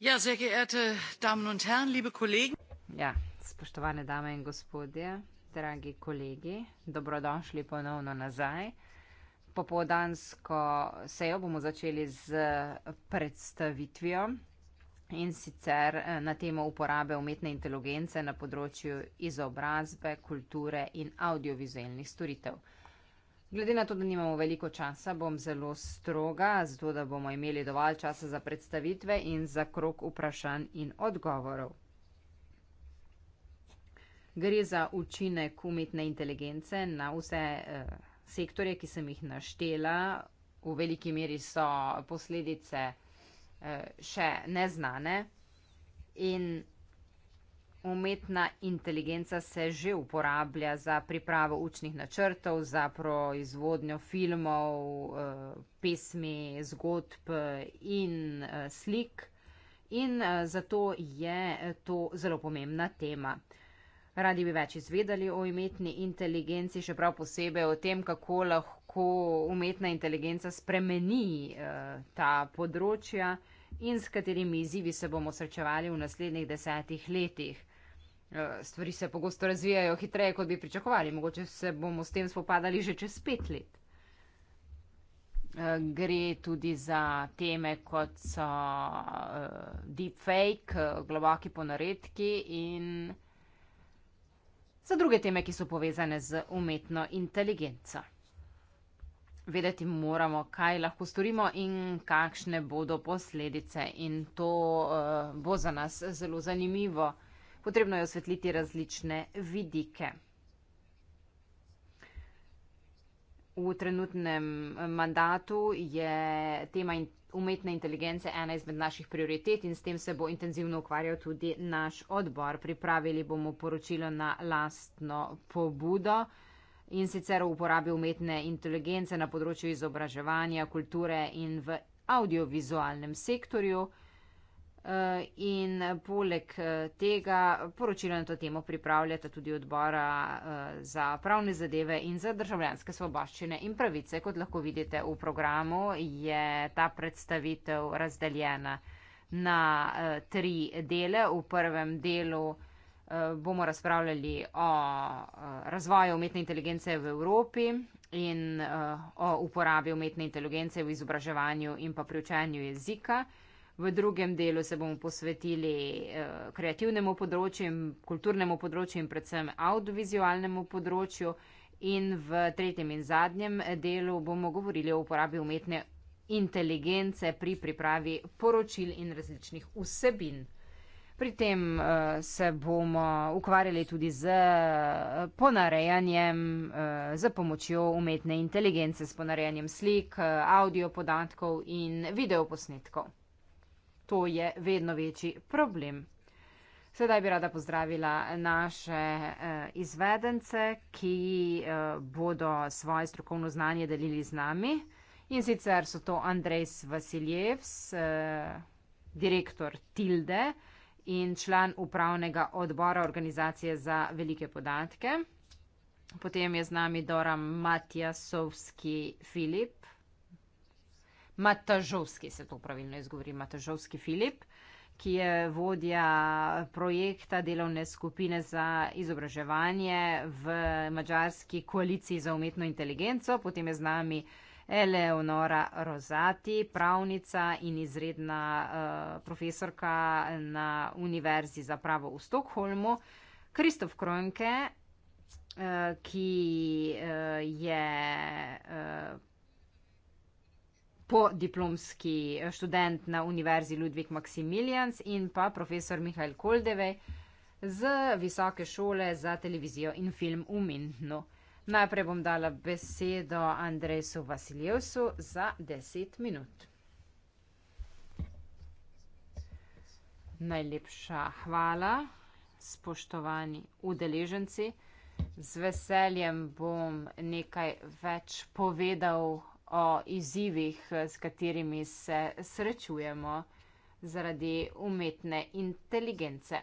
Ja, sehr geehrte Damen und Herren, liebe Kollegen. Ja, spoštovane dame in gospodje, dragi kolegi, dobrodošli ponovno nazaj. Popovdansko sejo bomo začeli z predstavitvijo in sicer eh, na temo uporabe umetne inteligence na področju izobrazbe, kulture in audiovizualnih storitev. Glede na to, da nimamo veliko časa, bom zelo stroga, zato da bomo imeli dovolj časa za predstavitve in za krok vprašanj in odgovorov. Gre za učinek umetne inteligence na vse eh, sektorje, ki sem jih naštela. V veliki meri so posledice eh, še neznane. In Umetna inteligenca se že uporablja za pripravo učnih načrtov, za proizvodnjo filmov, eh, pesmi, zgodb eh, in eh, slik. In zato je to zelo pomembna tema. Radi bi več izvedeli o umetni inteligenci, še prav posebej o tem, kako lahko umetna inteligenca spremeni ta področja in s katerimi izzivi se bomo srečevali v naslednjih desetih letih. Eh, stvari se pogosto razvijajo hitreje, kot bi pričakovali. Mogoče se bomo s tem spopadali že čez pet let. Eh, gre tudi za teme, kot so eh, deepfake, globoki ponaredki in za druge teme, ki so povezane z umetno inteligenco. Vedeti moramo, kaj lahko storimo in kakšne bodo posledice. In to uh, bo za nas zelo zanimivo potrebno je osvetliti različne vidike. V trenutnem eh, mandatu je tema umetne inteligence ena izmed naših prioritet in s tem se bo intenzivno ukvarjal tudi naš odbor. Pripravili bomo poročilo na lastno pobudo in sicer o uporabi umetne inteligence na področju izobraževanja, kulture in v audiovizualnem sektorju. Eh, in poleg eh, tega poročilo na to temo pripravljata tudi odbora eh, za pravne zadeve in za državljanske svoboščine in pravice. Kot lahko vidite v programu, je ta predstavitev razdeljena na tri dele. V prvem delu bomo razpravljali o razvoju umetne inteligence v Evropi in o uporabi umetne inteligence v izobraževanju in pa pri učanju jezika. V drugem delu se bomo posvetili eh, kreativnemu področju, kulturnemu področju in predvsem audiovizualnemu področju. In v tretjem in zadnjem delu bomo govorili o uporabi umetne inteligence pri pripravi poročil in različnih vsebin. Pri tem eh, se bomo ukvarjali tudi z eh, ponarejanjem, z pomočjo umetne inteligence, s ponarejanjem slik, audio podatkov in videoposnetkov to je vedno večji problem. Sedaj bi rada pozdravila naše eh, izvedence, ki eh, bodo svoje strokovno znanje delili z nami. In sicer so to Andrejs Vasiljevs, eh, direktor Tilde in član upravnega odbora organizacije za velike podatke. Potem je z nami Dora Matjasovski Filip, Matažovski, se to pravilno izgovori, Matažovski Filip, ki je vodja projekta delovne skupine za izobraževanje v mađarski koaliciji za umetno inteligenco, potem je z nami Eleonora Rozati, pravnica in izredna uh, profesorka na Univerzi za pravo v Stokholmu, Kristof Kronke, uh, eh, ki uh, je uh, podiplomski študent na Univerzi Ludvik Maximilians in pa profesor Mihajl Koldevej z Visoke šole za televizijo in film v Mindnu. Najprej bom dala besedo Andresu Vasiljevsu za 10 minut. Najlepša hvala, spoštovani udeleženci. Z veseljem bom nekaj več povedal o izzivih, s katerimi se srečujemo zaradi umetne inteligence.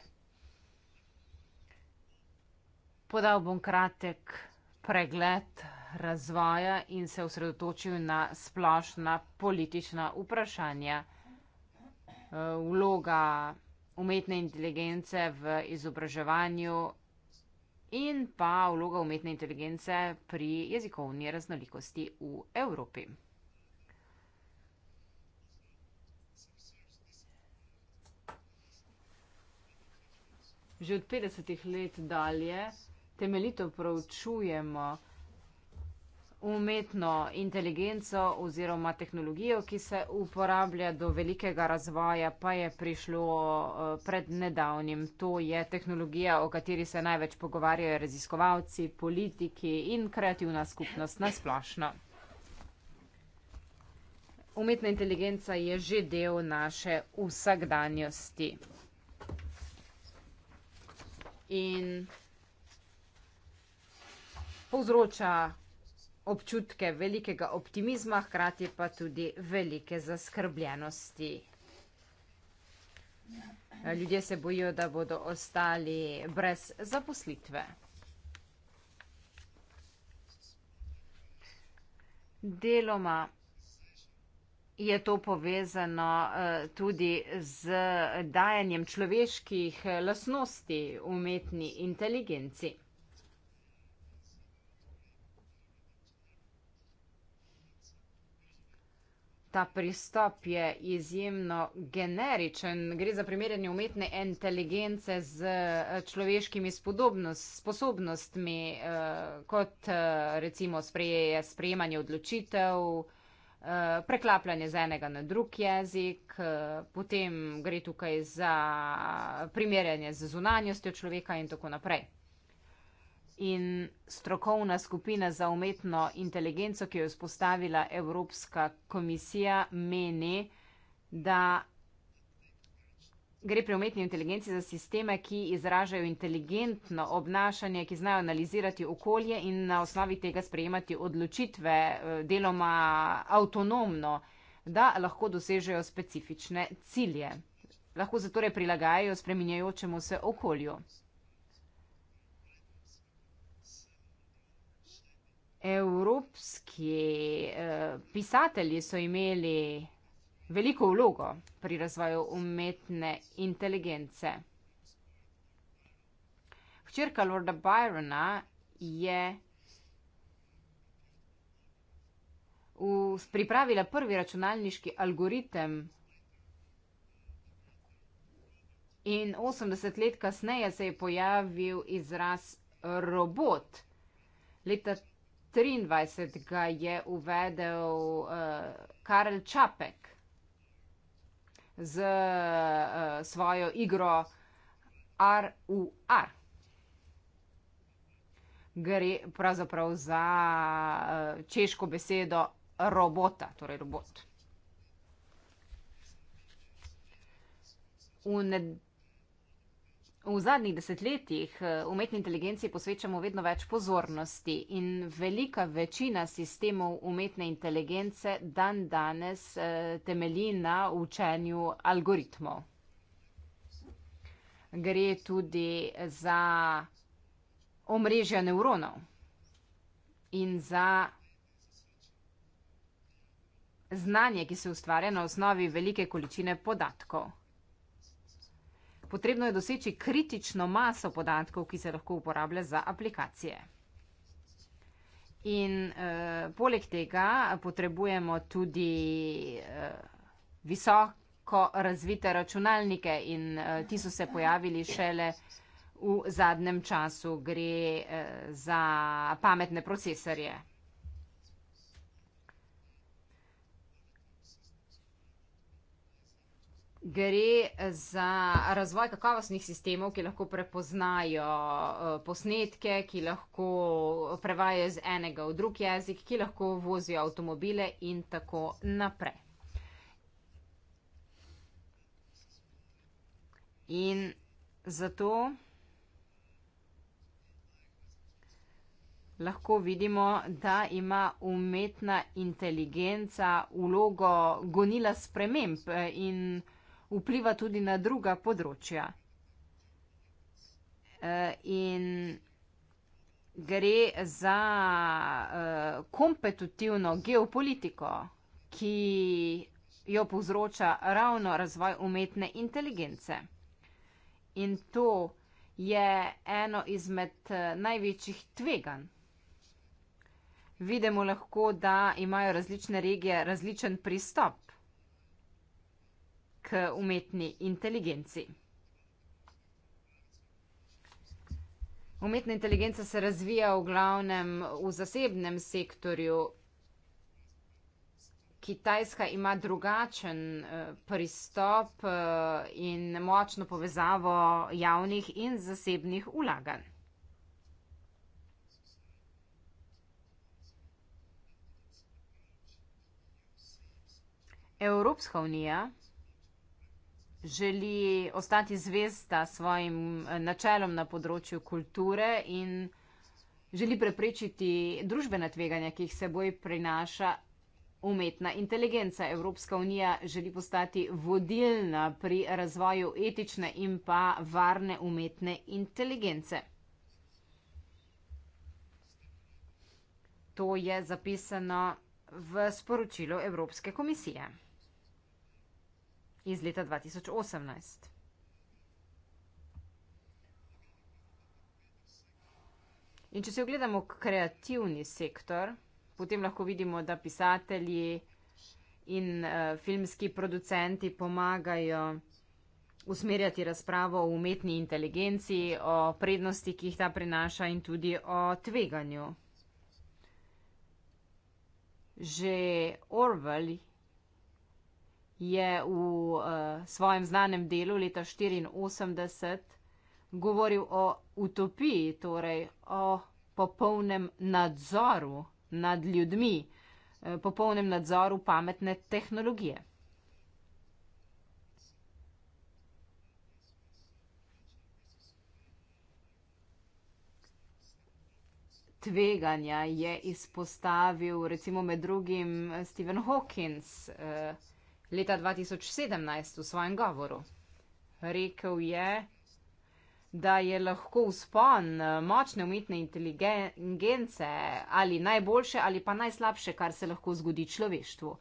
Podal bom kratek pregled razvoja in se osredotočil na splošna politična vprašanja. Eh, vloga umetne inteligence v izobraževanju in pa vloga umetne inteligence pri jezikovni raznolikosti v Evropi. Že od 50-ih let dalje temeljito proučujemo, umetno inteligenco oziroma tehnologijo, ki se uporablja do velikega razvoja, pa je prišlo eh, pred nedavnim. To je tehnologija, o kateri se največ pogovarjajo raziskovalci, politiki in kreativna skupnost nasplošno. Umetna inteligenca je že del naše vsakdanjosti. In povzroča občutke velikega optimizma, hkrati pa tudi velike zaskrbljenosti. Ljudje se bojijo, da bodo ostali brez zaposlitve. Deloma je to povezano eh, tudi z dajanjem človeških eh, lasnosti umetni inteligenci. ta pristop je izjemno generičen. Gre za primerjanje umetne inteligence z eh, človeškimi sposobnostmi, eh, kot eh, recimo sprejemanje odločitev, preklapljanje z enega na drug jezik, potem gre tukaj za primerjanje z zunanjostjo človeka in tako naprej in strokovna skupina za umetno inteligenco, ki jo je vzpostavila Evropska komisija, meni, da gre pri umetni inteligenci za sisteme, ki izražajo inteligentno obnašanje, ki znajo analizirati okolje in na osnovi tega sprejemati odločitve eh, deloma avtonomno, da lahko dosežejo specifične cilje. Lahko se torej prilagajajo spreminjajočemu se okolju. evropski eh, pisatelji so imeli veliko vlogo pri razvoju umetne inteligence. Včerka Lorda Byrona je pripravila prvi računalniški algoritem in 80 let kasneje se je pojavil izraz robot. Leta 23 ga je uvedel uh, Karel Čapek z uh, svojo igro RUR. Gre pravzaprav za uh, češko besedo robota, torej robot. V V zadnjih desetletjih eh, umetni inteligenci posvečamo vedno več pozornosti in velika večina sistemov umetne inteligence dan danes eh, temelji na učenju algoritmov. Gre tudi za omrežja neuronov in za znanje, ki se ustvarja na osnovi velike količine podatkov. Potrebno je doseči kritično maso podatkov, ki se lahko uporablja za aplikacije. In eh, poleg tega potrebujemo tudi eh, visoko razvite računalnike in eh, ti so se pojavili šele v zadnjem času. Gre eh, za pametne procesorje. gre za razvoj kakovostnih sistemov, ki lahko prepoznajo eh, posnetke, ki lahko prevajajo z enega v drug jezik, ki lahko vozijo avtomobile in tako naprej. In zato lahko vidimo, da ima umetna inteligenca vlogo gonila sprememb eh, in vpliva tudi na druga področja. Eh, in gre za eh, kompetitivno geopolitiko, ki jo povzroča ravno razvoj umetne inteligence. In to je eno izmed eh, največjih tveganj. Vidimo lahko, da imajo različne regije različen pristop k umetni inteligenci. Umetna inteligenca se razvija v glavnem v zasebnem sektorju. Kitajska ima drugačen eh, pristop eh, in močno povezavo javnih in zasebnih vlaganj. Evropska unija želi ostati zvesta svojim eh, načelom na področju kulture in želi preprečiti družbena tveganja, ki jih seboj prinaša umetna inteligenca. Evropska unija želi postati vodilna pri razvoju etične in pa varne umetne inteligence. To je zapisano v sporočilu Evropske komisije iz leta 2018. In če se ogledamo kreativni sektor, potem lahko vidimo, da pisatelji in uh, filmski producenti pomagajo usmerjati razpravo o umetni inteligenci, o prednosti, ki jih ta prinaša in tudi o tveganju. Že Orwell je v uh, svojem znanem delu leta 1984 govoril o utopiji, torej o popolnem nadzoru nad ljudmi, eh, popolnem nadzoru pametne tehnologije. Tveganja je izpostavil recimo med drugim Stephen Hawkins. Uh, eh, leta 2017 v svojem govoru. Rekl je, da je lahko vzpon eh, močne umetne inteligence ali najboljše ali pa najslabše, kar se lahko zgodi človeštvu.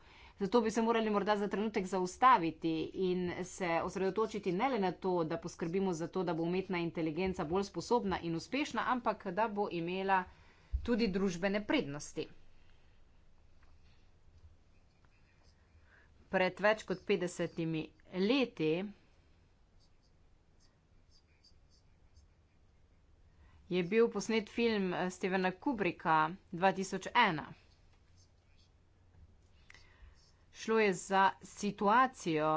Zato bi se morali morda za trenutek zaustaviti in se osredotočiti ne le na to, da poskrbimo za to, da bo umetna inteligenca bolj sposobna in uspešna, ampak da bo imela tudi družbene prednosti. pred več kot 50 leti je bil posnet film eh, Stevena Kubricka 2001. Šlo je za situacijo,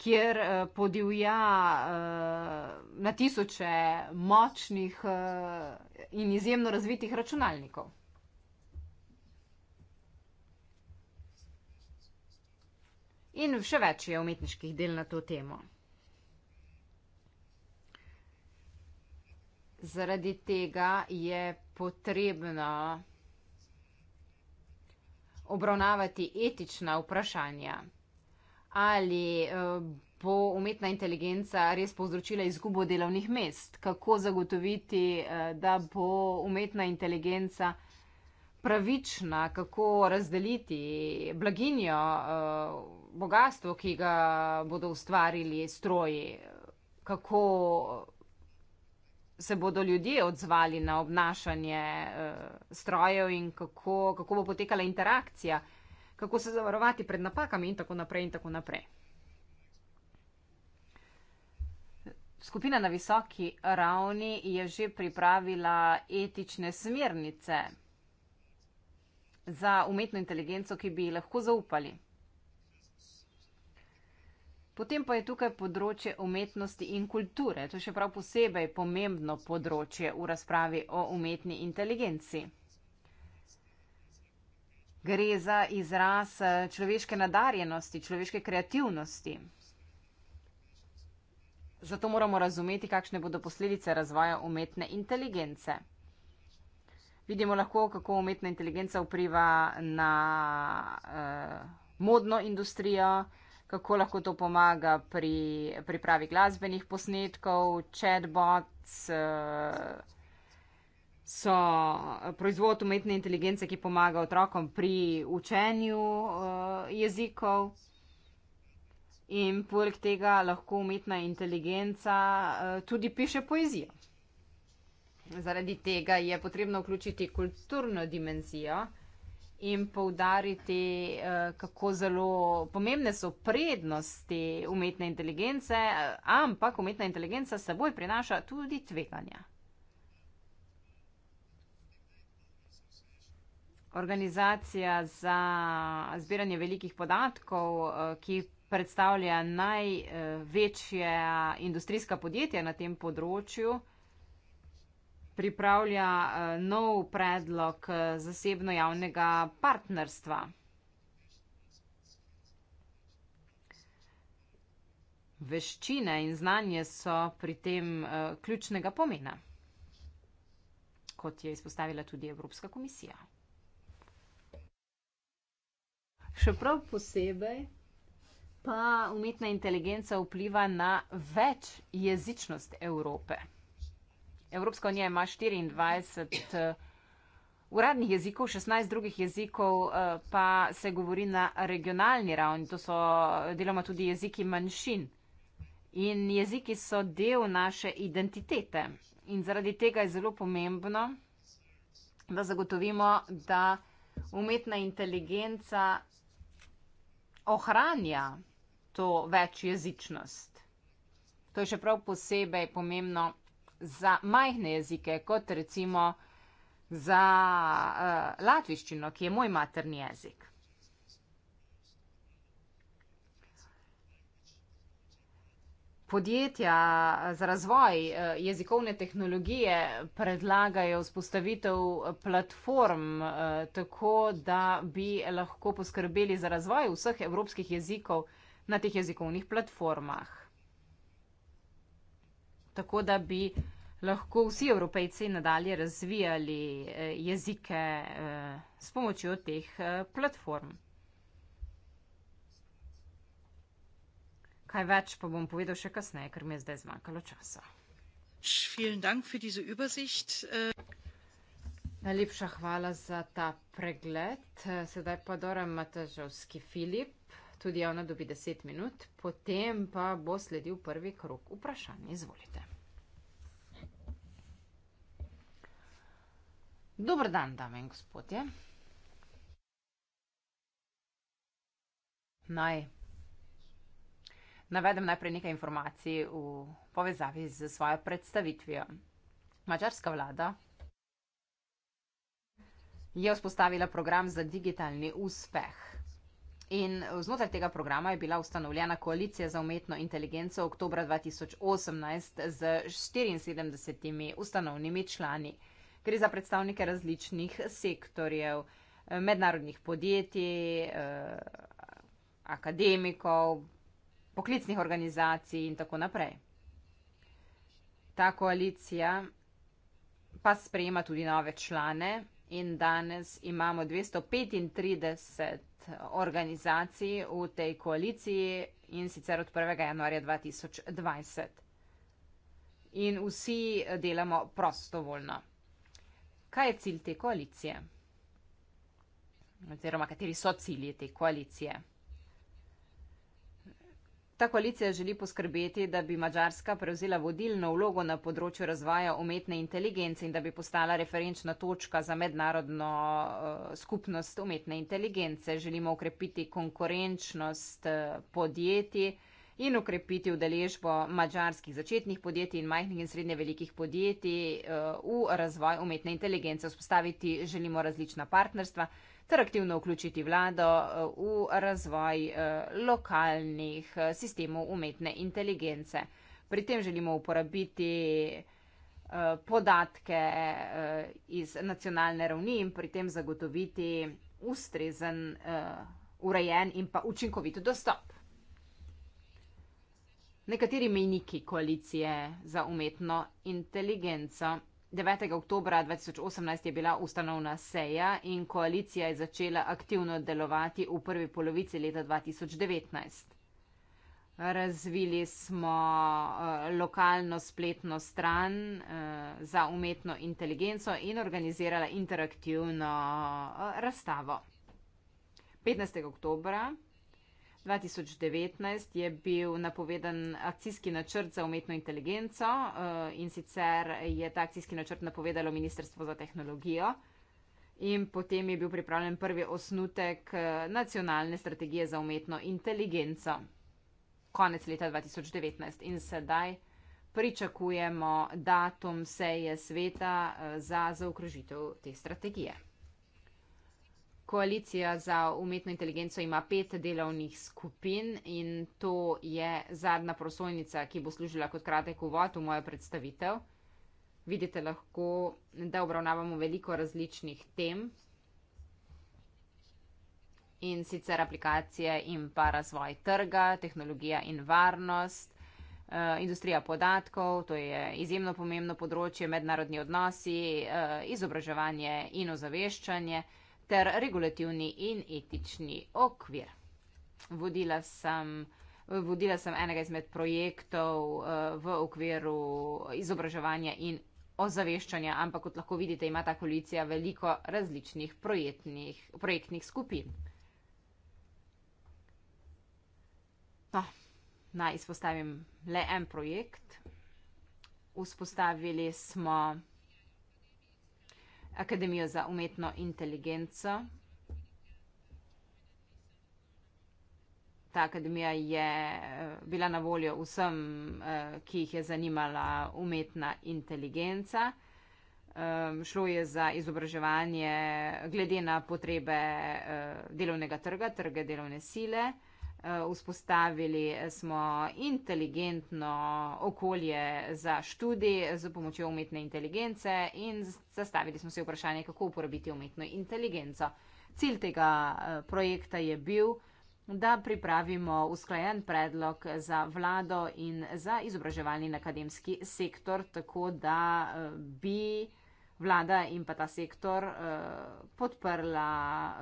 kjer eh, podivja eh, na tisoče močnih in izjemno razvitih računalnikov. in še več je umetniških del na to temo. Zaradi tega je potrebno obravnavati etična vprašanja. Ali eh, bo umetna inteligenca res povzročila izgubo delovnih mest? Kako zagotoviti, eh, da bo umetna inteligenca pravična? Kako razdeliti blaginjo? Eh, bogatstvo, ki ga bodo ustvarili stroji, kako se bodo ljudje odzvali na obnašanje uh, strojev in kako, kako bo potekala interakcija, kako se zavarovati pred napakami in tako naprej in tako naprej. Skupina na visoki ravni je že pripravila etične smernice za umetno inteligenco, ki bi ji lahko zaupali. Potem pa je tukaj področje umetnosti in kulture. To je še prav posebej pomembno področje v razpravi o umetni inteligenci. Gre za izraz eh, človeške nadarjenosti, človeške kreativnosti. Zato moramo razumeti, kakšne bodo posledice razvoja umetne inteligence. Vidimo lahko, kako umetna inteligenca vpliva na eh, modno industrijo, eh, kako lahko to pomaga pri pripravi glasbenih posnetkov, chatbots. Uh, So proizvod umetne inteligence, ki pomaga otrokom pri učenju uh, jezikov, in poleg tega lahko umetna inteligenca uh, tudi piše poezijo. Zaradi tega je potrebno vključiti kulturno dimenzijo, uh, in poudariti, eh, kako zelo pomembne so prednosti umetne inteligence, ampak umetna inteligenca seboj prinaša tudi tveganja. Organizacija za zbiranje velikih podatkov, eh, ki predstavlja največje industrijska podjetja na tem področju, pripravlja eh, nov predlog eh, zasebno-javnega partnerstva. Veščine in znanje so pri tem eh, ključnega pomena, kot je izpostavila tudi Evropska komisija. Še prav posebej pa umetna inteligenca vpliva na večjezičnost Evrope. Evropska unija ima 24 eh, uradnih jezikov, 16 drugih jezikov eh, pa se govori na regionalni ravni. To so eh, deloma tudi jeziki manjšin. In jeziki so del naše identitete. In zaradi tega je zelo pomembno, da zagotovimo, da umetna inteligenca ohranja to večjezičnost. To je še prav posebej pomembno za majhne jezike, kot recimo za uh, latviščino, ki je moj materni jezik. Podjetja za razvoj eh, jezikovne tehnologije predlagajo vzpostavitev platform, eh, tako da bi lahko poskrbeli za razvoj vseh evropskih jezikov na teh jezikovnih platformah tako da bi lahko vsi evropejci nadalje razvijali eh, jezike eh, s pomočjo teh eh, platform. Kaj več pa bom povedal še kasneje, ker mi je zdaj zmanjkalo časa. Äh. Najlepša hvala za ta pregled. Sedaj pa Dora Matažovski Filip, tudi ona dobi 10 minut, potem pa bo sledil prvi krok vprašanj. Izvolite. Dober dan, dame in gospodje. Naj navedem najprej nekaj informacij v povezavi z svojo predstavitvijo. Mačarska vlada je vzpostavila program za digitalni uspeh. In znotraj tega programa je bila ustanovljena koalicija za umetno inteligenco oktober 2018 z 74 ustanovnimi člani gre za predstavnike različnih sektorjev, eh, mednarodnih podjetij, eh, akademikov, poklicnih organizacij in tako naprej. Ta koalicija pa sprejema tudi nove člane in danes imamo 235 organizacij v tej koaliciji in sicer od 1. januarja 2020. In vsi eh, delamo prostovoljno. Kaj je cilj te koalicije? Oziroma, kateri so cilji te koalicije? Ta koalicija želi poskrbeti, da bi Mačarska prevzela vodilno vlogo na področju razvoja umetne inteligence in da bi postala referenčna točka za mednarodno eh, skupnost umetne inteligence. Želimo ukrepiti konkurenčnost eh, podjetij in ukrepiti udeležbo mačarskih začetnih podjetij in majhnih in srednje velikih podjetij eh, v razvoj umetne inteligence. Vzpostaviti želimo različna partnerstva ter aktivno vključiti vlado eh, v razvoj eh, lokalnih sistemov umetne inteligence. Pri tem želimo uporabiti podatke iz nacionalne ravni in pri tem zagotoviti ustrezen, urejen in pa učinkovit dostop nekateri mejniki koalicije za umetno inteligenco. 9. oktober 2018 je bila ustanovna seja in koalicija je začela aktivno delovati v prvi polovici leta 2019. Razvili smo eh, lokalno spletno stran eh, za umetno inteligenco in organizirala interaktivno eh, razstavo. 15. oktober 2019 je bil napovedan akcijski načrt za umetno inteligenco eh, in sicer je ta akcijski načrt napovedalo Ministrstvo za tehnologijo in potem je bil pripravljen prvi osnutek eh, nacionalne strategije za umetno inteligenco konec leta 2019 in sedaj pričakujemo datum seje sveta eh, za zaokrožitev te strategije. Koalicija za umetno inteligenco ima pet delovnih skupin in to je zadnja prosojnica, ki bo služila kot kratek uvod v mojo predstavitev. Vidite lahko, da obravnavamo veliko različnih tem in sicer aplikacije in pa razvoj trga, tehnologija in varnost. Uh, industrija podatkov, to je izjemno pomembno področje, mednarodni odnosi, uh, izobraževanje in ozaveščanje, uh, ter regulativni in etični okvir. Vodila sem, vodila sem enega izmed projektov eh, v okviru izobraževanja in ozaveščanja, ampak kot lahko vidite, ima ta koalicija veliko različnih projektnih, projektnih skupin. No, naj izpostavim le en projekt. Vzpostavili smo Akademijo za umetno inteligenco. Ta akademija je eh, bila na voljo vsem, eh, ki jih je zanimala umetna inteligenca. Ehm, šlo je za izobraževanje glede na potrebe eh, delovnega trga, trge delovne sile. Eh, vzpostavili smo inteligentno okolje za študij z pomočjo umetne inteligence in zastavili smo si vprašanje, kako uporabiti umetno inteligenco. Cilj tega eh, projekta je bil, da pripravimo usklajen predlog za vlado in za izobraževalni in akademski sektor, tako da eh, bi vlada in pa ta sektor eh, podprla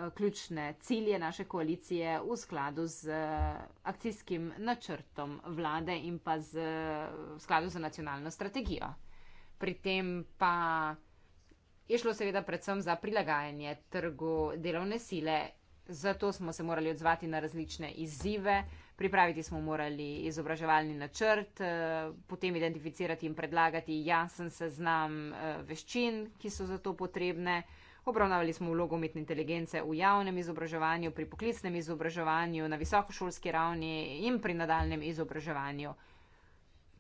eh, ključne cilje naše koalicije v skladu z eh, akcijskim načrtom vlade in pa z, v skladu z nacionalno strategijo. Pri tem pa je šlo seveda predvsem za prilagajanje trgu delovne sile, zato smo se morali odzvati na različne izzive. Pripraviti smo morali izobraževalni načrt, eh, potem identificirati in predlagati jasen seznam eh, veščin, ki so za to potrebne. Obravnavali smo vlogo umetne inteligence v javnem izobraževanju, pri poklicnem izobraževanju, na visokošolski ravni in pri nadaljem izobraževanju.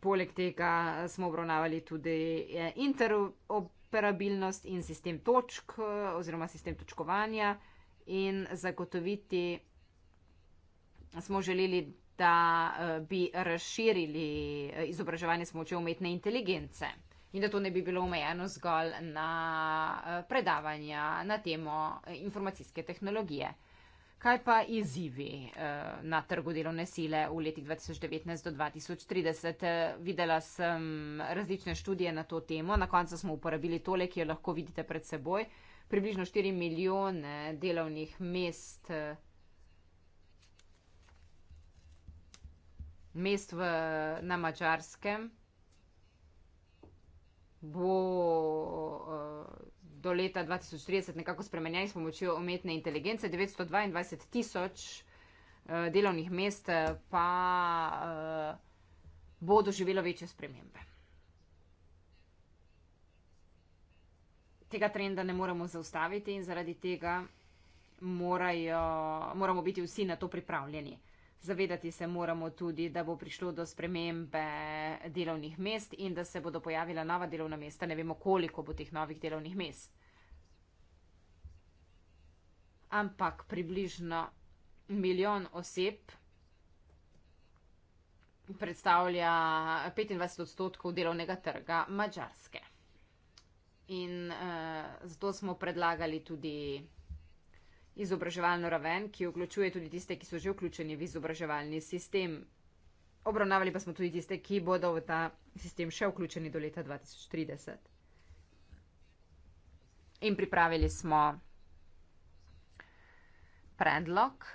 Poleg tega smo obravnavali tudi eh, interoperabilnost in sistem točk oziroma sistem točkovanja in zagotoviti smo želeli, da eh, bi razširili eh, izobraževanje s pomočjo umetne inteligence in da to ne bi bilo omejeno zgolj na eh, predavanja na temo informacijske tehnologije. Kaj pa izzivi na trgu delovne sile v letih 2019 do 2030? Videla sem različne študije na to temo, na koncu smo uporabili tole, ki jo lahko vidite pred seboj. Približno 4 milijone delovnih mest mest v, na mačarskem bo eh, do leta 2030 nekako spremenjen s pomočjo umetne inteligence. 922 tisoč eh, delovnih mest eh, pa bo doživelo večje spremembe. Tega trenda ne moremo zaustaviti in zaradi tega morajo, moramo biti vsi na to pripravljeni. Zavedati se moramo tudi, da bo prišlo do spremembe delovnih mest in da se bodo pojavila nova delovna mesta. Ne vemo, koliko bo teh novih delovnih mest. Ampak približno milijon oseb predstavlja 25 odstotkov delovnega trga Mačarske. In uh, zato smo predlagali tudi izobraževalno raven, ki vključuje tudi tiste, ki so že vključeni v izobraževalni sistem. Obravnavali pa smo tudi tiste, ki bodo v ta sistem še vključeni do leta 2030. In pripravili smo predlog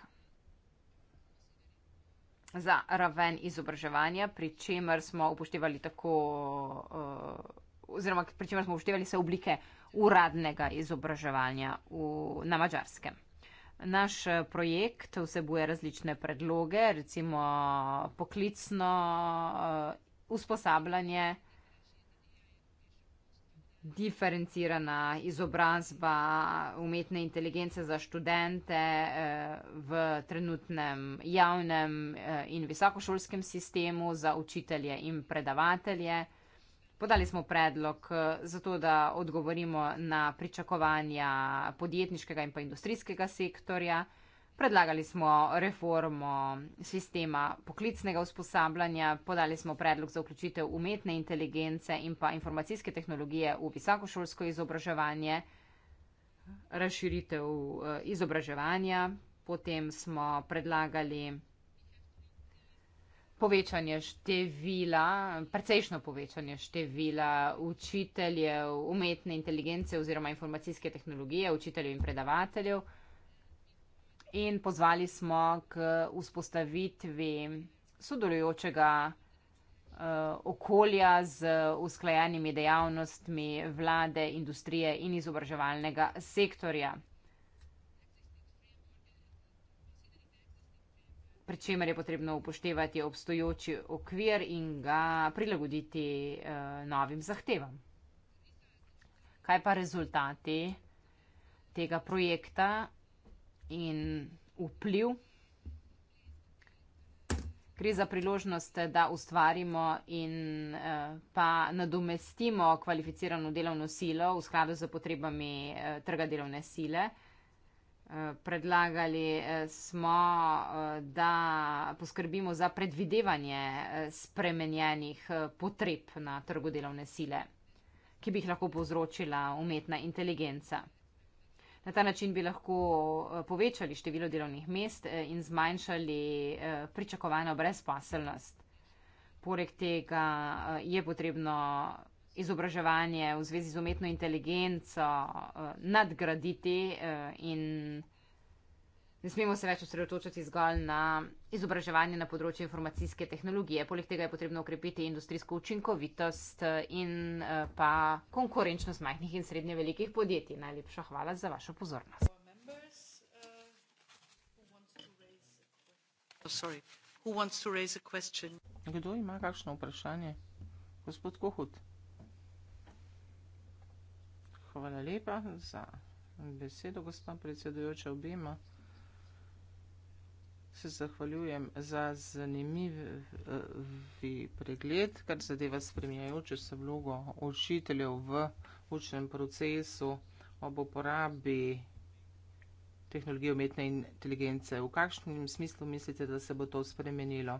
za raven izobraževanja, pri čemer smo upoštevali tako, eh, oziroma pri čemer smo upoštevali vse oblike uradnega izobraževanja v, na mačarskem. Naš eh, projekt vsebuje različne predloge, recimo poklicno eh, usposabljanje, diferencirana izobrazba umetne inteligence za študente eh, v trenutnem javnem in visokošolskem sistemu za učitelje in predavatelje. Podali smo predlog eh, za to, da odgovorimo na pričakovanja podjetniškega in pa industrijskega sektorja. Predlagali smo reformo sistema poklicnega usposabljanja, podali smo predlog za vključitev umetne inteligence in pa informacijske tehnologije v visokošolsko izobraževanje, razširitev eh, izobraževanja, potem smo predlagali povečanje števila, precejšno povečanje števila učiteljev umetne inteligence oziroma informacijske tehnologije, učiteljev in predavateljev. In pozvali smo k vzpostavitvi sodelujočega eh, okolja z usklajenimi dejavnostmi vlade, industrije in izobraževalnega sektorja. pri čemer je potrebno upoštevati obstoječi okvir in ga prilagoditi uh, novim zahtevam. Kaj pa rezultati tega projekta in vpliv? Gre za priložnost, da ustvarimo in eh, pa nadomestimo kvalificirano delovno silo v skladu z potrebami eh, trga delovne sile. Eh, predlagali eh, smo, eh, da poskrbimo za predvidevanje spremenjenih potreb na trgu delovne sile, ki bi jih lahko povzročila umetna inteligenca. Na ta način bi lahko povečali število delovnih mest in zmanjšali pričakovano brezposelnost. Poleg tega je potrebno izobraževanje v zvezi z umetno inteligenco eh, nadgraditi eh, in ne smemo se več osredotočiti zgolj na izobraževanje na področju informacijske tehnologije. Poleg tega je potrebno ukrepiti industrijsko učinkovitost eh, in pa konkurenčnost majhnih in srednje velikih podjetij. Najlepša hvala za vašo pozornost. Oh, Kdo ima kakšno vprašanje? Gospod Kohut. Hvala lepa za besedo, gospod predsedujoča obima. Se zahvaljujem za zanimivi pregled, kar zadeva spremljajočo se vlogo učiteljev v učnem procesu ob uporabi tehnologije umetne inteligence. V kakšnem smislu mislite, da se bo to spremenilo?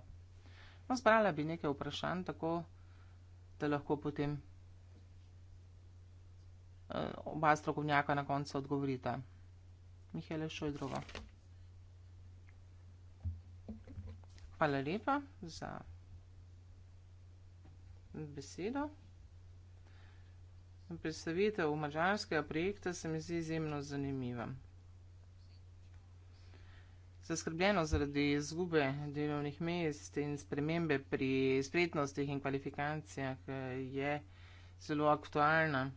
No, zbrala bi nekaj vprašanj, tako da lahko potem Eh, oba strokovnjaka na koncu odgovorite. Mihele Šojdrova. Hvala lepa za besedo. Predstavitev mađarskega projekta se mi zdi izjemno zanimiva. Zaskrbljeno zaradi izgube delovnih mest in spremembe pri spretnostih in kvalifikacijah eh, je zelo aktualna.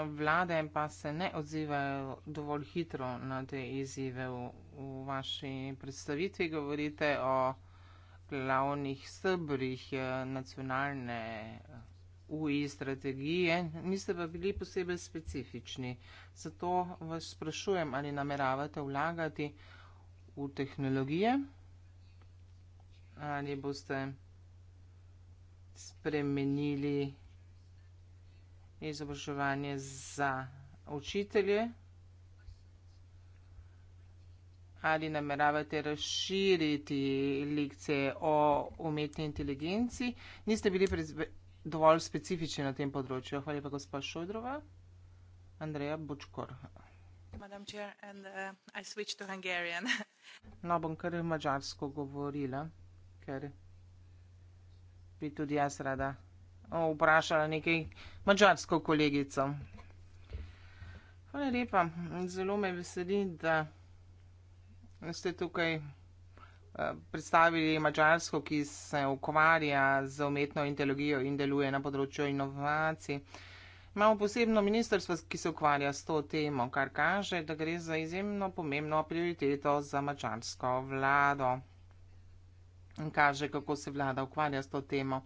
vlade pa se ne odzivajo dovolj hitro na te izzive. V vaši predstavitvi govorite o glavnih srbrih eh, nacionalne eh, UI strategije, niste pa bili posebej specifični. Zato vas sprašujem, ali nameravate vlagati v tehnologije, ali boste spremenili izobraževanje za učitelje. Ali nameravate razširiti lekcije o umetni inteligenci? Niste bili dovolj specifični na tem področju. Hvala pa gospa Šodrova. Andreja Bučkor. Uh, no, bom kar mačarsko govorila, ker bi tudi jaz rada vprašala nekaj mačarsko kolegico. Hvala lepa, zelo me veseli, da ste tukaj eh, predstavili mačarsko, ki se ukvarja z umetno inteligijo in deluje na področju inovacij. Imamo posebno ministrstvo, ki se ukvarja s to temo, kar kaže, da gre za izjemno pomembno prioriteto za mačarsko vlado. In kaže, kako se vlada ukvarja s to temo.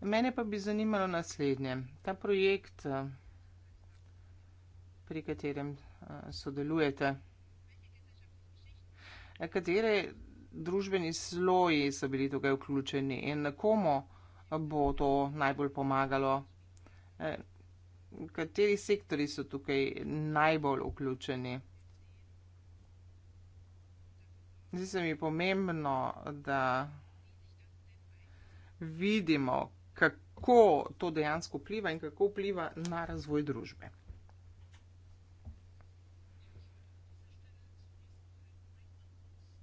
Mene pa bi zanimalo naslednje. Ta projekt, eh, pri katerem eh, sodelujete, kateri družbeni sloji so bili tukaj vključeni in komu bo to najbolj pomagalo? Eh, kateri sektori so tukaj najbolj vključeni? Zdi se mi pomembno, da vidimo, kako to dejansko vpliva in kako vpliva na razvoj družbe.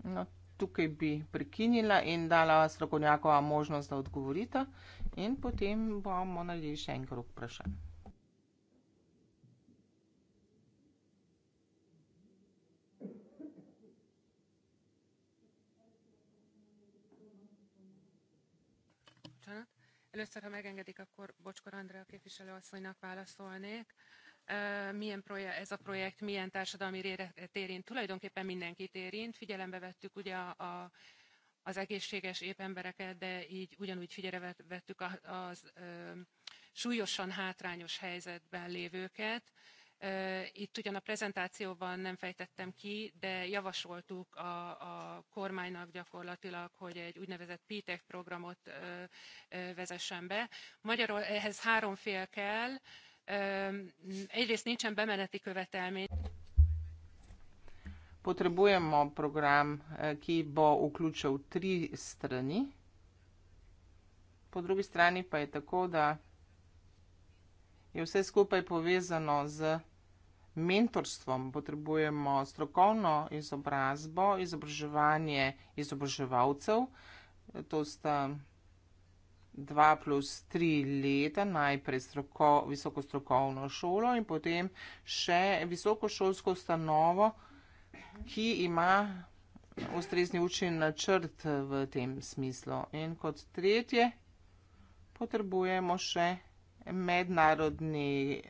No, tukaj bi prekinila in dala strokovnjakova možnost, da odgovorita in potem bomo naredili še en krok vprašanj. Először, ha megengedik, akkor Bocskor Andrea képviselő asszonynak válaszolnék. Milyen projekt, ez a projekt milyen társadalmi réret érint? Tulajdonképpen mindenkit érint. Figyelembe vettük ugye a, a, az egészséges épp embereket, de így ugyanúgy figyelembe vettük az, az súlyosan hátrányos helyzetben lévőket. Ö, Itt ugyan a prezentációban nem fejtettem ki, de javasoltuk a, a kormánynak gyakorlatilag, hogy egy úgynevezett PTEC programot vezessen be. Magyarul ehhez három fél kell. Egyrészt nincsen bemeneti követelmény. Potrebujemo program, e, ki bo vključil tri strani. Po drugi strani pa je tako, da je vse skupaj povezano z mentorstvom. Potrebujemo strokovno izobrazbo, izobraževanje izobraževalcev. To sta 2 plus 3 leta, najprej stroko, visokostrokovno šolo in potem še visokošolsko ustanovo, ki ima ustrezni učni načrt v tem smislu. In kot tretje potrebujemo še mednarodni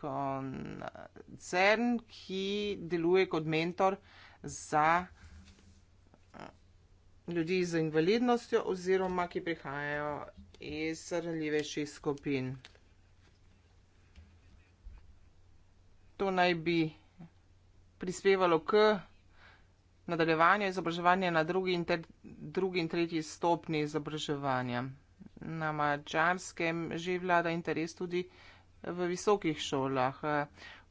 koncern, ki deluje kot mentor za eh, ljudi z invalidnostjo oziroma ki prihajajo iz ranljivejših skupin. To naj bi prispevalo k nadaljevanju izobraževanja na drugi in, ter, drugi in tretji stopni izobraževanja na mačarskem že vlada interes tudi v visokih šolah.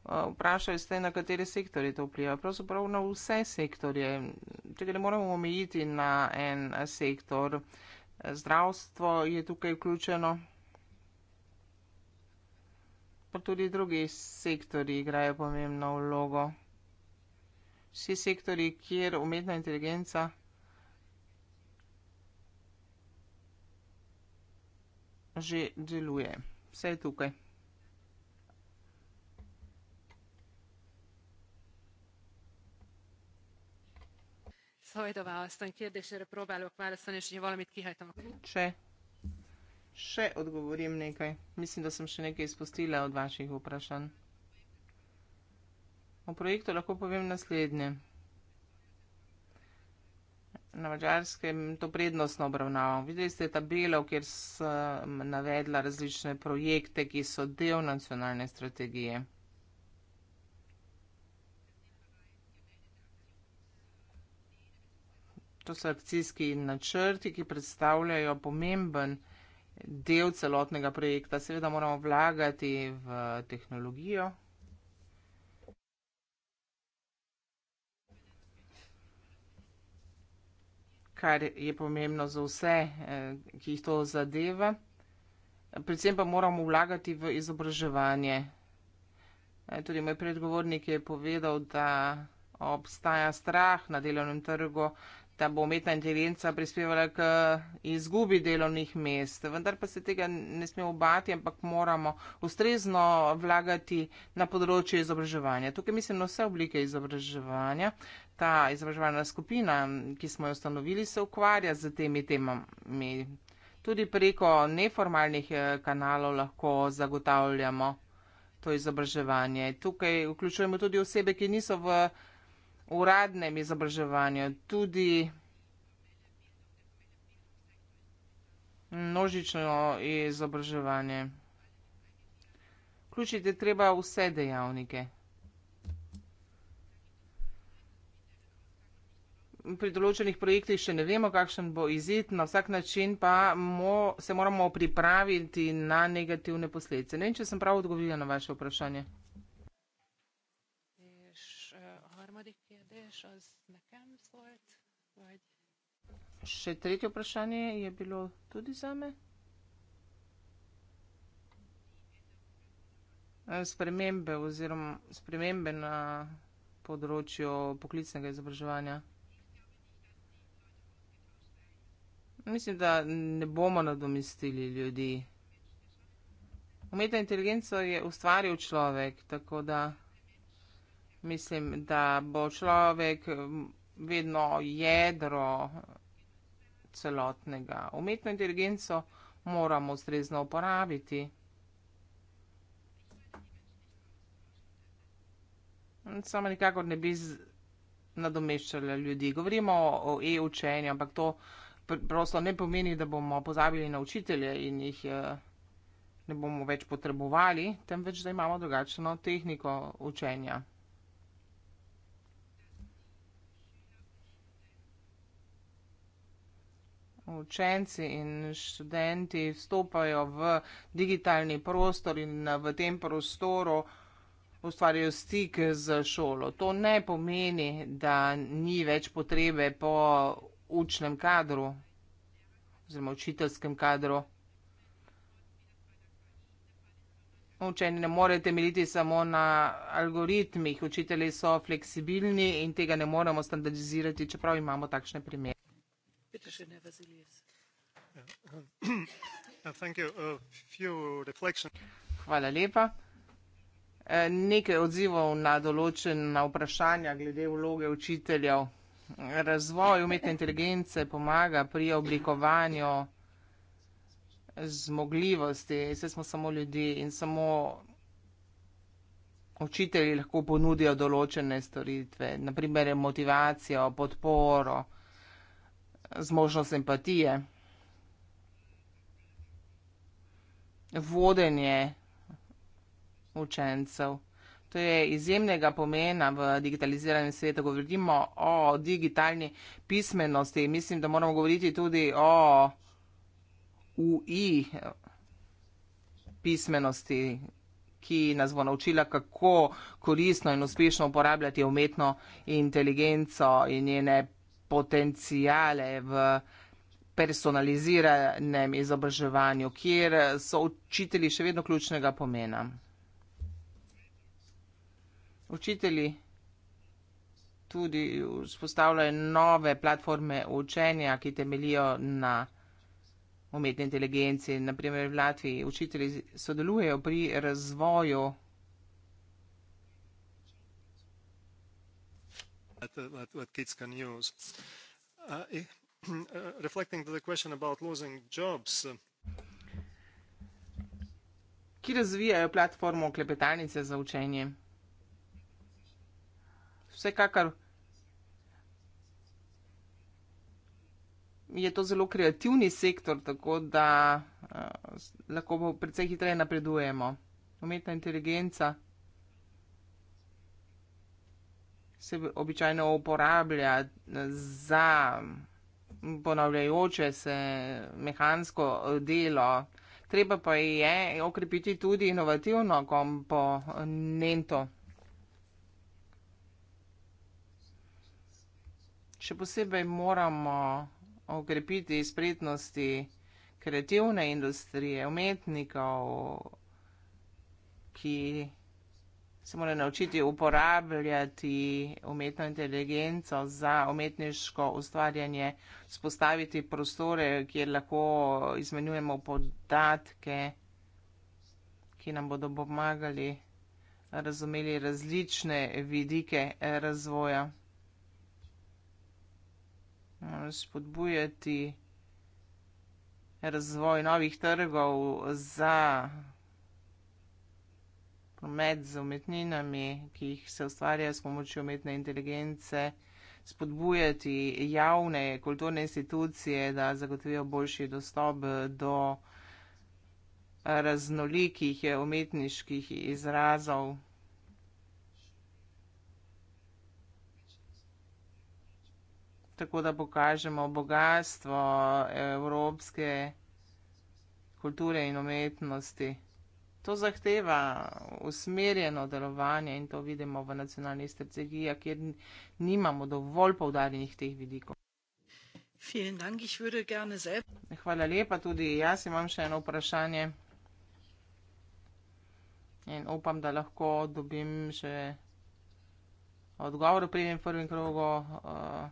Vprašali ste, na katere sektorje to vpliva. Pravzaprav na vse sektorje. Tega ne moramo omejiti na en sektor. Zdravstvo je tukaj vključeno. Pa tudi drugi sektori igrajo pomembno vlogo. Vsi sektori, kjer umetna inteligenca že deluje. Vse je tukaj. Če še odgovorim nekaj, mislim, da sem še nekaj izpustila od vaših vprašanj. O projektu lahko povem naslednje na mađarskem to prednostno obravnavamo. Videli ste tabelo, kjer sem navedla različne projekte, ki so del nacionalne strategije. To so akcijski načrti, ki predstavljajo pomemben del celotnega projekta. Seveda moramo vlagati v tehnologijo. kar je pomembno za vse, eh, ki jih to zadeva. Predvsem pa moramo vlagati v izobraževanje. Eh, tudi moj predgovornik je povedal, da obstaja strah na delovnem trgu, da bo umetna inteligenca prispevala k eh, izgubi delovnih mest. Vendar pa se tega ne smemo obati, ampak moramo ustrezno vlagati na področje izobraževanja. Tukaj mislim na vse oblike izobraževanja. Ta izobraževalna skupina, ki smo jo ustanovili, se ukvarja z temi temami. Tudi preko neformalnih eh, kanalov lahko zagotavljamo to izobraževanje. Tukaj vključujemo tudi osebe, ki niso v uradnem izobraževanju, tudi množično izobraževanje. Vključiti je treba vse dejavnike. Pri določenih projektih še ne vemo, kakšen bo izid, na vsak način pa se moramo pripraviti na negativne posledice. Ne vem, če sem prav odgovorila na vaše vprašanje. Še tretje vprašanje je bilo tudi zame. E, spremembe oziroma spremembe na področju poklicnega izobraževanja. Mislim, da ne bomo nadomestili ljudi. Umetno inteligenco je ustvaril človek, tako da... Mislim, da bo človek vedno jedro celotnega. Umetno inteligenco moramo ustrezno uporabiti. Samo nikakor ne bi nadomeščali ljudi. Govorimo o e-učenju, ampak to prosto ne pomeni, da bomo pozabili na učitelje in jih eh, ne bomo več potrebovali, temveč da imamo drugačno tehniko učenja. učenci in študenti vstopajo v digitalni prostor in v tem prostoru ustvarjajo stik z šolo. To ne pomeni, da ni več potrebe po učnem kadru oziroma učiteljskem kadru. Učenje ne more temeljiti samo na algoritmih. Učitelji so fleksibilni in tega ne moremo standardizirati, čeprav imamo takšne primere. Hvala lepa. E, nekaj odzivov na določena vprašanja glede vloge učiteljev. Razvoj umetne inteligence pomaga pri oblikovanju zmogljivosti. Vse smo samo ljudi in samo učitelji lahko ponudijo določene storitve, naprimer motivacijo, podporo zmožnost empatije, vodenje učencev. To je izjemnega pomena v digitaliziranem svetu. Govorimo o digitalni pismenosti. Mislim, da moramo govoriti tudi o UI pismenosti, ki nas bo naučila, kako koristno in uspešno uporabljati umetno inteligenco in njene potencijale v personaliziranem izobraževanju, kjer so učitelji še vedno ključnega pomena. Učitelji tudi vzpostavljajo nove platforme učenja, ki temelijo na umetni inteligenci. Naprimer, v Latviji učitelji sodelujejo pri razvoju at, at kids can use. Uh, eh, uh, reflecting to the question about losing jobs. Uh, Ki razvijajo platformo klepetalnice za učenje. Vsekakor je to zelo kreativni sektor, tako da uh, lahko precej hitreje napredujemo. Umetna inteligenca. se običajno uporablja za ponavljajoče se mehansko delo. Treba pa je okrepiti tudi inovativno komponento. Še posebej moramo okrepiti spretnosti kreativne industrije, umetnikov, ki se mora naučiti uporabljati umetno inteligenco za umetniško ustvarjanje, spostaviti prostore, kjer lahko izmenjujemo podatke, ki nam bodo pomagali razumeli različne vidike razvoja. Spodbujati razvoj novih trgov za promet z umetninami, ki jih se ustvarja s pomočjo umetne inteligence, spodbujati javne kulturne institucije, da zagotovijo boljši dostop do raznolikih umetniških izrazov. Tako da pokažemo bogatstvo evropske kulture in umetnosti to zahteva usmerjeno delovanje in to vidimo v nacionalni strategiji, kjer nimamo dovolj povdarjenih teh vidikov. Hvala lepa, tudi jaz imam še eno vprašanje in upam, da lahko dobim še odgovor v prvem prvem krogu uh,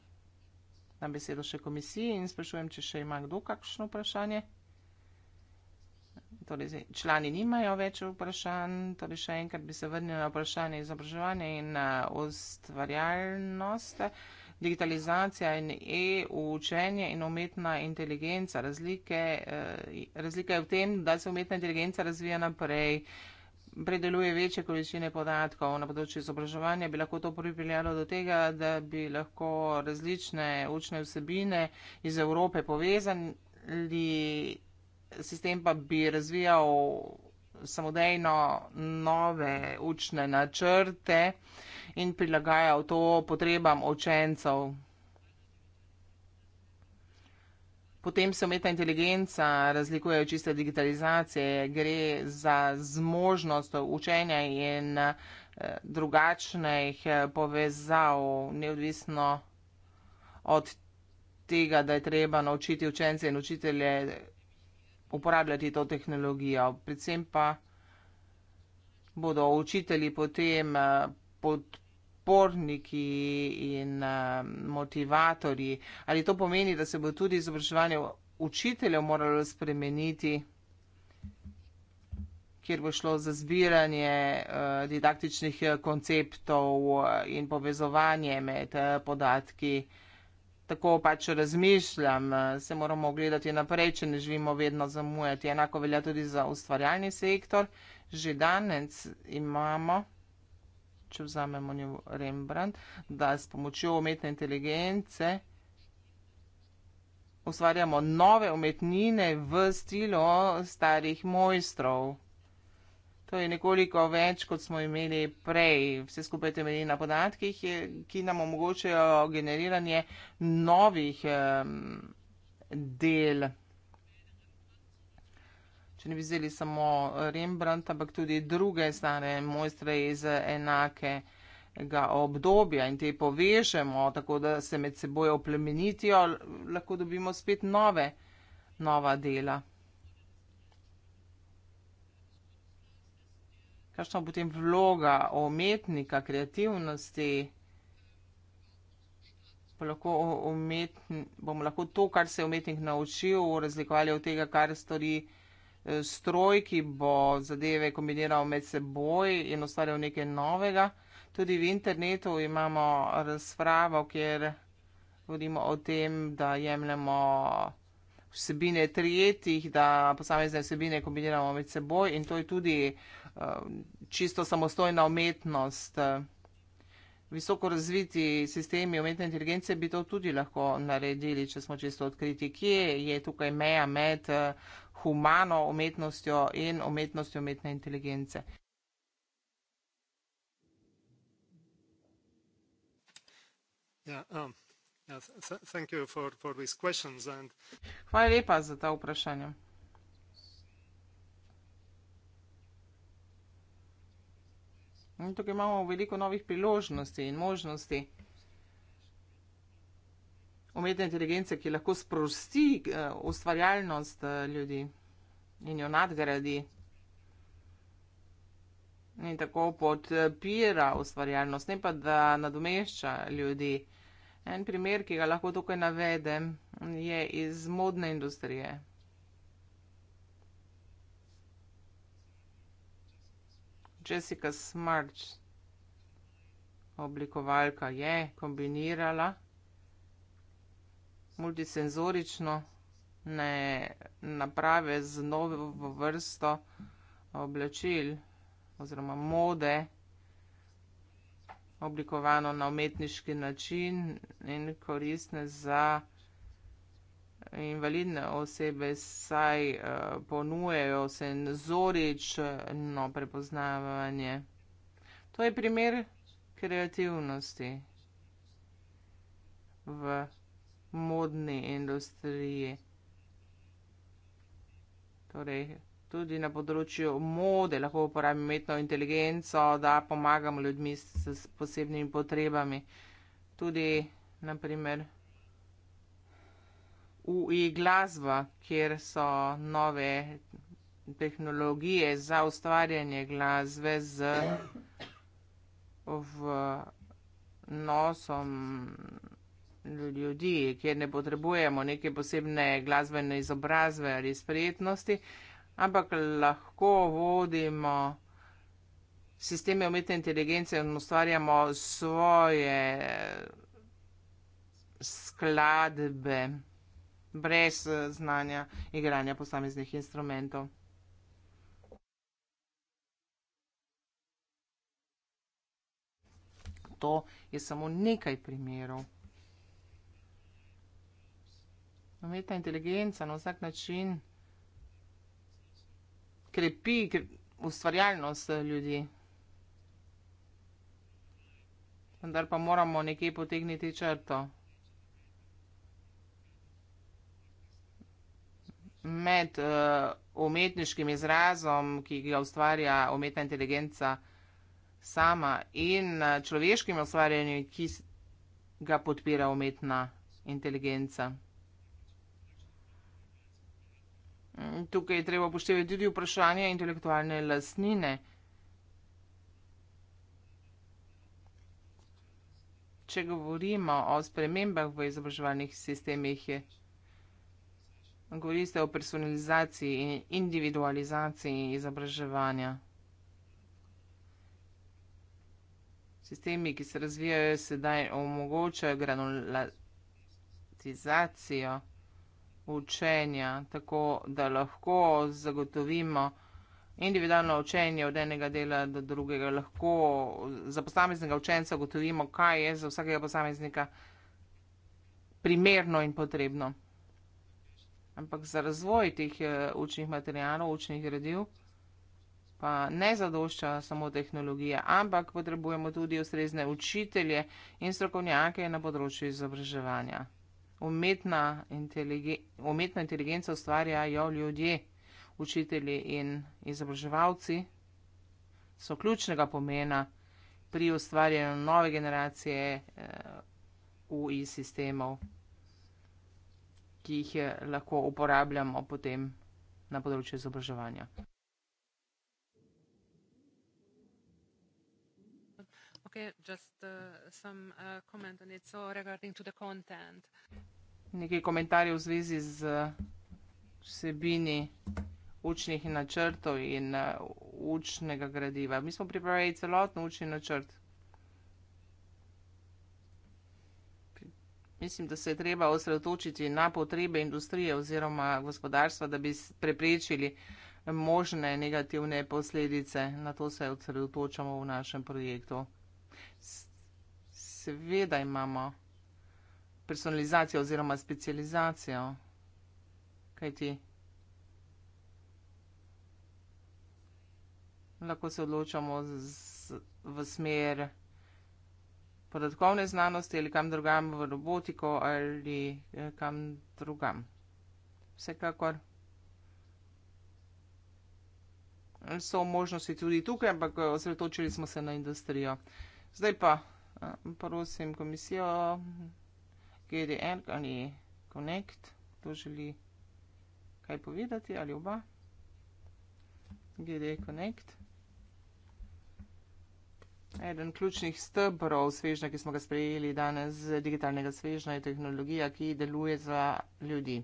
na besedo še komisiji in sprašujem, če še ima kdo kakšno vprašanje torej člani nimajo več vprašanj, torej še enkrat bi se vrnili na vprašanje izobraževanja in eh, ustvarjalnost, digitalizacija in e-učenje in umetna inteligenca. Razlike, eh, razlika je v tem, da se umetna inteligenca razvija naprej. Predeluje večje količine podatkov na področju izobraževanja, bi lahko to pripeljalo do tega, da bi lahko različne učne vsebine iz Evrope povezali sistem pa bi razvijal samodejno nove učne načrte in prilagajal to potrebam učencev. Potem se umetna inteligenca razlikuje od čiste digitalizacije, gre za zmožnost učenja in eh, drugačnih eh, povezav, neodvisno od tega, da je treba naučiti učence in učitelje uporabljati to tehnologijo. Predvsem pa bodo učitelji potem eh, podporniki in eh, motivatorji. Ali to pomeni, da se bo tudi izobraževanje učiteljev moralo spremeniti, kjer bo šlo za zbiranje eh, didaktičnih konceptov in povezovanje med podatki in podatki tako pač razmišljam, eh, se moramo gledati naprej, če ne živimo vedno zamujati. Enako velja tudi za ustvarjalni sektor. Že danes imamo, če vzamemo njo Rembrandt, da s pomočjo umetne inteligence ustvarjamo nove umetnine v stilu starih mojstrov. To je nekoliko več, kot smo imeli prej. Vse skupaj temelji na podatkih, ki nam omogočajo generiranje novih del. Če ne bi vzeli samo Rembrandt, ampak tudi druge stare mojstre iz enake obdobja in te povežemo, tako da se med seboj oplemenitijo, lahko dobimo spet nove, nova dela. kakšna potem vloga umetnika, kreativnosti, pa lahko umetn, bomo lahko to, kar se je umetnik naučil, razlikovali od tega, kar stori eh, stroj, ki bo zadeve kombiniral med seboj in ustvarjal nekaj novega. Tudi v internetu imamo razpravo, kjer govorimo o tem, da jemljemo vsebine tretjih, da posamezne vsebine kombiniramo med seboj in to je tudi uh, Um, čisto samostojna umetnost. Eh, visoko razviti sistemi umetne inteligence bi to tudi lahko naredili, če smo čisto odkriti, kje je tukaj meja med eh, humano umetnostjo in umetnostjo umetne inteligence. Um, Hvala lepa za ta vprašanja. In tukaj imamo veliko novih priložnosti in možnosti umetne inteligence, ki lahko sprosti eh, ustvarjalnost eh, ljudi in jo nadgradi in tako podpira ustvarjalnost, ne pa da nadomešča ljudi. En primer, ki ga lahko tukaj navedem, je iz modne industrije. Jessica Smart, oblikovalka, je kombinirala multisenzorično ne, naprave z novo vrsto oblačil oziroma mode, oblikovano na umetniški način in koristne za invalidne osebe saj uh, eh, ponujejo senzorično prepoznavanje. To je primer kreativnosti v modni industriji. Torej, tudi na področju mode lahko uporabimo umetno inteligenco, da pomagamo ljudmi s posebnimi potrebami. Tudi, naprimer, UI glasba, kjer so nove tehnologije za ustvarjanje glasbe z nosom ljudi, kjer ne potrebujemo neke posebne glasbene izobrazbe ali spretnosti, ampak lahko vodimo sisteme umetne inteligence in ustvarjamo svoje skladbe brez eh, znanja igranja posameznih instrumentov. To je samo nekaj primerov. Umetna inteligenca na vsak način krepi ustvarjalnost eh, ljudi. Vendar pa moramo nekje potegniti črto. med uh, umetniškim izrazom, ki ga ustvarja umetna inteligenca sama in uh, človeškim ustvarjanjem, ki ga podpira umetna inteligenca. Mm, tukaj je treba upoštevati tudi vprašanje intelektualne lasnine. Če govorimo o spremembah v izobraževalnih sistemih, je. Govorili ste o personalizaciji in individualizaciji izobraževanja. Sistemi, ki se razvijajo sedaj, omogočajo granulatizacijo učenja, tako da lahko zagotovimo individualno učenje od enega dela do drugega. Lahko za posameznega učenca gotovimo, kaj je za vsakega posameznika primerno in potrebno ampak za razvoj teh eh, učnih materijalov, učnih gradiv, pa ne zadošča samo tehnologija, ampak potrebujemo tudi ustrezne učitelje in strokovnjake na področju izobraževanja. Umetna, intelige, umetna inteligenca ustvarjajo ljudje, učitelji in izobraževalci so ključnega pomena pri ustvarjanju nove generacije eh, UI sistemov ki jih je, lahko uporabljamo potem na področju izobraževanja. Uh, uh, Nekaj komentarjev v zvezi z vsebini učnih načrtov in uh, učnega gradiva. Mi smo pripravili celotno učni načrt, Mislim, da se je treba osredotočiti na potrebe industrije oziroma gospodarstva, da bi preprečili možne negativne posledice. Na to se osredotočamo v našem projektu. Seveda imamo personalizacijo oziroma specializacijo, kajti lahko se odločamo z, z, v smer podatkovne znanosti ali kam drugam v robotiko ali eh, kam drugam. Vsekakor. So možnosti tudi tukaj, ampak eh, osredotočili smo se na industrijo. Zdaj pa eh, prosim komisijo GDN ali Connect, kdo želi kaj povedati ali oba. GDN Connect. Eden ključnih stebrov svežnja, ki smo ga sprejeli danes, digitalnega svežnja, je tehnologija, ki deluje za ljudi.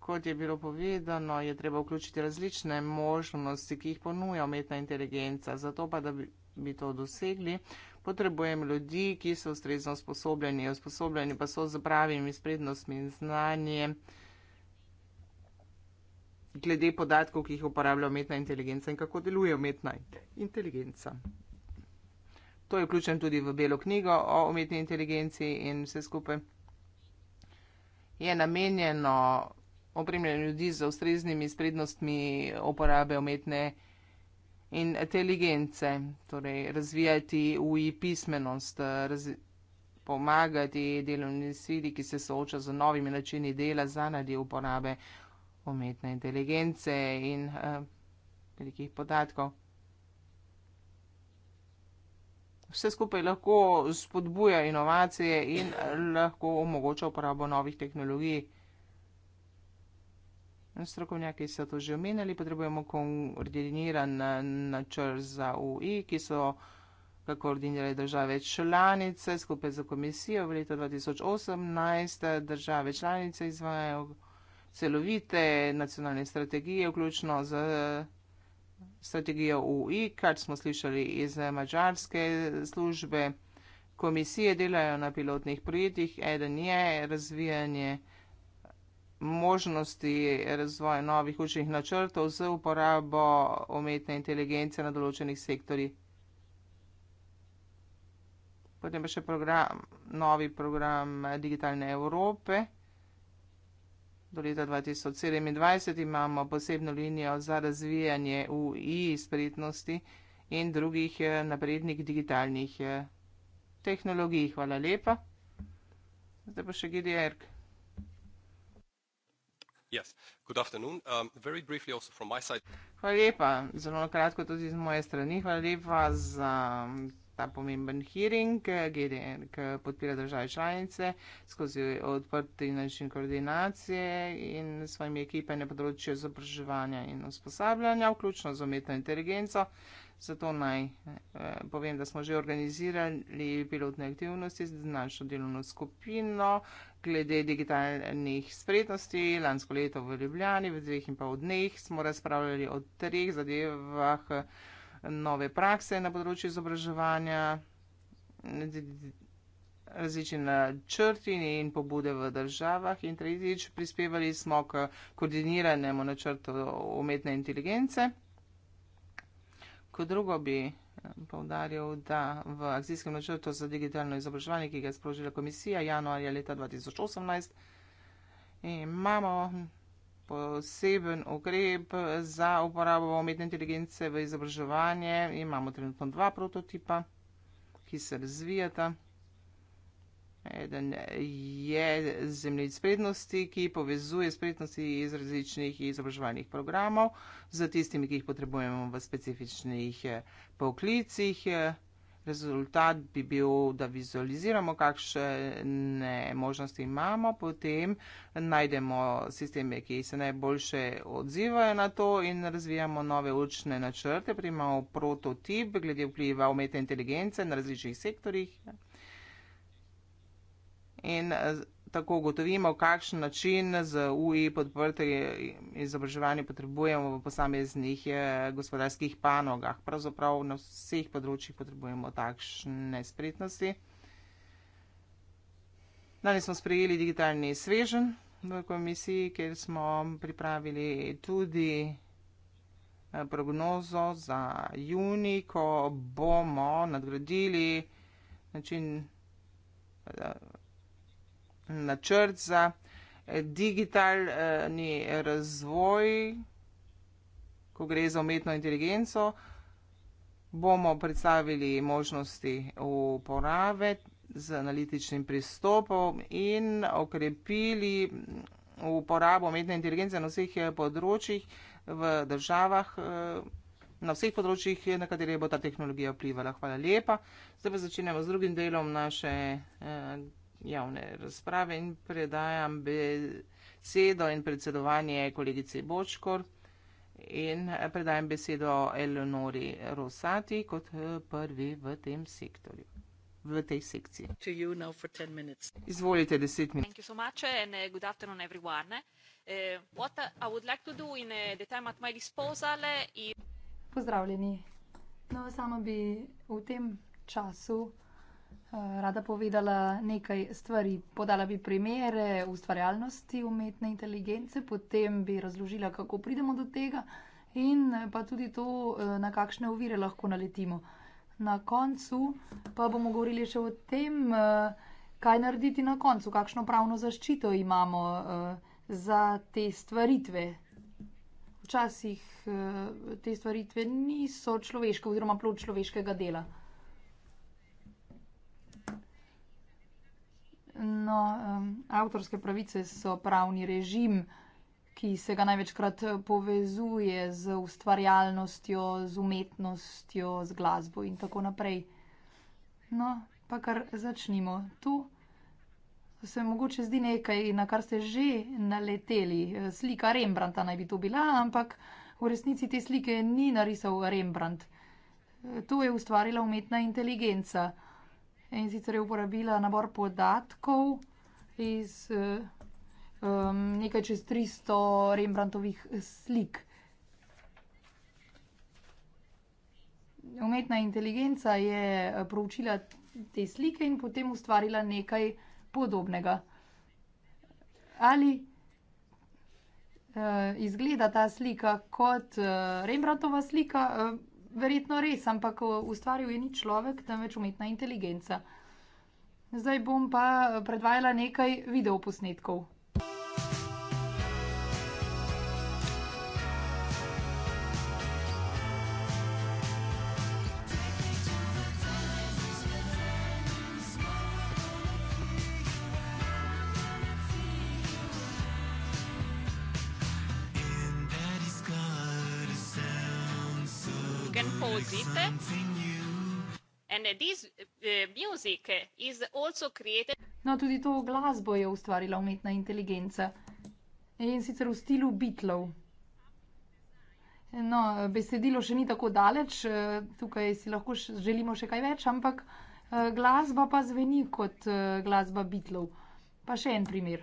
Kot je bilo povedano, je treba vključiti različne možnosti, ki jih ponuja umetna inteligenca. Zato pa, da bi, bi to dosegli, potrebujem ljudi, ki so ustrezno usposobljeni, usposobljeni pa so z pravimi sprednostmi in znanjem glede podatkov, ki jih uporablja umetna inteligenca in kako deluje umetna inteligenca. To je vključen tudi v belo knjigo o umetni inteligenci in vse skupaj je namenjeno opremljanju ljudi z ustreznimi sprednostmi uporabe umetne inteligence, torej razvijati UI pismenost, raz, pomagati delovni sviri, ki se sooča z novimi načini dela zaradi uporabe umetne inteligence in uh, velikih podatkov. Vse skupaj lahko spodbuja inovacije in eh, lahko omogoča uporabo novih tehnologij. Strokovnjaki so to že omenjali, potrebujemo koordiniran eh, načrt za UI, ki so ga koordinirali države članice skupaj za komisijo. V letu 2018 države članice izvajajo celovite nacionalne strategije, vključno z strategijo UI, kar smo slišali iz mačarske službe. Komisije delajo na pilotnih projektih, eden je razvijanje možnosti razvoja novih učnih načrtov z uporabo umetne inteligence na določenih sektorjih. Potem pa še program, novi program Digitalne Evrope. Do leta 2027 imamo posebno linijo za razvijanje UI spretnosti in drugih eh, naprednih digitalnih eh, tehnologij. Hvala lepa. Zdaj pa še Gidi Erk. Yes. Good afternoon. Um, very briefly also from my side. Hvala lepa. Zelo kratko tudi z moje strani. Hvala lepa za ta pomemben hearing, GDN, ki podpira države članice skozi odprti način koordinacije in svojimi ekipe na področju izobraževanja in usposabljanja, vključno z umetno inteligenco. Zato naj eh, povem, da smo že organizirali pilotne aktivnosti z našo delovno skupino glede digitalnih spretnosti. Lansko leto v Ljubljani v dveh in pol dneh smo razpravljali o treh zadevah. Eh, nove prakse na področju izobraževanja, različne načrti in pobude v državah in tretjič prispevali smo k koordiniranemu načrtu umetne inteligence. Kot drugo bi eh, povdarjal, da v akcijskem načrtu za digitalno izobraževanje, ki ga je sprožila komisija januarja leta 2018, imamo poseben ukrep za uporabo umetne inteligence v izobraževanje. Imamo trenutno dva prototipa, ki se razvijata. Eden je zemljevid spretnosti, ki povezuje spretnosti iz različnih izobraževalnih programov z tistimi, ki jih potrebujemo v specifičnih eh, poklicih. Eh, rezultat bi bil, da vizualiziramo, kakšne možnosti imamo, potem najdemo sisteme, ki se najboljše odzivajo na to in razvijamo nove učne načrte, primamo prototip glede vpliva umetne inteligence na različnih sektorjih. In tako ugotovimo, kakšen način z UI podprte izobraževanje potrebujemo v posameznih eh, gospodarskih panogah. Pravzaprav na vseh področjih potrebujemo takšne spretnosti. Danes smo sprejeli digitalni svežen v komisiji, kjer smo pripravili tudi eh, prognozo za juni, ko bomo nadgradili način. Eh, načrt za eh, digitalni eh, razvoj, ko gre za umetno inteligenco, bomo predstavili možnosti uporabe z analitičnim pristopom in okrepili uporabo umetne inteligence na vseh eh, področjih v državah, na vseh področjih, na katere bo ta tehnologija vplivala. Hvala lepa. Zdaj pa začenjamo z drugim delom naše eh, javne razprave in predajam besedo in predsedovanje kolegici Bočkor in predajam besedo Eleonori Rosati kot eh, prvi v tem sektorju. V tej sekciji. Izvolite deset minut. Thank you so much and eh, good afternoon everyone. Uh, what I would like to do in the time at my disposal is... Pozdravljeni. No, samo bi v tem času rada povedala nekaj stvari. Podala bi primere ustvarjalnosti umetne inteligence, potem bi razložila, kako pridemo do tega in pa tudi to, eh, na kakšne ovire lahko naletimo. Na koncu pa bomo govorili še o tem, eh, kaj narediti na koncu, kakšno pravno zaščito imamo eh, za te stvaritve. Včasih te stvaritve niso človeške oziroma plod človeškega dela. No, um, avtorske pravice so pravni režim, ki se ga največkrat povezuje z ustvarjalnostjo, z umetnostjo, z glasbo in tako naprej. No, pa kar začnimo. Tu se mogoče zdi nekaj, na kar ste že naleteli. Slika Rembrandta naj bi to bila, ampak v resnici te slike ni narisal Rembrandt. To je ustvarila umetna inteligenca. In sicer je uporabila nabor podatkov iz um, nekaj čez 300 Rembrandtovih slik. Umetna inteligenca je eh, proučila te slike in potem ustvarila nekaj podobnega. Ali uh, izgleda ta slika kot uh, Rembrandtova slika? Uh, verjetno res, ampak ustvaril je ni človek, temveč umetna inteligenca. Zdaj bom pa predvajala nekaj videoposnetkov. music is also created. No, tudi to glasbo je ustvarila umetna inteligenca in sicer v slogu Beatlov. No, besedilo še ni tako daleč, eh, tukaj si lahko še, želimo še kaj več, ampak eh, glasba pa zveni kot eh, glasba Beatlov. Pa še en primer.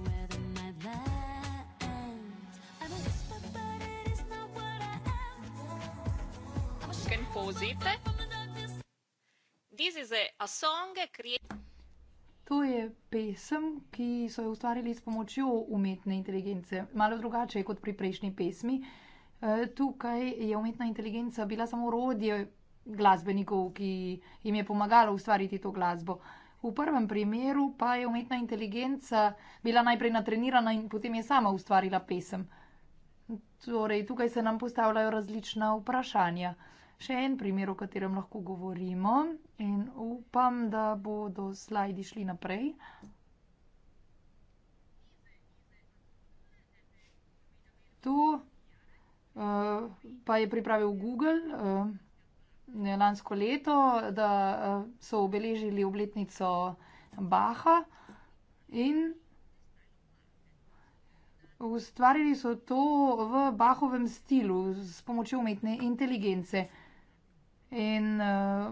composite. To je pesem, ki so jo ustvarili s pomočjo umetne inteligence. Malo drugače je kot pri prejšnji pesmi. E, tukaj je umetna inteligenca bila samo orodje glasbenikov, ki jim je pomagalo ustvariti to glasbo. V prvem primeru pa je umetna inteligenca bila najprej natrenirana in potem je sama ustvarila pesem. Torej, tukaj se nam postavljajo različna vprašanja še en primer, o katerem lahko govorimo in upam, da bodo slajdi šli naprej. To uh, eh, pa je pripravil Google uh, lansko leto, da uh, so obeležili obletnico Baha in ustvarili so to v Bahovem stilu s pomočjo umetne inteligence. In uh,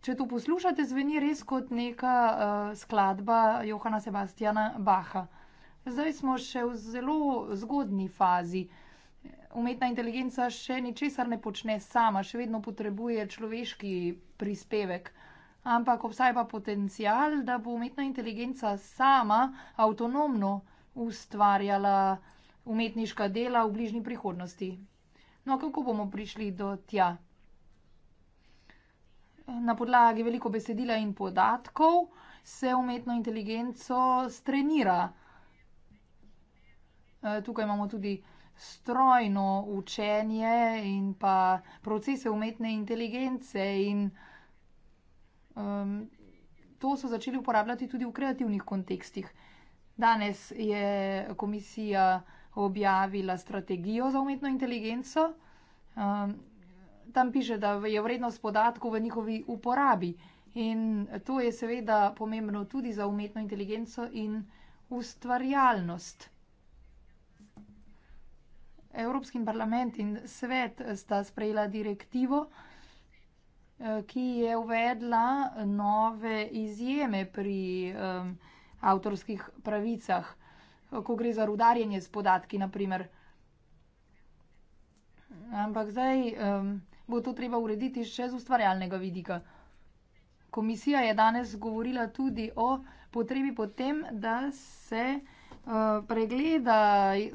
če to poslušate, zveni res kot neka uh, skladba Johana Sebastiana Baha. Zdaj smo še v zelo zgodni fazi. Umetna inteligenca še ničesar ne počne sama, še vedno potrebuje človeški prispevek, ampak obstaja pa potencial, da bo umetna inteligenca sama avtonomno ustvarjala umetniška dela v bližnji prihodnosti. No, kako bomo prišli do tja? na podlagi veliko besedila in podatkov se umetno inteligenco strenira. E, tukaj imamo tudi strojno učenje in pa procese umetne inteligence in um, to so začeli uporabljati tudi v kreativnih kontekstih. Danes je komisija objavila strategijo za umetno inteligenco um, tam piše, da je vrednost podatkov v njihovi uporabi. In to je seveda pomembno tudi za umetno inteligenco in ustvarjalnost. Evropski parlament in svet sta sprejela direktivo, eh, ki je uvedla nove izjeme pri um, avtorskih pravicah, ko gre za rudarjenje s podatki, naprimer. Ampak zdaj. Um, bo to treba urediti še z ustvarjalnega vidika. Komisija je danes govorila tudi o potrebi potem, da se uh, pregleda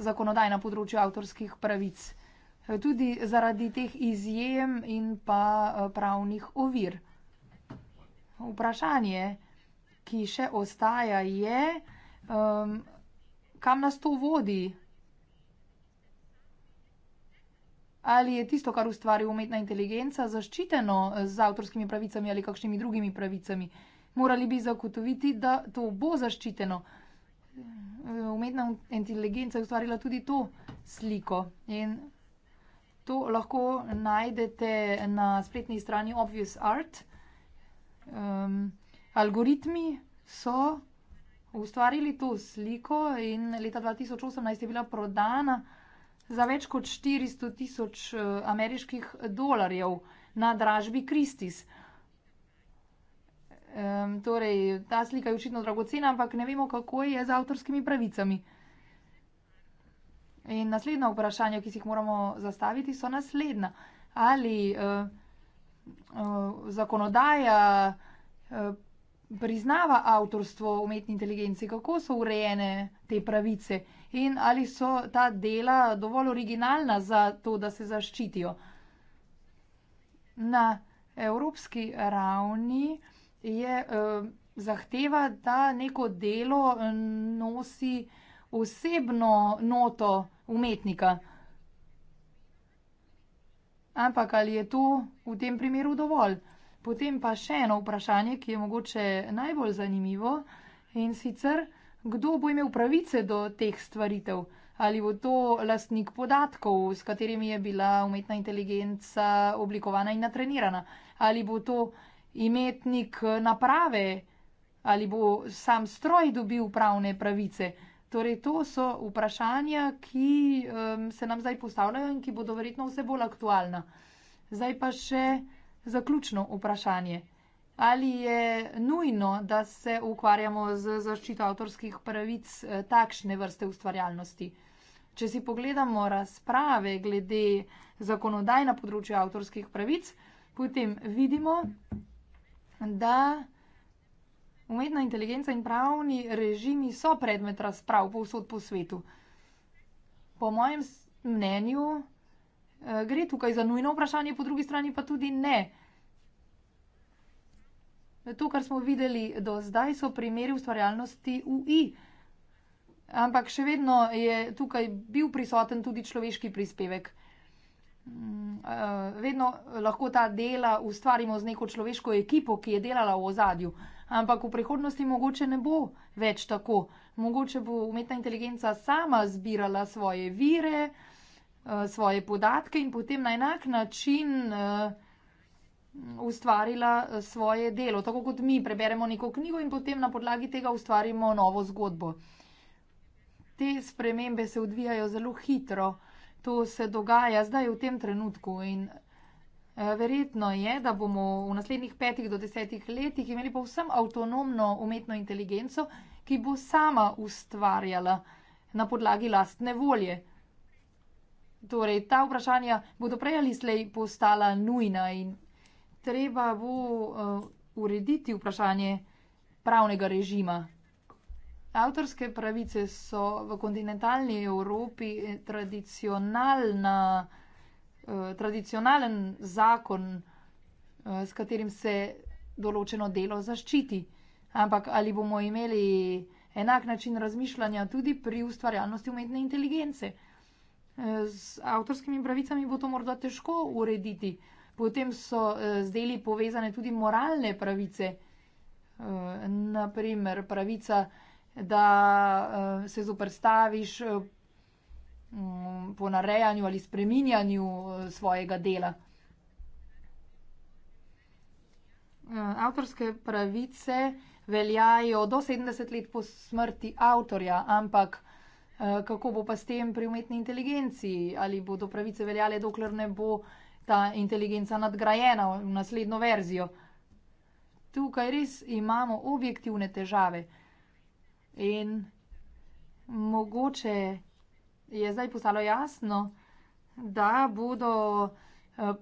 zakonodaj na področju avtorskih pravic, eh, tudi zaradi teh izjem in pa eh, pravnih ovir. Vprašanje, ki še ostaja, je, um, kam nas to vodi. Ali je tisto, kar ustvari umetna inteligenca, zaščiteno eh, z avtorskimi pravicami ali kakšnimi drugimi pravicami? Morali bi zagotoviti, da to bo zaščiteno. Eh, umetna inteligenca je ustvarila tudi to sliko in to lahko najdete na spletni strani Obvious Art. Um, algoritmi so ustvarili to sliko in leta 2018 je bila prodana za več kot 400 tisoč eh, ameriških dolarjev na dražbi Kristis. Um, torej, ta slika je očitno dragocena, ampak ne vemo, kako je z avtorskimi pravicami. In naslednja vprašanja, ki si jih moramo zastaviti, so naslednja. Ali uh, uh, zakonodaja uh, priznava avtorstvo umetni inteligenci, kako so urejene te pravice? Uh, in ali so ta dela dovolj originalna za to, da se zaščitijo. Na evropski ravni je eh, zahteva, da neko delo eh, nosi osebno noto umetnika. Ampak ali je to v tem primeru dovolj? Potem pa še eno vprašanje, ki je mogoče najbolj zanimivo in sicer, kdo bo imel pravice do teh stvaritev. Ali bo to lastnik podatkov, s katerimi je bila umetna inteligenca oblikovana in natrenirana, ali bo to imetnik eh, naprave, ali bo sam stroj dobil pravne pravice. Torej, to so vprašanja, ki um, se nam zdaj postavljajo in ki bodo verjetno vse bolj aktualna. Zdaj pa še zaključno vprašanje. Ali je nujno, da se ukvarjamo z zaščito avtorskih pravic eh, takšne vrste ustvarjalnosti? Če si pogledamo razprave glede zakonodaj na področju avtorskih pravic, potem vidimo, da umetna inteligenca in pravni režimi so predmet razprav povsod po svetu. Po mojem mnenju eh, gre tukaj za nujno vprašanje, po drugi strani pa tudi ne. To, kar smo videli do zdaj, so primeri ustvarjalnosti UI. Ampak še vedno je tukaj bil prisoten tudi človeški prispevek. Mm, eh, vedno lahko ta dela ustvarimo z neko človeško ekipo, ki je delala v ozadju. Ampak v prihodnosti mogoče ne bo več tako. Mogoče bo umetna inteligenca sama zbirala svoje vire, eh, svoje podatke in potem na enak način eh, ustvarila eh, svoje delo, tako kot mi preberemo neko knjigo in potem na podlagi tega ustvarimo novo zgodbo. Te spremembe se odvijajo zelo hitro, to se dogaja zdaj v tem trenutku in eh, verjetno je, da bomo v naslednjih petih do desetih letih imeli povsem avtonomno umetno inteligenco, ki bo sama ustvarjala na podlagi lastne volje. Torej, ta vprašanja bodo prej ali slej postala nujna in treba bo uh, urediti vprašanje pravnega režima. Avtorske pravice so v kontinentalni Evropi eh, tradicionalna, uh, tradicionalen zakon, uh, s katerim se določeno delo zaščiti. Ampak ali bomo imeli enak način razmišljanja tudi pri ustvarjalnosti umetne inteligence? Z avtorskimi pravicami bo to morda težko urediti. Potem so eh, z deli povezane tudi moralne pravice, eh, naprimer pravica, da eh, se zoprstaviš mm, po narejanju ali spreminjanju svojega dela. Avtorske pravice veljajo do 70 let po smrti avtorja, ampak kako bo pa s tem pri umetni inteligenci? Ali bodo pravice veljale, dokler ne bo ta inteligenca nadgrajena v naslednjo verzijo. Tukaj res imamo objektivne težave. In mogoče je zdaj postalo jasno, da bodo eh,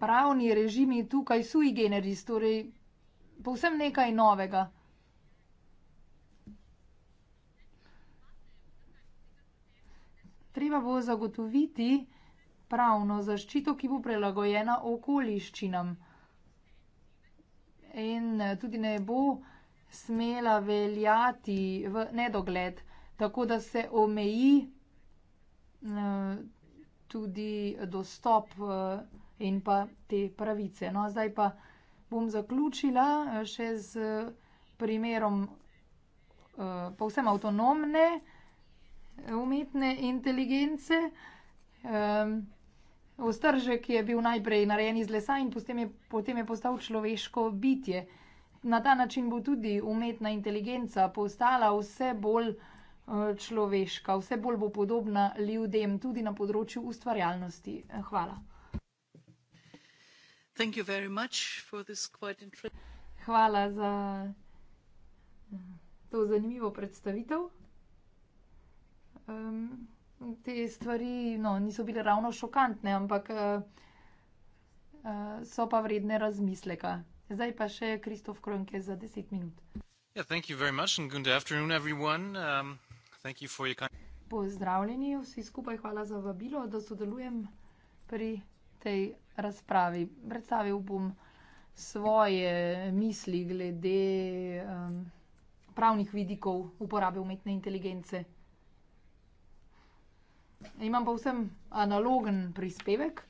pravni režimi tukaj sui generis, torej povsem nekaj novega. Treba bo zagotoviti, da bo zagotoviti, pravno zaščito, ki bo prilagojena okoliščinam. In eh, tudi ne bo smela veljati v nedogled, tako da se omeji eh, tudi dostop eh, in pa te pravice. No, zdaj pa bom zaključila še z primerom povsem avtonomne umetne inteligence. Um, Ostržek je bil najprej narejen iz lesa in potem je, potem je postal človeško bitje. Na ta način bo tudi umetna inteligenca postala vse bolj eh, človeška, vse bolj bo podobna ljudem, tudi na področju ustvarjalnosti. Hvala. Hvala za eh, to zanimivo predstavitev. Um, te stvari no, niso bile ravno šokantne, ampak uh, so pa vredne razmisleka. Zdaj pa še Kristof Kronke za 10 minut. Yeah, um, Pozdravljeni vsi skupaj, hvala za vabilo, da sodelujem pri tej razpravi. Predstavil bom svoje misli glede um, pravnih vidikov uporabe umetne inteligence. Imam pa vsem analogen prispevek.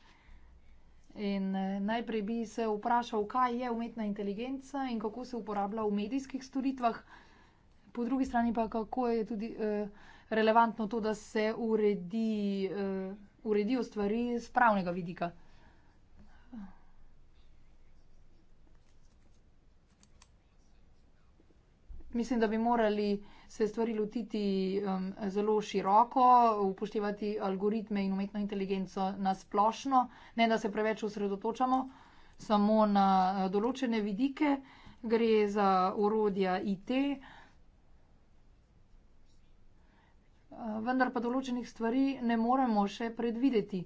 In eh, najprej bi se vprašal, kaj je umetna inteligenca in kako se uporablja v medijskih storitvah, po drugi strani pa kako je tudi eh, relevantno to, da se uredi, eh, uredijo stvari z pravnega vidika. Mislim, da bi morali se stvari lotiti um, zelo široko, upoštevati algoritme in umetno inteligenco na splošno, ne da se preveč osredotočamo samo na eh, določene vidike, gre za urodja IT. Eh, vendar pa določenih stvari ne moremo še predvideti.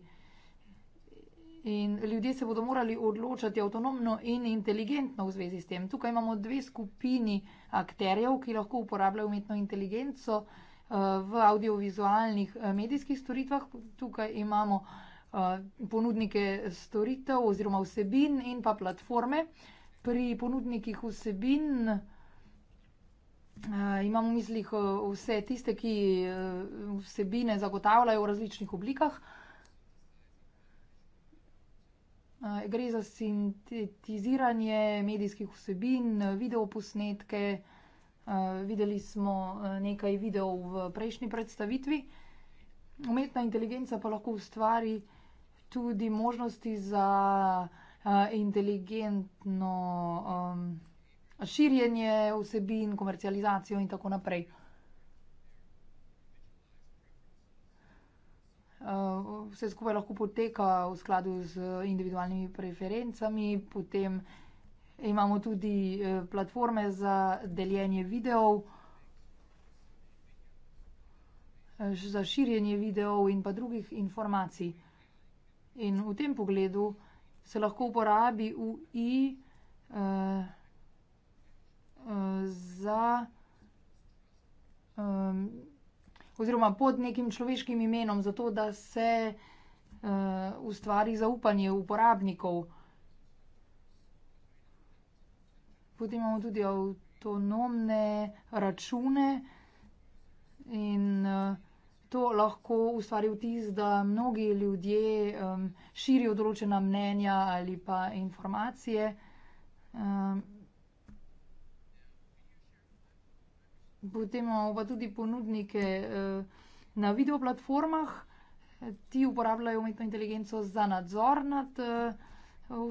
In ljudje se bodo morali odločati avtonomno in inteligentno v zvezi s tem. Tukaj imamo dve skupini akterjev, ki lahko uporabljajo umetno inteligenco eh, v audiovizualnih eh, medijskih storitvah. Tukaj imamo eh, ponudnike storitev oziroma vsebin in pa platforme. Pri ponudnikih vsebin imamo v mislih vse tiste, ki vsebine zagotavljajo v različnih oblikah. Eh, gre za sintetiziranje medijskih vsebin, videoposnetke. Eh, videli smo eh, nekaj videov v prejšnji predstavitvi. Umetna inteligenca pa lahko ustvari tudi možnosti za inteligentno širjenje vsebin, komercializacijo in tako naprej. Eh, vse skupaj lahko poteka v skladu z individualnimi preferencami, potem imamo tudi eh, platforme za deljenje videov, eh, za širjenje videov in pa drugih informacij. In v tem pogledu se lahko uporabi UI uh, uh, za um, oziroma pod nekim človeškim imenom, zato da se uh, ustvari zaupanje uporabnikov. Potem imamo tudi avtonomne račune in uh, to lahko ustvari vtis, da mnogi ljudje um, širijo določena mnenja ali pa informacije. Um, potem imamo pa tudi ponudnike eh, na video platformah. Ti uporabljajo umetno inteligenco za nadzor nad eh,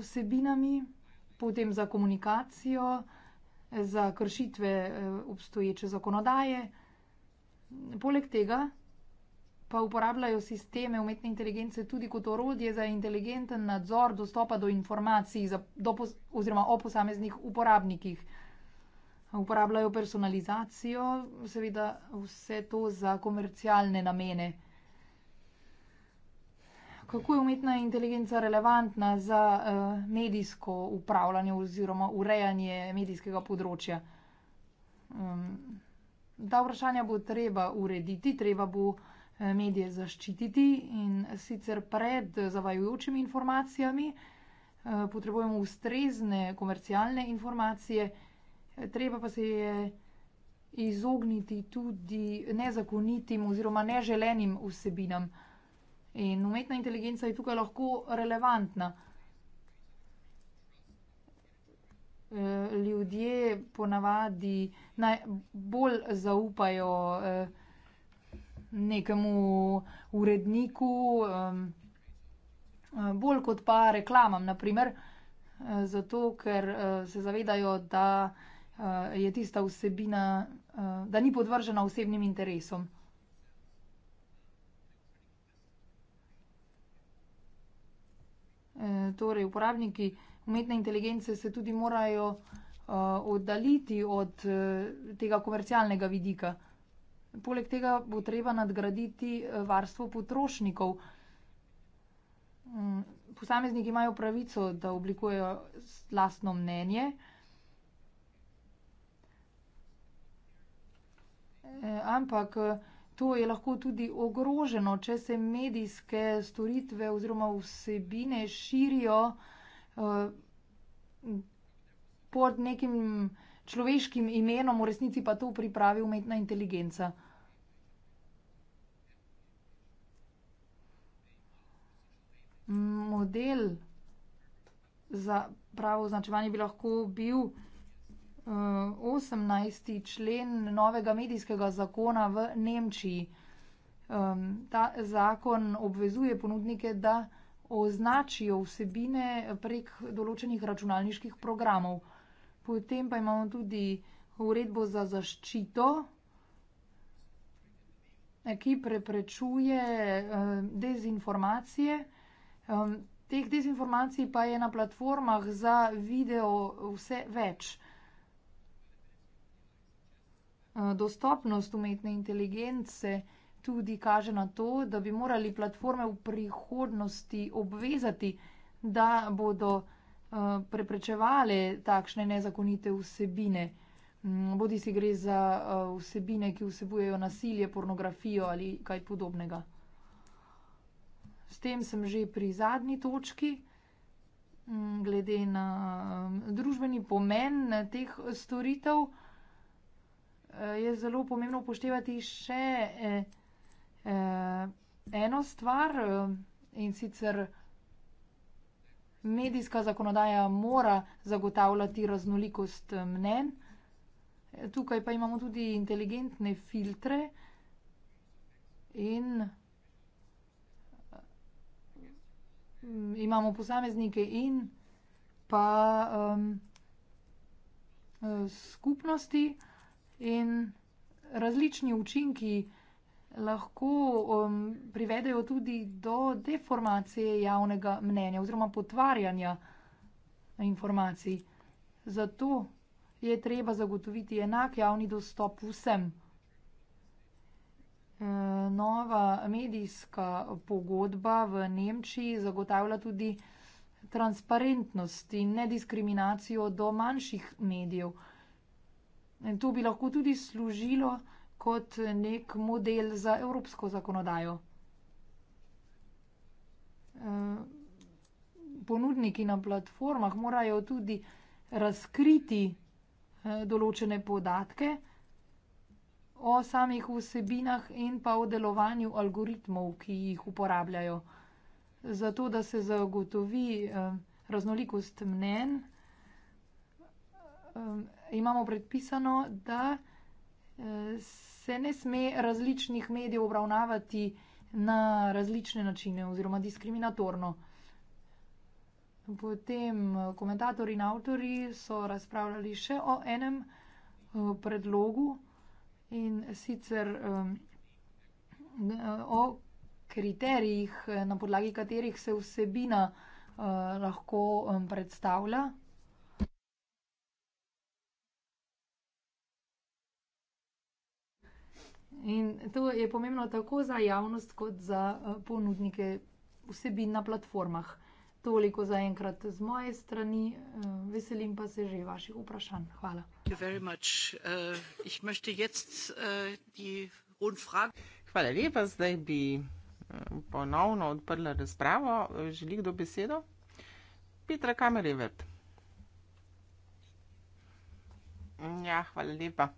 vsebinami, potem za komunikacijo, za kršitve eh, obstoječe zakonodaje. Poleg tega pa uporabljajo sisteme umetne inteligence tudi kot orodje za inteligenten nadzor dostopa do informacij za, do, oziroma o posameznih uporabnikih uporabljajo personalizacijo, seveda vse to za komercialne namene. Kako je umetna inteligenca relevantna za uh, medijsko upravljanje oziroma urejanje medijskega področja? Um, ta vprašanja bo treba urediti, treba bo eh, medije zaščititi in sicer pred zavajujočimi informacijami uh, potrebujemo ustrezne komercialne informacije, uh, Treba pa se je izogniti tudi nezakonitim oziroma neželenim vsebinam. In umetna inteligenca je tukaj lahko relevantna. E, ljudje ponavadi najbolj zaupajo e, nekemu uredniku, e, bolj kot pa reklamam, naprimer, zato ker se zavedajo, da uh, je tista vsebina, uh, da ni podvržena osebnim interesom. E, torej, uporabniki umetne inteligence se tudi morajo uh, oddaliti od uh, tega komercialnega vidika. Poleg tega bo treba nadgraditi varstvo potrošnikov. Mm, posamezniki imajo pravico, da oblikujejo lastno mnenje, uh, Eh, ampak eh, to je lahko tudi ogroženo, če se medijske storitve oziroma vsebine širijo eh, pod nekim človeškim imenom, v resnici pa to pripravi umetna inteligenca. Model za pravo označevanje bi lahko bil 18. Eh, člen novega medijskega zakona v Nemčiji. Ta zakon obvezuje ponudnike, da označijo vsebine prek določenih računalniških programov. Potem pa imamo tudi uredbo za zaščito, ki preprečuje dezinformacije. Teh dezinformacij pa je na platformah za video vse več. Eh, dostopnost umetne inteligence tudi kaže na to, da bi morali platforme v prihodnosti obvezati, da bodo eh, preprečevale takšne nezakonite vsebine. Mm, Bodi si gre za eh, vsebine, ki vsebujejo nasilje, pornografijo ali kaj podobnega. S tem sem že pri zadnji točki, mm, glede na družbeni pomen teh storitev je zelo pomembno upoštevati še eh, eh, eno stvar eh, in sicer medijska zakonodaja mora zagotavljati raznolikost mnen. Tukaj pa imamo tudi inteligentne filtre in imamo posameznike in pa um, skupnosti. In različni učinki lahko um, privedejo tudi do deformacije javnega mnenja oziroma potvarjanja informacij. Zato je treba zagotoviti enak javni dostop vsem. E, nova medijska pogodba v Nemčiji zagotavlja tudi transparentnost in nediskriminacijo do manjših medijev. In to bi lahko tudi služilo kot nek model za evropsko zakonodajo. Eh, ponudniki na platformah morajo tudi razkriti eh, določene podatke o samih vsebinah in pa o delovanju algoritmov, ki jih uporabljajo, zato da se zagotovi eh, raznolikost mnen um, imamo predpisano, da eh, se ne sme različnih medijev obravnavati na različne načine oziroma diskriminatorno. Potem eh, komentatorji in avtori so razpravljali še o enem eh, predlogu in sicer um, o kriterijih, na podlagi katerih se vsebina lahko um, predstavlja. In to je pomembno tako za javnost, kot za eh, ponudnike vsebin na platformah. Toliko za enkrat z moje strani, eh, veselim pa se že vaših vprašanj. Hvala. Eh, hvala lepa, zdaj bi ponovno odprla razpravo. Želi kdo besedo? Petra Kamerevet. Ja, hvala lepa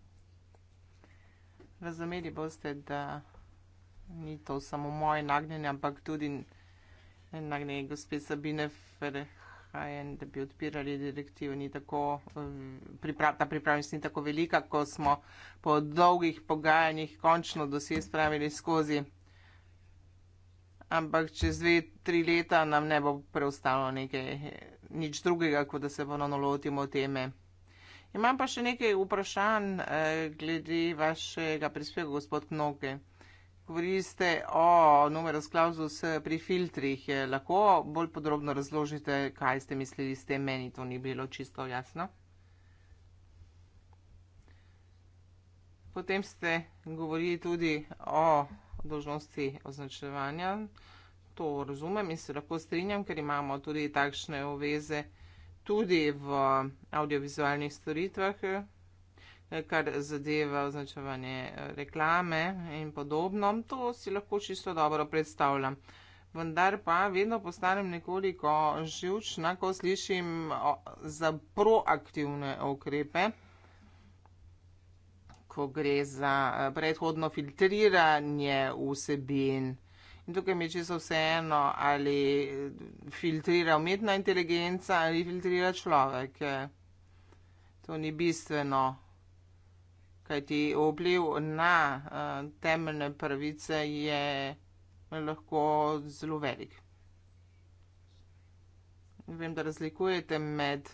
razumeli boste, da ni to samo moje nagnjenje, ampak tudi nagnjenje gospe Sabine Ferhajen, da bi odpirali direktivo. Ni tako, eh, ta pripravljenost ni tako velika, ko smo po dolgih pogajanjih končno dosje spravili skozi. Ampak čez dve, tri leta nam ne bo preostalo nekaj, nič drugega, kot da se ponovno lotimo teme. Imam pa še nekaj vprašanj eh, glede vašega prispevka, gospod Knoke. Govorite o numeros clausus pri filtrih. Lahko bolj podrobno razložite, kaj ste mislili s tem, meni to ni bilo čisto jasno. Potem ste govorili tudi o dožnosti označevanja. To razumem in se lahko strinjam, ker imamo tudi takšne oveze tudi v audiovizualnih storitvah, eh, kar zadeva označevanje eh, reklame in podobno. To si lahko čisto dobro predstavljam. Vendar pa vedno postanem nekoliko živčna, ko slišim za proaktivne ukrepe, ko gre za eh, predhodno filtriranje vsebin. In tukaj mi je čisto vseeno, ali filtrira umetna inteligenca ali filtrira človek. To ni bistveno, kaj ti obliv na uh, temeljne pravice je lahko zelo velik. Vem, da razlikujete med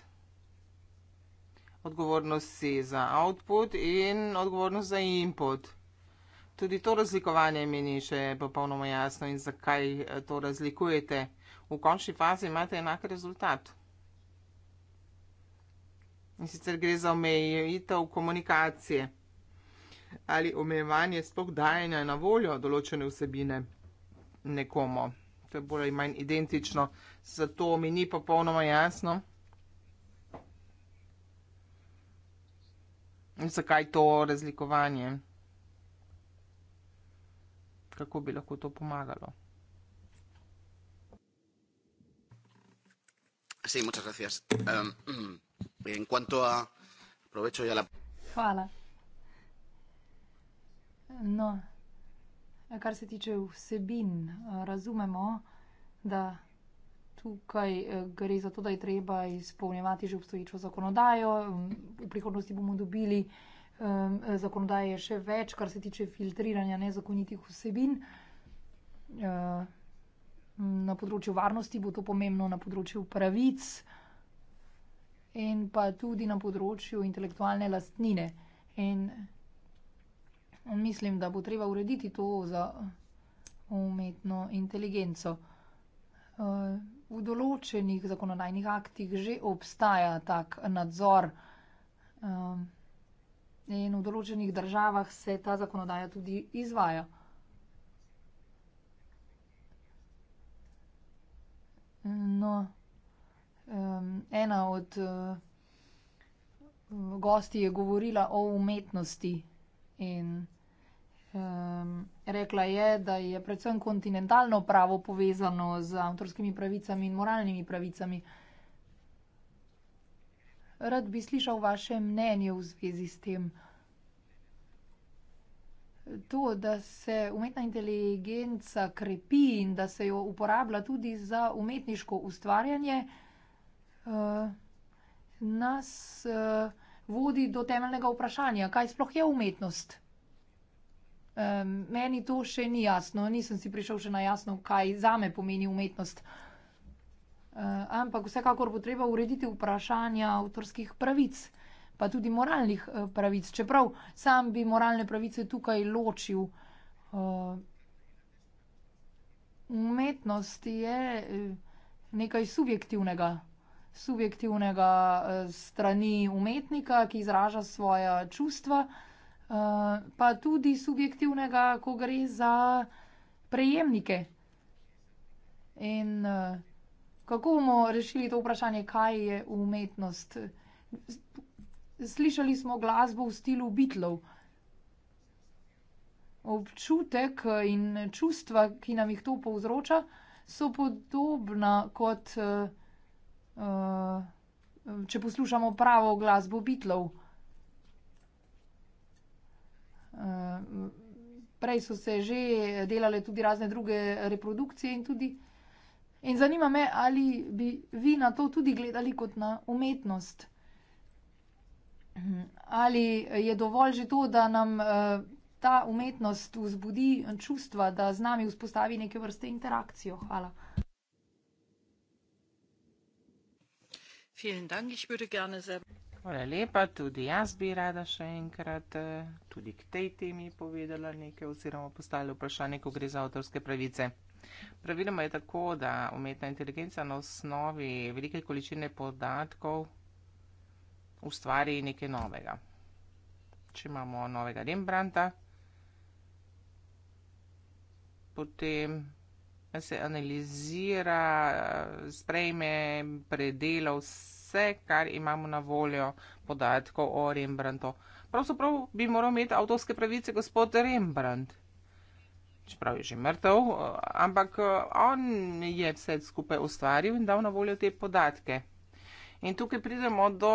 odgovornosti za output in odgovornost za input. Tudi to razlikovanje meni še je popolnoma jasno in zakaj eh, to razlikujete. V končni fazi imate enak rezultat. In sicer gre za omejitev komunikacije ali omejevanje spok dajanja na voljo določene vsebine nekomu. To je bolj manj identično, zato mi ni popolnoma jasno, zakaj to razlikovanje kako bi lahko to pomagalo. Sí, muchas gracias. Um, en cuanto a. Aprovecho ya la. Hvala. No, kar se tiče vsebin, razumemo, da tukaj eh, gre za to, da je treba izpolnjevati že obstoječo zakonodajo. V prihodnosti bomo dobili uh, um, zakonodaje še več, kar se tiče filtriranja nezakonitih vsebin. Uh, na področju varnosti bo to pomembno, na področju pravic in pa tudi na področju intelektualne lastnine. In mislim, da bo treba urediti to za umetno inteligenco. V določenih zakonodajnih aktih že obstaja tak nadzor. Um, in v določenih državah se ta zakonodaja tudi izvaja. No, ena od eh, gosti je govorila o umetnosti in rekla je, da je predvsem kontinentalno pravo povezano z avtorskimi pravicami in moralnimi pravicami. Rad bi slišal vaše mnenje v zvezi s tem. To, da se umetna inteligenca krepi in da se jo uporablja tudi za umetniško ustvarjanje, eh, nas eh, vodi do temeljnega vprašanja, kaj sploh je umetnost. Eh, meni to še ni jasno, nisem si prišel še na jasno, kaj zame pomeni umetnost. Eh, ampak vsekakor bo treba urediti vprašanja avtorskih pravic, pa tudi moralnih eh, pravic. Čeprav sam bi moralne pravice tukaj ločil. Eh, umetnost je nekaj subjektivnega, subjektivnega strani umetnika, ki izraža svoja čustva, pa tudi subjektivnega, ko gre za prejemnike. In uh, Kako bomo rešili to vprašanje, kaj je umetnost? Slišali smo glasbo v slogu bitlov. Občutek in čustva, ki nam jih to povzroča, so podobna kot, uh, če poslušamo pravo glasbo bitlov. Uh, eh, prej so se že delale tudi razne druge reprodukcije in tudi. In zanima me, ali bi vi na to tudi gledali kot na umetnost. Mhm. Ali je dovolj že to, da nam eh, ta umetnost vzbudi čustva, da z nami vzpostavi neke vrste interakcijo? Hvala. Hvala lepa, tudi jaz bi rada še enkrat eh, tudi k tej temi povedala nekaj oziroma postavila vprašanje, ko gre za avtorske pravice. Praviloma je tako, da umetna inteligenca na osnovi velike količine podatkov ustvari nekaj novega. Če imamo novega Rembrandta, potem se analizira, sprejme, predela vse, kar imamo na voljo podatkov o Rembrandtu. Pravzaprav bi moral imeti avtorske pravice gospod Rembrandt čeprav je že mrtev, eh, ampak eh, on je vse skupaj ustvaril in dal na voljo te podatke. In tukaj pridemo do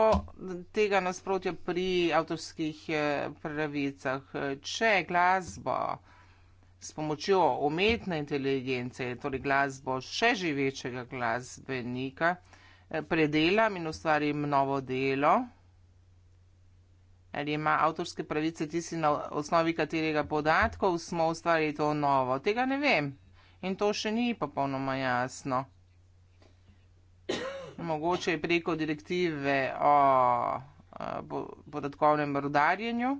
tega nasprotja pri avtorskih eh, pravicah. Če glasbo s pomočjo umetne inteligence, torej glasbo še živečega glasbenika, predelam in ustvarim novo delo, ali ima avtorske pravice tisti, na osnovi katerega podatkov smo ustvarili to novo. Tega ne vem in to še ni popolnoma jasno. Mogoče je preko direktive o, o podatkovnem rodarjenju.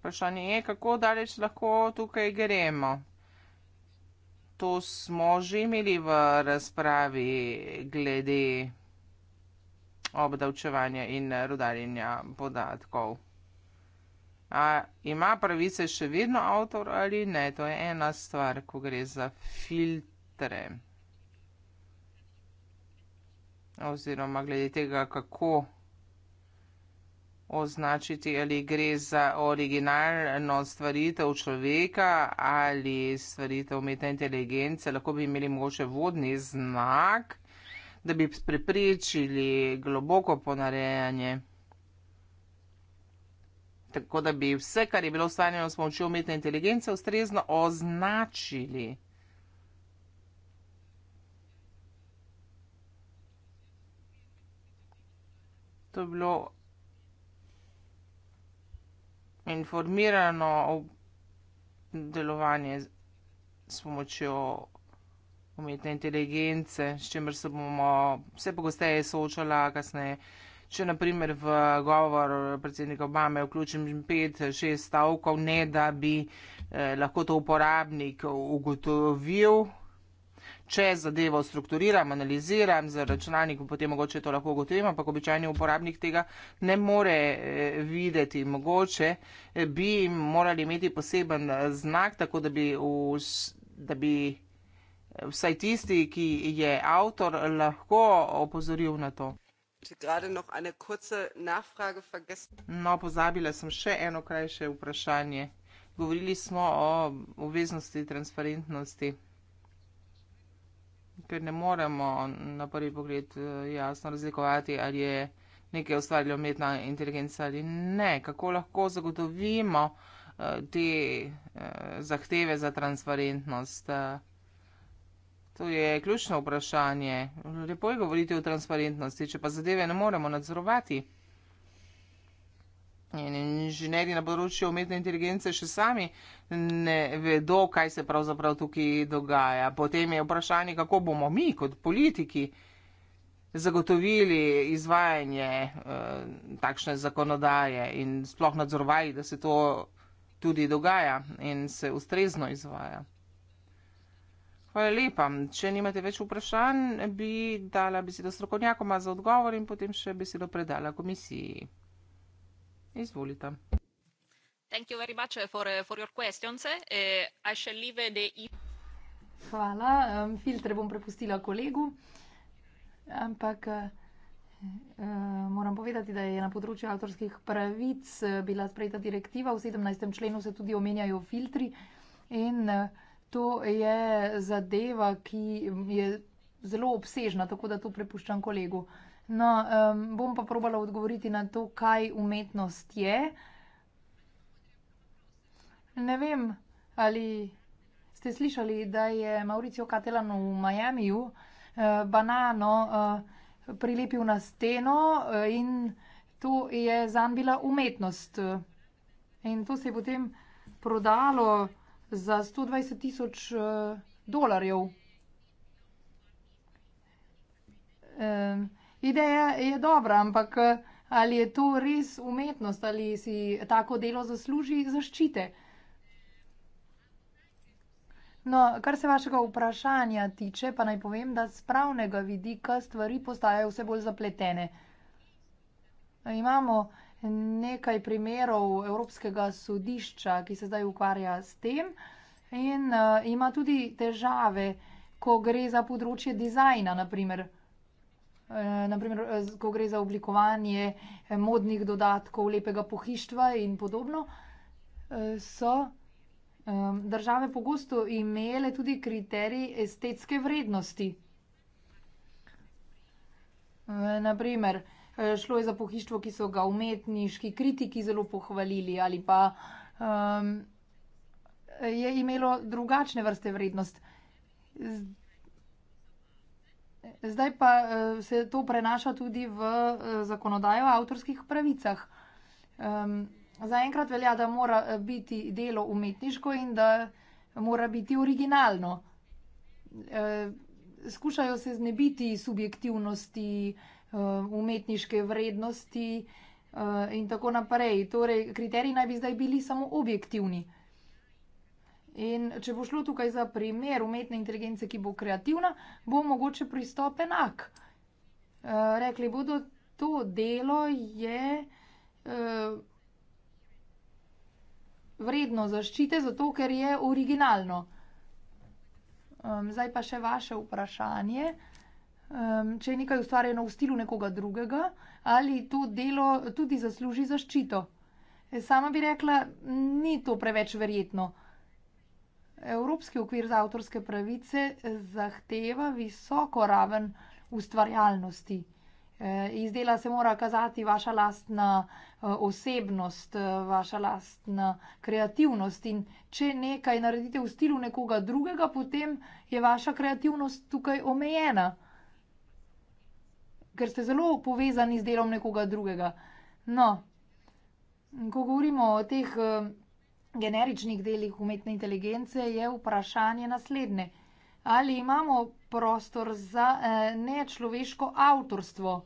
Vprašanje je, kako daleč lahko tukaj gremo. To smo že imeli v razpravi glede obdavčevanja in eh, rodarjenja podatkov. A ima pravice še vedno avtor ali ne? To je ena stvar, ko gre za filtre. Oziroma glede tega, kako označiti, ali gre za originalno stvaritev človeka ali stvaritev umetne inteligence, lahko bi imeli mogoče vodni znak, da bi preprečili globoko ponarejanje. Tako da bi vse, kar je bilo ustvarjeno s pomočjo umetne inteligence, ustrezno označili. To je bilo informirano delovanje s pomočjo umetne inteligence, s čimer se bomo vse pogosteje soočala kasneje. Če naprimer v govor predsednika Obame vključim pet, šest stavkov, ne da bi eh, lahko to uporabnik ugotovil, če zadevo strukturiram, analiziram z računalnikom, potem mogoče to lahko ugotovim, ampak običajni uporabnik tega ne more eh, videti. Mogoče eh, bi morali imeti poseben eh, znak, tako da bi, v, da bi vsaj tisti, ki je avtor, lahko opozoril na to. No, pozabila sem še eno krajše vprašanje. Govorili smo o obveznosti transparentnosti, ker ne moremo na prvi pogled eh, jasno razlikovati, ali je nekaj ustvarila umetna inteligenca ali ne. Kako lahko zagotovimo eh, te eh, zahteve za transparentnost? To je ključno vprašanje. Lepo je govoriti o transparentnosti, če pa zadeve ne moremo nadzorovati. In inženirji na področju umetne inteligence še sami ne vedo, kaj se pravzaprav tukaj dogaja. Potem je vprašanje, kako bomo mi kot politiki zagotovili izvajanje eh, takšne zakonodaje in sploh nadzorovali, da se to tudi dogaja in se ustrezno izvaja. Hvala lepa. Če nimate več vprašanj, bi dala besedo strokovnjakoma za odgovor in potem še besedo predala komisiji. Izvolite. Hvala. Filtre bom prepustila kolegu, ampak eh, eh, moram povedati, da je na področju avtorskih pravic eh, bila sprejeta direktiva. V 17. členu se tudi omenjajo filtri in to je zadeva, ki je zelo obsežna, tako da to prepuščam kolegu. No, um, bom pa probala odgovoriti na to, kaj umetnost je. Ne vem, ali ste slišali, da je Mauricio Catelan v Miamiju eh, banano eh, prilepil na steno eh, in to je zanj bila umetnost. In to se je potem prodalo za 120 tisoč eh, dolarjev. Ideja je dobra, ampak eh, ali je to res umetnost, ali si tako delo zasluži zaščite? No, kar se vašega vprašanja tiče, pa naj povem, da z pravnega vidika stvari postajajo vse bolj zapletene. Imamo nekaj primerov Evropskega sodišča, ki se zdaj ukvarja s tem in uh, ima tudi težave, ko gre za področje dizajna, naprimer. Eh, naprimer, eh, ko gre za oblikovanje modnih dodatkov, lepega pohištva in podobno, so države pogosto imele tudi kriterij estetske vrednosti. Naprimer, šlo je za pohištvo, ki so ga umetniški kritiki zelo pohvalili ali pa um, je imelo drugačne vrste vrednost. Zdaj pa uh, se to prenaša tudi v uh, zakonodajo o avtorskih pravicah. Um, Zaenkrat velja, da mora uh, biti delo umetniško in da mora biti originalno. E, skušajo se znebiti subjektivnosti, Eh, umetniške vrednosti eh, in tako naprej. Torej, kriteriji naj bi zdaj bili samo objektivni. In če bo šlo tukaj za primer umetne inteligence, ki bo kreativna, bo mogoče pristop enak. Eh, rekli bodo, to delo je vredno zaščite, zato ker je originalno. Zdaj pa še vaše vprašanje. Zdaj pa še vaše vprašanje. Um, če je nekaj ustvarjeno v stilu nekoga drugega, ali to delo tudi zasluži zaščito. E, sama bi rekla, ni to preveč verjetno. Evropski okvir za avtorske pravice zahteva visoko raven ustvarjalnosti. E, Izdela se mora kazati vaša lastna e, osebnost, vaša lastna kreativnost in če nekaj naredite v stilu nekoga drugega, potem je vaša kreativnost tukaj omejena ker ste zelo povezani z delom nekoga drugega. No, ko govorimo o teh eh, generičnih delih umetne inteligence, je vprašanje naslednje. Ali imamo prostor za eh, nečloveško avtorstvo?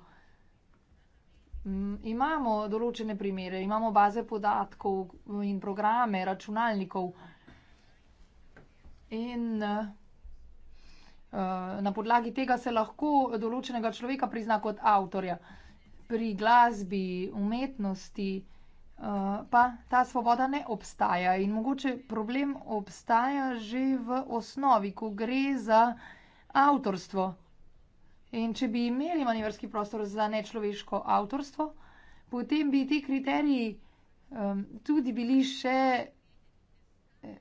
Mm, imamo določene primere, imamo baze podatkov in programe računalnikov. In uh, Eh, na podlagi tega se lahko določenega človeka prizna kot avtorja. Pri glasbi, umetnosti eh, pa ta svoboda ne obstaja in mogoče problem obstaja že v osnovi, ko gre za avtorstvo. In če bi imeli manevrski prostor za nečloveško avtorstvo, potem bi ti kriteriji um, tudi bili še eh,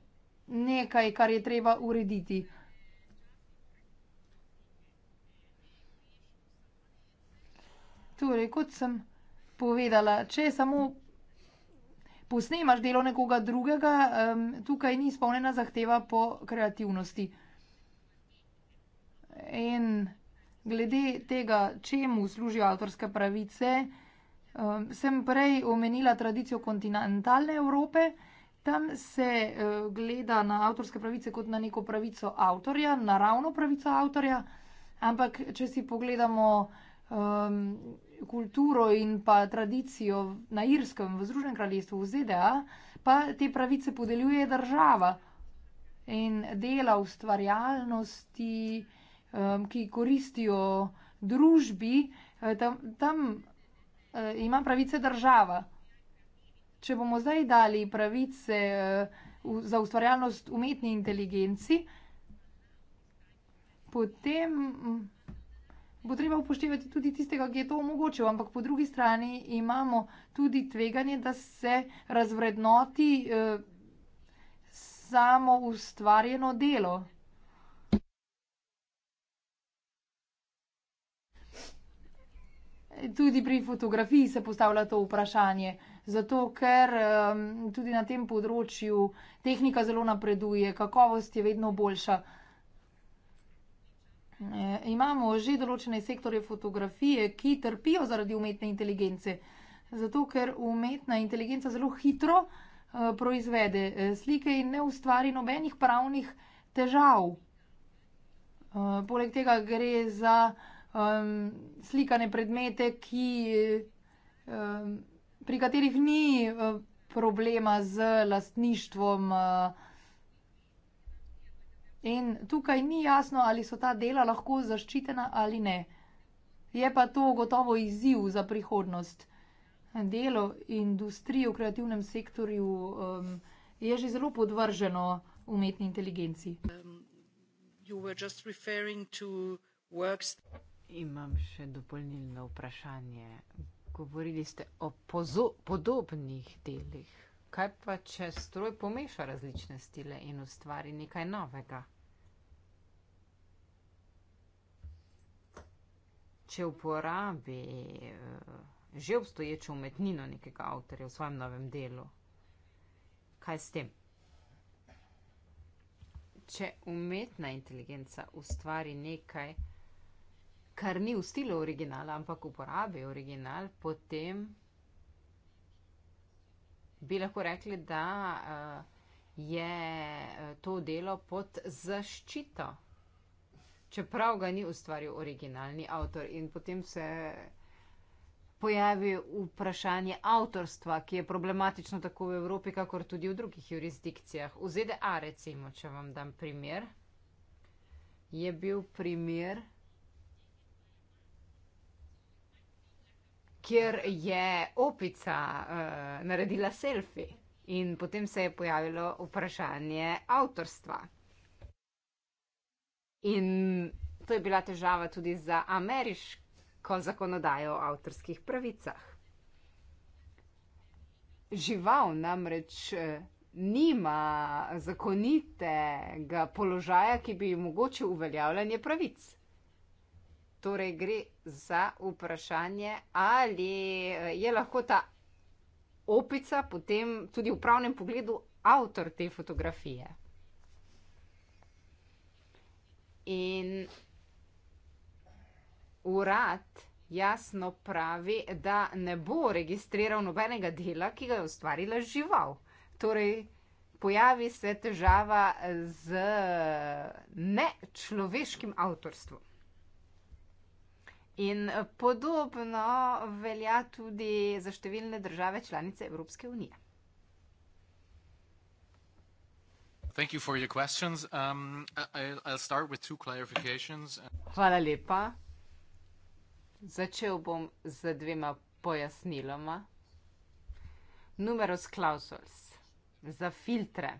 nekaj, kar je treba urediti. Torej, kot sem povedala, če samo posnemaš delo nekoga drugega, tukaj ni izpolnjena zahteva po kreativnosti. In glede tega, čemu služijo avtorske pravice, sem prej omenila tradicijo kontinentalne Evrope. Tam se eh, gleda na avtorske pravice kot na neko pravico avtorja, naravno pravico avtorja, ampak če si pogledamo kulturo in pa tradicijo na Irskem, v Združenem kraljestvu, v ZDA, pa te pravice podeljuje država in dela ustvarjalnosti, um, ki koristijo družbi, eh, tam, tam eh, ima pravice država. Če bomo zdaj dali pravice eh, za ustvarjalnost umetni inteligenci, potem bo treba upoštevati tudi tistega, ki je to omogočil. Ampak po drugi strani imamo tudi tveganje, da se razvrednoti eh, samo ustvarjeno delo. Tudi pri fotografiji se postavlja to vprašanje, zato ker um, tudi na tem področju tehnika zelo napreduje, kakovost je vedno boljša. Eh, imamo že določene sektorje fotografije, ki trpijo zaradi umetne inteligence. Zato, ker umetna inteligenca zelo hitro eh, proizvede eh, slike in ne ustvari nobenih pravnih težav. Poleg tega gre za slikane predmete, ki, pri katerih ni problema z lastništvom, In tukaj ni jasno, ali so ta dela lahko zaščitena ali ne. Je pa to gotovo izziv za prihodnost. Delo industrije v kreativnem sektorju um, je že zelo podvrženo umetni inteligenci. Um, works... Imam še dopolnilno vprašanje. Govorili ste o podobnih delih. Kaj pa, če stroj pomeša različne stile in ustvari nekaj novega? če uporabi eh, že obstoječo umetnino nekega avtorja v svojem novem delu, kaj s tem? Če umetna inteligenca ustvari nekaj, kar ni v stilu originala, ampak uporabi original, potem bi lahko rekli, da uh, je eh, to delo pod zaščito čeprav ga ni ustvaril originalni avtor. In potem se pojavi vprašanje avtorstva, ki je problematično tako v Evropi, kakor tudi v drugih jurisdikcijah. V ZDA, recimo, če vam dam primer, je bil primer. Ker je opica uh, naredila selfi in potem se je pojavilo vprašanje avtorstva. In to je bila težava tudi za ameriško zakonodajo o avtorskih pravicah. Žival namreč eh, nima zakonitega položaja, ki bi omogočil uveljavljanje pravic. Torej gre za vprašanje, ali eh, je lahko ta opica potem tudi v pravnem pogledu avtor te fotografije. In urad jasno pravi, da ne bo registriral nobenega dela, ki ga je ustvarila žival. Torej, pojavi se težava z nečloveškim avtorstvom. In podobno velja tudi za številne države članice Evropske unije. Thank you for your questions. Um, I, I'll start with two clarifications. Hvala lepa. Začel bom z dvema pojasniloma. Numerus clausus za filtre.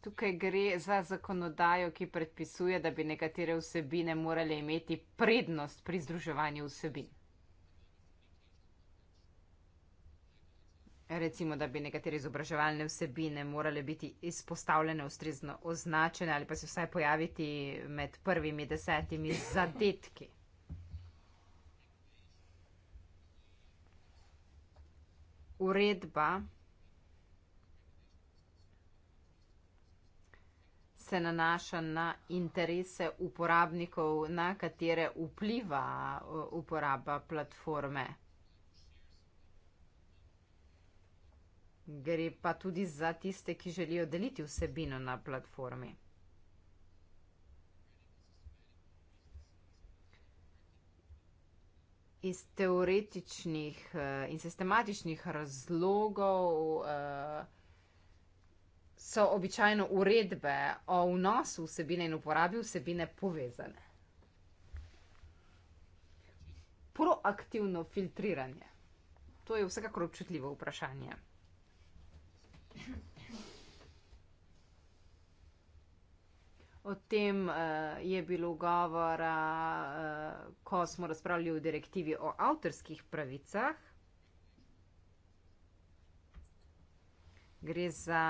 Tukaj gre za zakonodajo, ki predpisuje, da bi nekatere vsebine morale imeti prednost pri združevanju vsebin. recimo, da bi nekatere izobraževalne vsebine morale biti izpostavljene, ustrezno označene ali pa se vsaj pojaviti med prvimi desetimi zadetki? Uredba se nanaša na interese uporabnikov, na katere vpliva uh, uporaba platforme. gre pa tudi za tiste, ki želijo deliti vsebino na platformi. Iz teoretičnih uh, in sistematičnih razlogov uh, so običajno uredbe o vnosu vsebine in uporabi vsebine povezane. Proaktivno filtriranje. To je vsekakor občutljivo vprašanje. O tem uh, je bilo govora, uh, ko smo razpravljali o direktivi o avtorskih pravicah. Gre za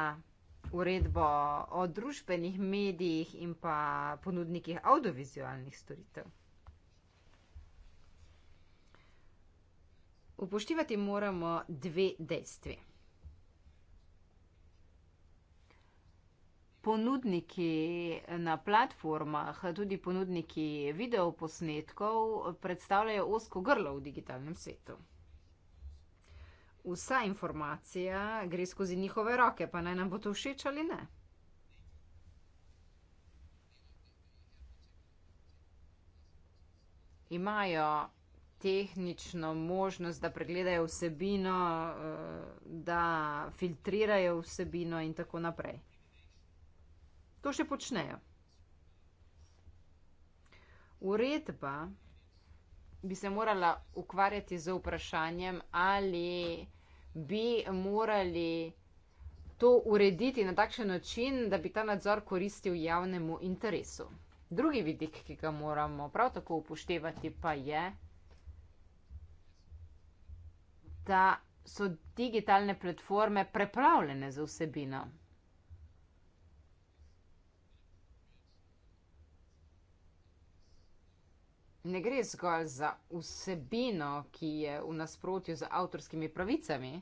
uredbo o družbenih medijih in pa ponudnikih audiovizualnih storitev. Upoštevati moramo dve dejstvi. ponudniki na platformah, tudi ponudniki videoposnetkov, predstavljajo osko grlo v digitalnem svetu. Vsa informacija gre skozi njihove roke, pa naj nam bo to všeč ali ne. Imajo tehnično možnost, da pregledajo vsebino, eh, da filtrirajo vsebino in tako naprej. To še počnejo. Uredba bi se morala ukvarjati z vprašanjem, ali bi morali to urediti na takšen način, da bi ta nadzor koristil javnemu interesu. Drugi vidik, ki ga moramo prav tako upoštevati, pa je, da so digitalne platforme preplavljene z vsebino. ne gre zgolj za vsebino, ki je v nasprotju z avtorskimi pravicami,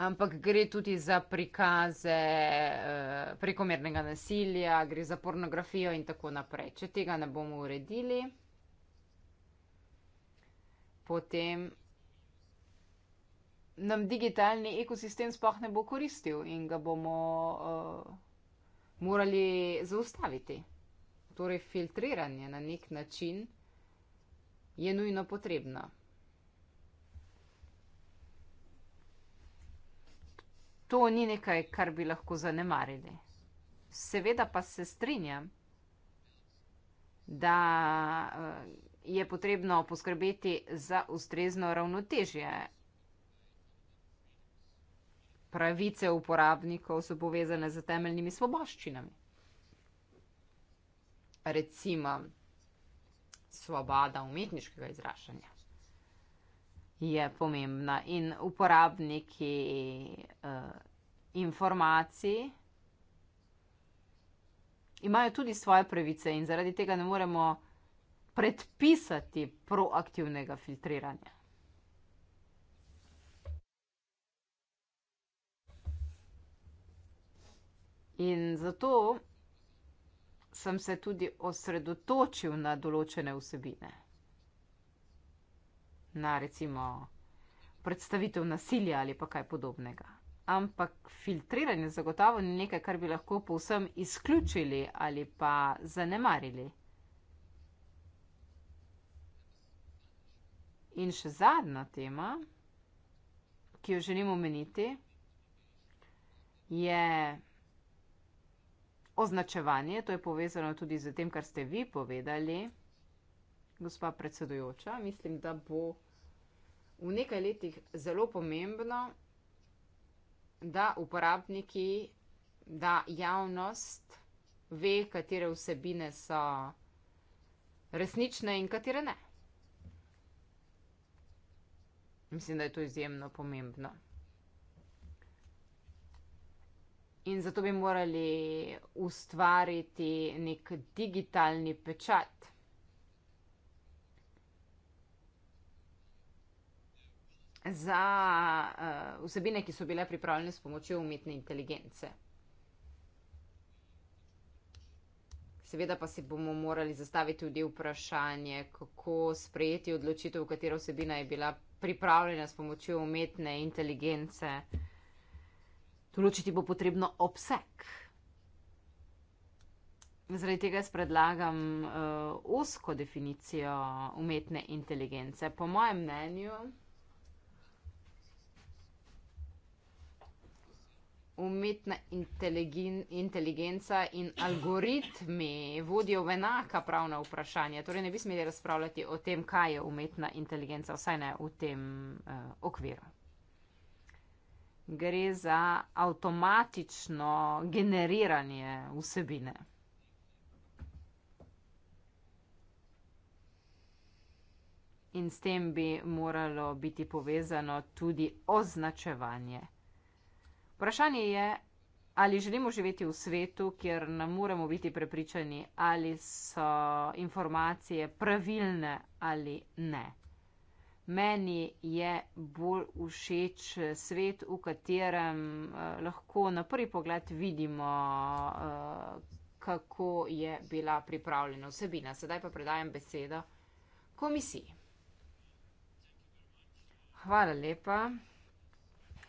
ampak gre tudi za prikaze uh, prekomernega nasilja, gre za pornografijo in tako naprej. Če tega ne bomo uredili, potem nam digitalni ekosistem sploh ne bo koristil in ga bomo. Uh, Morali zaustaviti torej filtriranje na nek način je nujno potrebno. To ni nekaj, kar bi lahko zanemarili. Seveda pa se strinjam, da eh, je potrebno poskrbeti za ustrezno ravnotežje. Pravice uporabnikov so povezane z temeljnimi svoboščinami recimo, svoboda umetniškega izražanja je pomembna in uporabniki uh, informacij imajo tudi svoje pravice in zaradi tega ne moremo predpisati proaktivnega filtriranja. In zato sem se tudi osredotočil na določene vsebine. Na recimo predstavitev nasilja ali pa kaj podobnega. Ampak filtriranje zagotovo ni nekaj, kar bi lahko povsem izključili ali pa zanemarili. In še zadnja tema, ki jo želim omeniti, je označevanje, to je povezano tudi z tem, kar ste vi povedali, gospa predsedujoča. Mislim, da bo v nekaj letih zelo pomembno, da uporabniki, da javnost ve, katere vsebine so resnične in katere ne. Mislim, da je to izjemno pomembno. In zato bi morali ustvariti nek digitalni pečat. Za uh, vsebine, ki so bile pripravljene s pomočjo umetne inteligence. Seveda pa si bomo morali zastaviti tudi vprašanje, kako sprejeti odločitev, katera vsebina je bila pripravljena s pomočjo umetne inteligence. Določiti bo potrebno obseg. Zaradi tega jaz predlagam uh, eh, osko definicijo umetne inteligence. Po mojem mnenju, umetna inteligenca in algoritmi vodijo v enaka pravna vprašanja. Torej ne bi smeli razpravljati o tem, kaj je umetna inteligenca, vsaj ne v tem uh, okviru gre za avtomatično generiranje vsebine. In s tem bi moralo biti povezano tudi označevanje. Vprašanje je, ali želimo živeti v svetu, kjer ne moremo biti prepričani, ali so informacije pravilne ali ne. Meni je bolj všeč svet, v katerem eh, lahko na prvi pogled vidimo, eh, kako je bila pripravljena vsebina. Sedaj pa predajam besedo komisiji. Hvala lepa.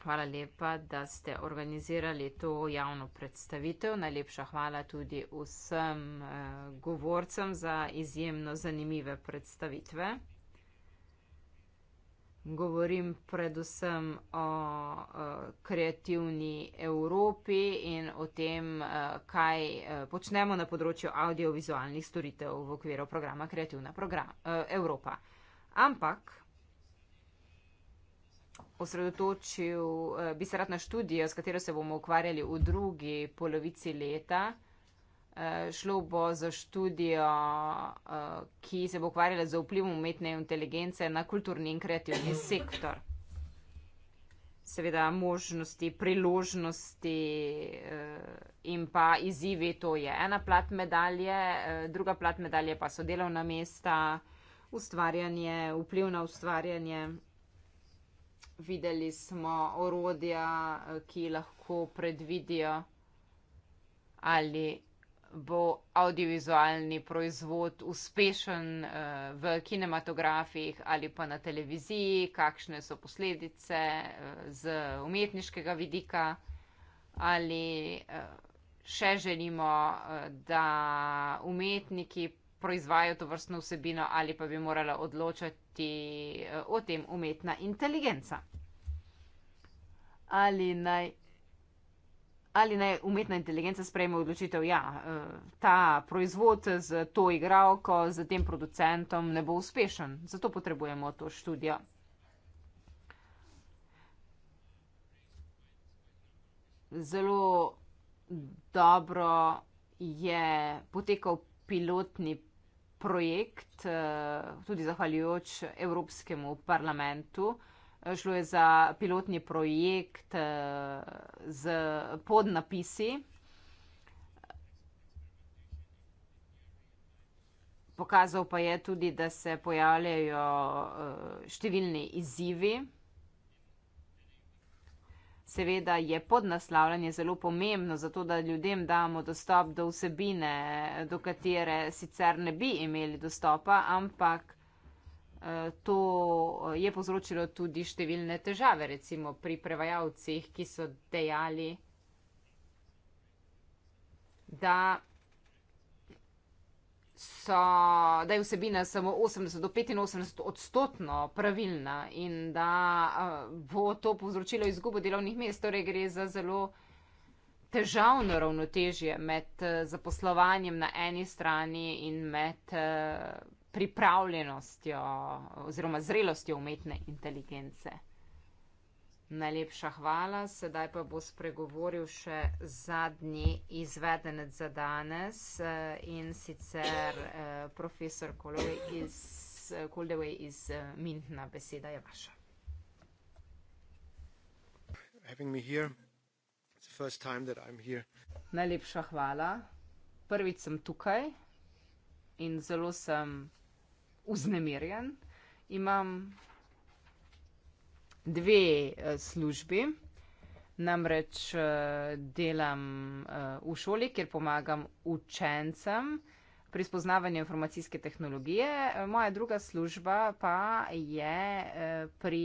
Hvala lepa, da ste organizirali to javno predstavitev. Najlepša hvala tudi vsem eh, govorcem za izjemno zanimive predstavitve govorim predvsem o, o eh, kreativni Evropi in o tem, eh, kaj eh, počnemo na področju audiovizualnih storitev v okviru programa Kreativna program, Evropa. Ampak osredotočil bi se rad na študijo, s katero se bomo ukvarjali v drugi polovici leta. Eh, šlo bo za študijo, eh, ki se bo ukvarjala z vplivom umetne inteligence na kulturni in kreativni sektor. Seveda možnosti, priložnosti eh, in pa izzivi, to je ena plat medalje, druga plat medalje pa so delovna mesta, ustvarjanje, vpliv na ustvarjanje. Videli smo orodja, ki lahko predvidijo ali bo audiovizualni proizvod uspešen eh, v kinematografih ali pa na televiziji, kakšne so posledice eh, z umetniškega vidika ali eh, še želimo, da umetniki proizvajajo to vrstno vsebino ali pa bi morala odločati o tem umetna inteligenca. Ali naj ali naj umetna inteligenca sprejme odločitev, ja, e, ta proizvod z to igralko, z tem producentom ne bo uspešen. Zato potrebujemo to študijo. Zelo dobro je potekal pilotni projekt, e, tudi zahvaljujoč Evropskemu parlamentu. Eh, šlo je za pilotni projekt eh, z podnapisi, pokazal pa je tudi, da se pojavljajo eh, številni izzivi. Seveda je podnaslavljanje zelo pomembno, zato da ljudem damo dostop do vsebine, do katere sicer ne bi imeli dostopa, ampak To eh, je povzročilo tudi številne težave, recimo pri prevajalcih, ki so dejali, da, so, da je vsebina samo 80 do 85 odstotno pravilna in da eh, bo to povzročilo izgubo delovnih mest. Torej gre za zelo težavno ravnotežje med eh, zaposlovanjem na eni strani in med pripravljenostjo oziroma zrelostjo umetne inteligence. Najlepša hvala, sedaj pa bo spregovoril še zadnji izvedenec za danes eh, in sicer eh, profesor Kolovi iz Kuldeve iz eh, Mintna. Beseda je vaša. Najlepša hvala. Prvič sem tukaj in zelo sem vznemirjen. Imam dve eh, službi, namreč eh, delam eh, v šoli, kjer pomagam učencem pri spoznavanju informacijske tehnologije. Moja druga služba pa je pri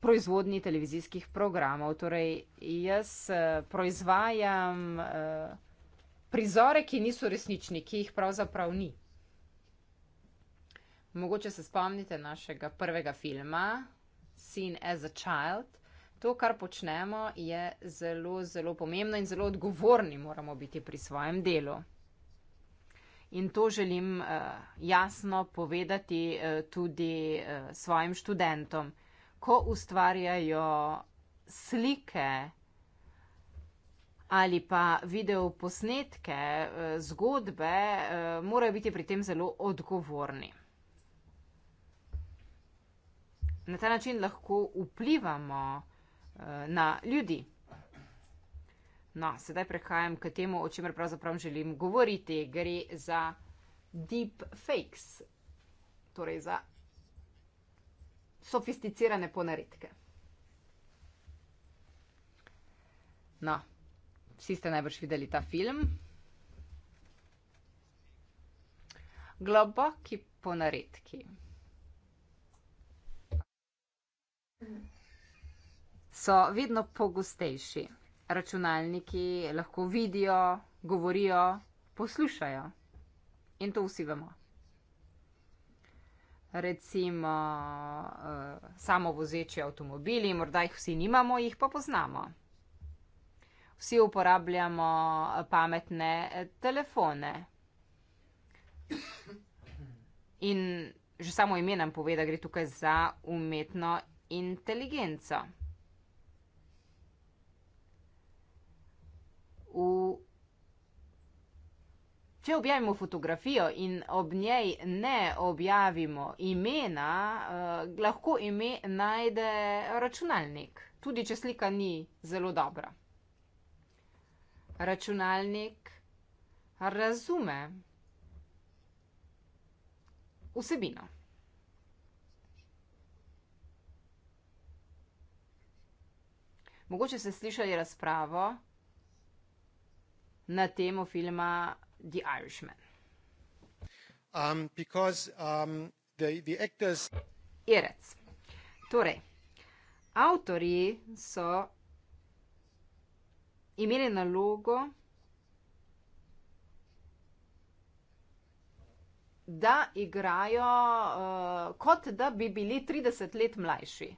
proizvodnji televizijskih programov. Torej, jaz proizvajam prizore, ki niso resnični, ki jih pravzaprav ni. Mogoče se spomnite našega prvega filma, Sin as a Child. To, kar počnemo, je zelo, zelo pomembno in zelo odgovorni moramo biti pri svojem delu. In to želim uh, jasno povedati uh, tudi uh, svojim študentom. Ko ustvarjajo slike ali pa videoposnetke, uh, zgodbe, uh, morajo biti pri tem zelo odgovorni. na ta način lahko vplivamo uh, na ljudi. No, sedaj prehajam k temu, o čemer pravzaprav želim govoriti. Gre za deep fakes, torej za sofisticirane ponaredke. No, vsi ste najbrž videli ta film. Globoki ponaredki. so vedno pogostejši. Računalniki lahko vidijo, govorijo, poslušajo. In to vsi vemo. Recimo eh, samovozeči avtomobili, morda jih vsi nimamo, jih pa poznamo. Vsi uporabljamo pametne eh, telefone. In že samo imenem pove, da gre tukaj za umetno inteligenco. V... Če objavimo fotografijo in ob njej ne objavimo imena, eh, lahko ime najde računalnik, tudi če slika ni zelo dobra. Računalnik razume vsebino. Mogoče ste slišali razpravo na temo filma The Irishman. Um, because, um, the, the actors... Irec. Torej, avtori so imeli nalogo, da igrajo uh, kot da bi bili 30 let mlajši.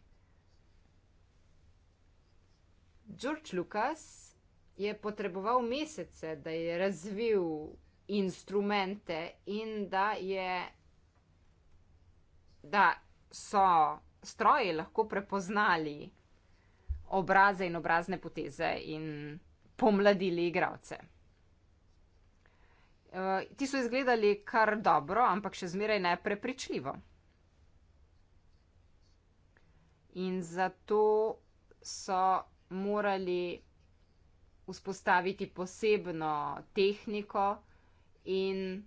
George Lucas je potreboval mesece, da je razvil instrumente in da, je, da so stroji lahko prepoznali obraze in obrazne poteze in pomladili igravce. Eh, ti so izgledali kar dobro, ampak še zmeraj ne prepričljivo. In zato so morali vzpostaviti posebno tehniko in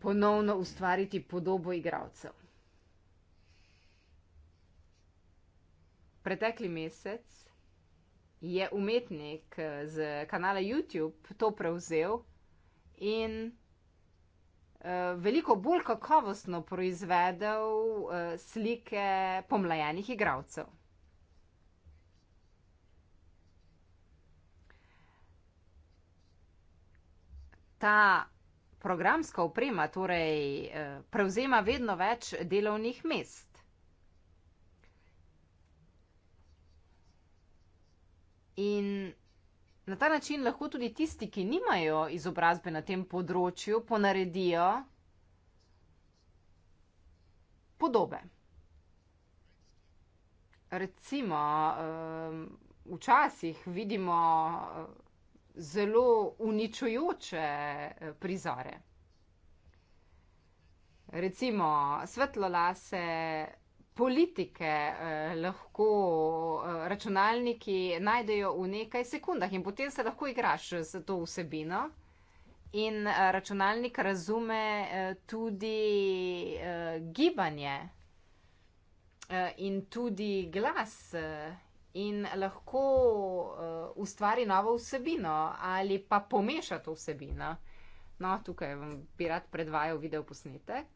ponovno ustvariti podobo igralcev. Pretekli mesec je umetnik z kanala YouTube to prevzel in uh, veliko bolj kakovostno proizvedel uh, slike pomlajenih igralcev. ta programska oprema torej eh, prevzema vedno več delovnih mest. In na ta način lahko tudi tisti, ki nimajo izobrazbe na tem področju, ponaredijo podobe. Recimo, eh, včasih vidimo eh, zelo uničujoče eh, prizore. Recimo svetlolase politike eh, lahko eh, računalniki najdejo v nekaj sekundah in potem se lahko igraš z to vsebino in eh, računalnik razume eh, tudi eh, gibanje eh, in tudi glas eh, in lahko uh, ustvari novo vsebino ali pa pomeša to vsebino. No, tukaj vam bi rad predvajal video posnetek.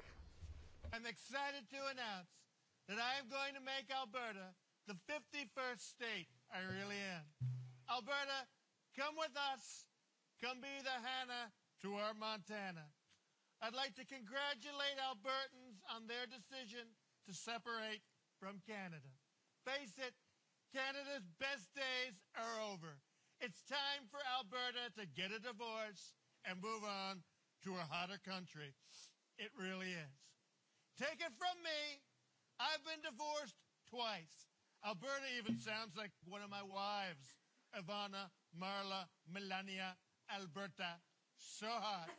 Come be the Hannah to our Montana. I'd like to congratulate Albertans on their decision to separate from Canada. Face it, Canada's best days are over. It's time for Alberta to get a divorce and move on to a hotter country. It really is. Take it from me. I've been divorced twice. Alberta even sounds like one of my wives, Ivana Marla Melania Alberta. So hot.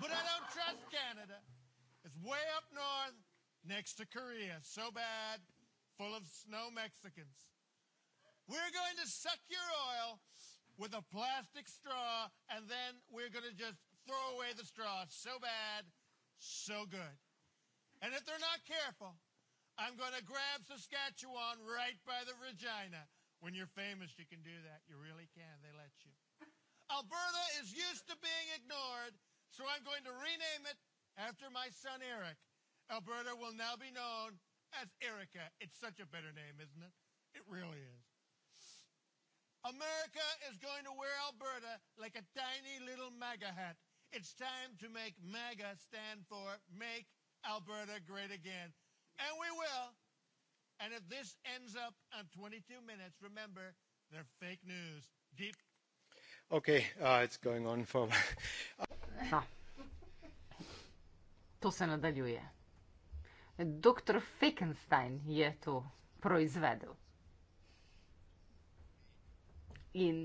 but I don't trust Canada. It's way up north next to Korea. So bad, full of snow Mexicans. We're going to suck your oil with a plastic straw, and then we're going to just throw away the straw. So bad, so good. And if they're not careful, I'm going to grab Saskatchewan right by the Regina. When you're famous, you can do that. You really can. They let you. Alberta is used to being ignored, so I'm going to rename it after my son Eric. Alberta will now be known as Erica. It's such a better name, isn't it? It really is. America is going to wear Alberta like a tiny little MAGA hat. It's time to make MAGA stand for Make Alberta Great Again. And we will. And if this ends up on 22 minutes, remember, they're fake news. Deep. Okay, uh, it's going on for. no. To se nadaljuje. Dr. Fickenstein je to proizvedel in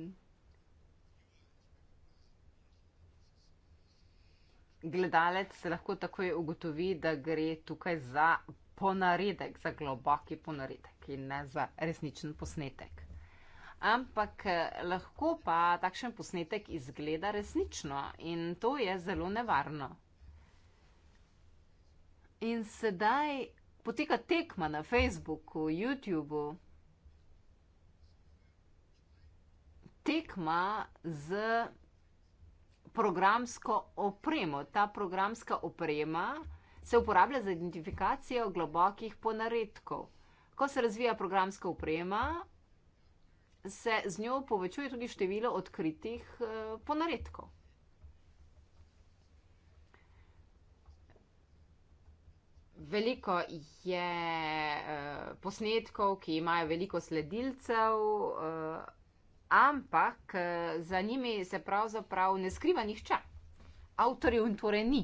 gledalec se lahko takoj ugotovi, da gre tukaj za ponaredek, za globoki ponaredek in ne za resničen posnetek. Ampak eh, lahko pa takšen posnetek izgleda resnično in to je zelo nevarno. In sedaj poteka tekma na Facebooku, YouTubu. tekma z programsko opremo. Ta programska oprema se uporablja za identifikacijo globokih ponaredkov. Ko se razvija programska oprema, se z njo povečuje tudi število odkritih eh, ponaredkov. Veliko je eh, posnetkov, ki imajo veliko sledilcev. Eh, ampak eh, za njimi se pravzaprav ne skriva nihče. Avtorjev in torej ni.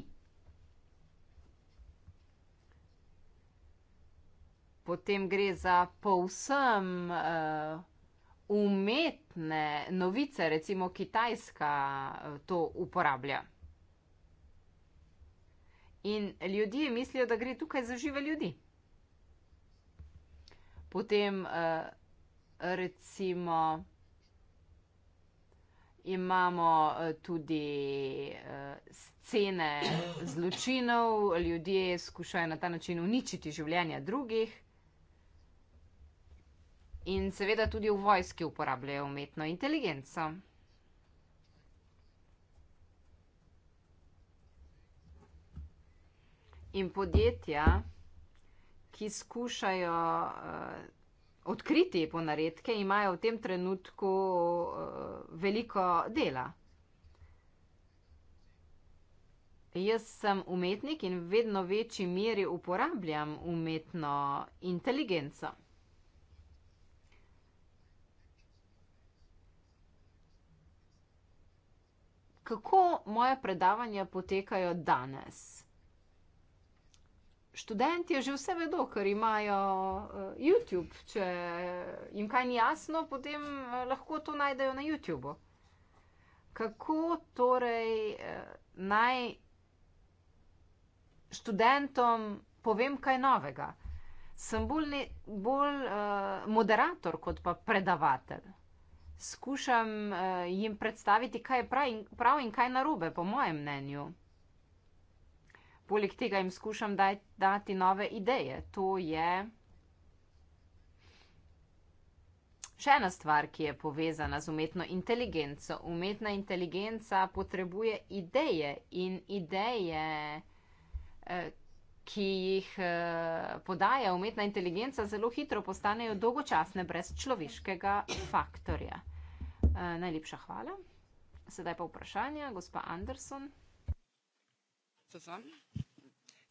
Potem gre za povsem uh, umetne novice, recimo Kitajska eh, to uporablja. In ljudje mislijo, da gre tukaj za žive ljudi. Potem uh, recimo imamo eh, tudi eh, scene zločinov, ljudje skušajo na ta način uničiti življenja drugih. In seveda tudi v vojski uporabljajo umetno inteligenco. In podjetja, ki skušajo. Uh, odkriti ponaredke, imajo v tem trenutku uh, veliko dela. Jaz sem umetnik in v vedno večji meri uporabljam umetno inteligenco. Kako moje predavanja potekajo danes? študentje že vse vedo, ker imajo uh, YouTube. Če jim kaj ni jasno, potem eh, lahko to najdejo na YouTubu. Kako torej uh, naj študentom povem kaj novega? Sem bolj, ne, bolj uh, moderator kot pa predavatelj. Skušam uh, jim predstaviti, kaj je prav in, prav in kaj narobe, po mojem mnenju poleg tega jim skušam daj, dati nove ideje. To je še ena stvar, ki je povezana z umetno inteligenco. Umetna inteligenca potrebuje ideje in ideje, eh, ki jih eh, podaja umetna inteligenca, zelo hitro postanejo dolgočasne brez človeškega faktorja. Eh, najlepša hvala. Sedaj pa vprašanje, gospa Anderson.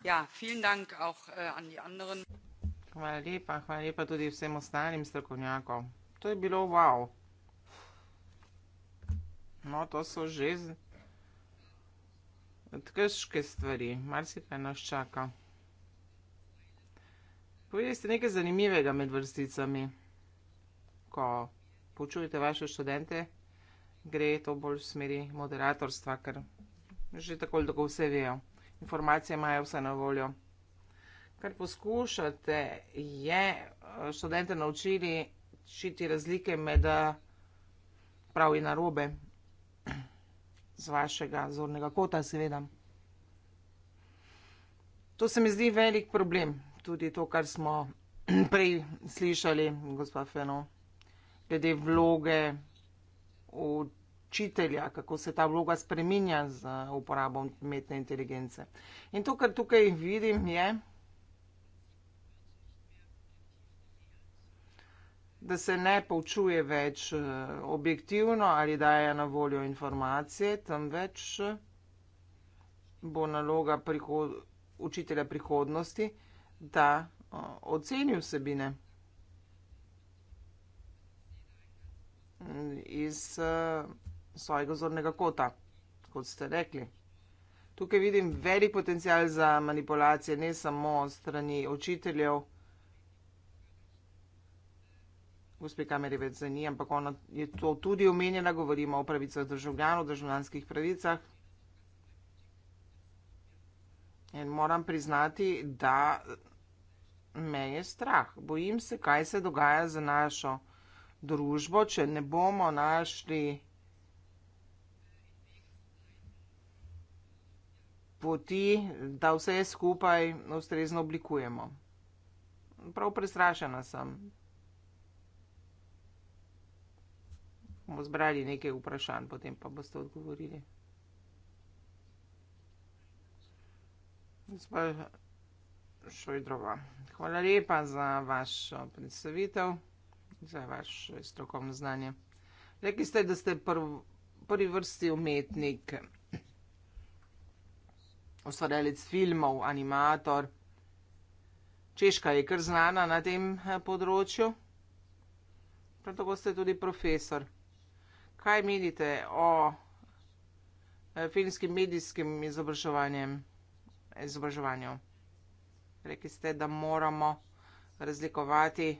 Ja, äh, hvala lepa, hvala lepa tudi vsem ostalim strokovnjakom. To je bilo wow. No, to so že težke stvari, marsikaj nas čaka. Povedali ste nekaj zanimivega med vrsticami. Ko poučujete vaše študente, gre to bolj v smeri moderatorstva, ker že tako ali tako vse vejo. Informacije imajo vse na voljo. Kar poskušate, je eh, študente naučili čiti razlike med eh, prav in narobe z vašega zornega kota, seveda. To se mi zdi velik problem, tudi to, kar smo prej slišali, gospod Feno, glede vloge v učitelja, kako se ta vloga spreminja z uporabo umetne inteligence. In to, kar tukaj vidim, je, da se ne poučuje več eh, objektivno ali daje na voljo informacije, temveč eh, bo naloga prihod učitelja prihodnosti, da eh, oceni vsebine. Iz svojega zornega kota, kot ste rekli. Tukaj vidim velik potencial za manipulacije, ne samo strani učiteljev. Gospe kameri več za ni, ampak ona je to tudi omenjena, govorimo o pravicah državljanov, državljanskih pravicah. In moram priznati, da me je strah. Bojim se, kaj se dogaja za našo družbo, če ne bomo našli poti, da vse skupaj ustrezno oblikujemo. Prav prestrašena sem. Bomo zbrali nekaj vprašanj, potem pa boste odgovorili. Gospa Šojdrova, hvala lepa za vašo predstavitev, za vaše strokovno znanje. Rekli ste, da ste prv, prvi vrsti umetnik ustvarjalec filmov, animator. Češka je kar znana na tem eh, področju, prav tako ste tudi profesor. Kaj menite o eh, filmskem medijskem izobraževanju? Rekli ste, da moramo razlikovati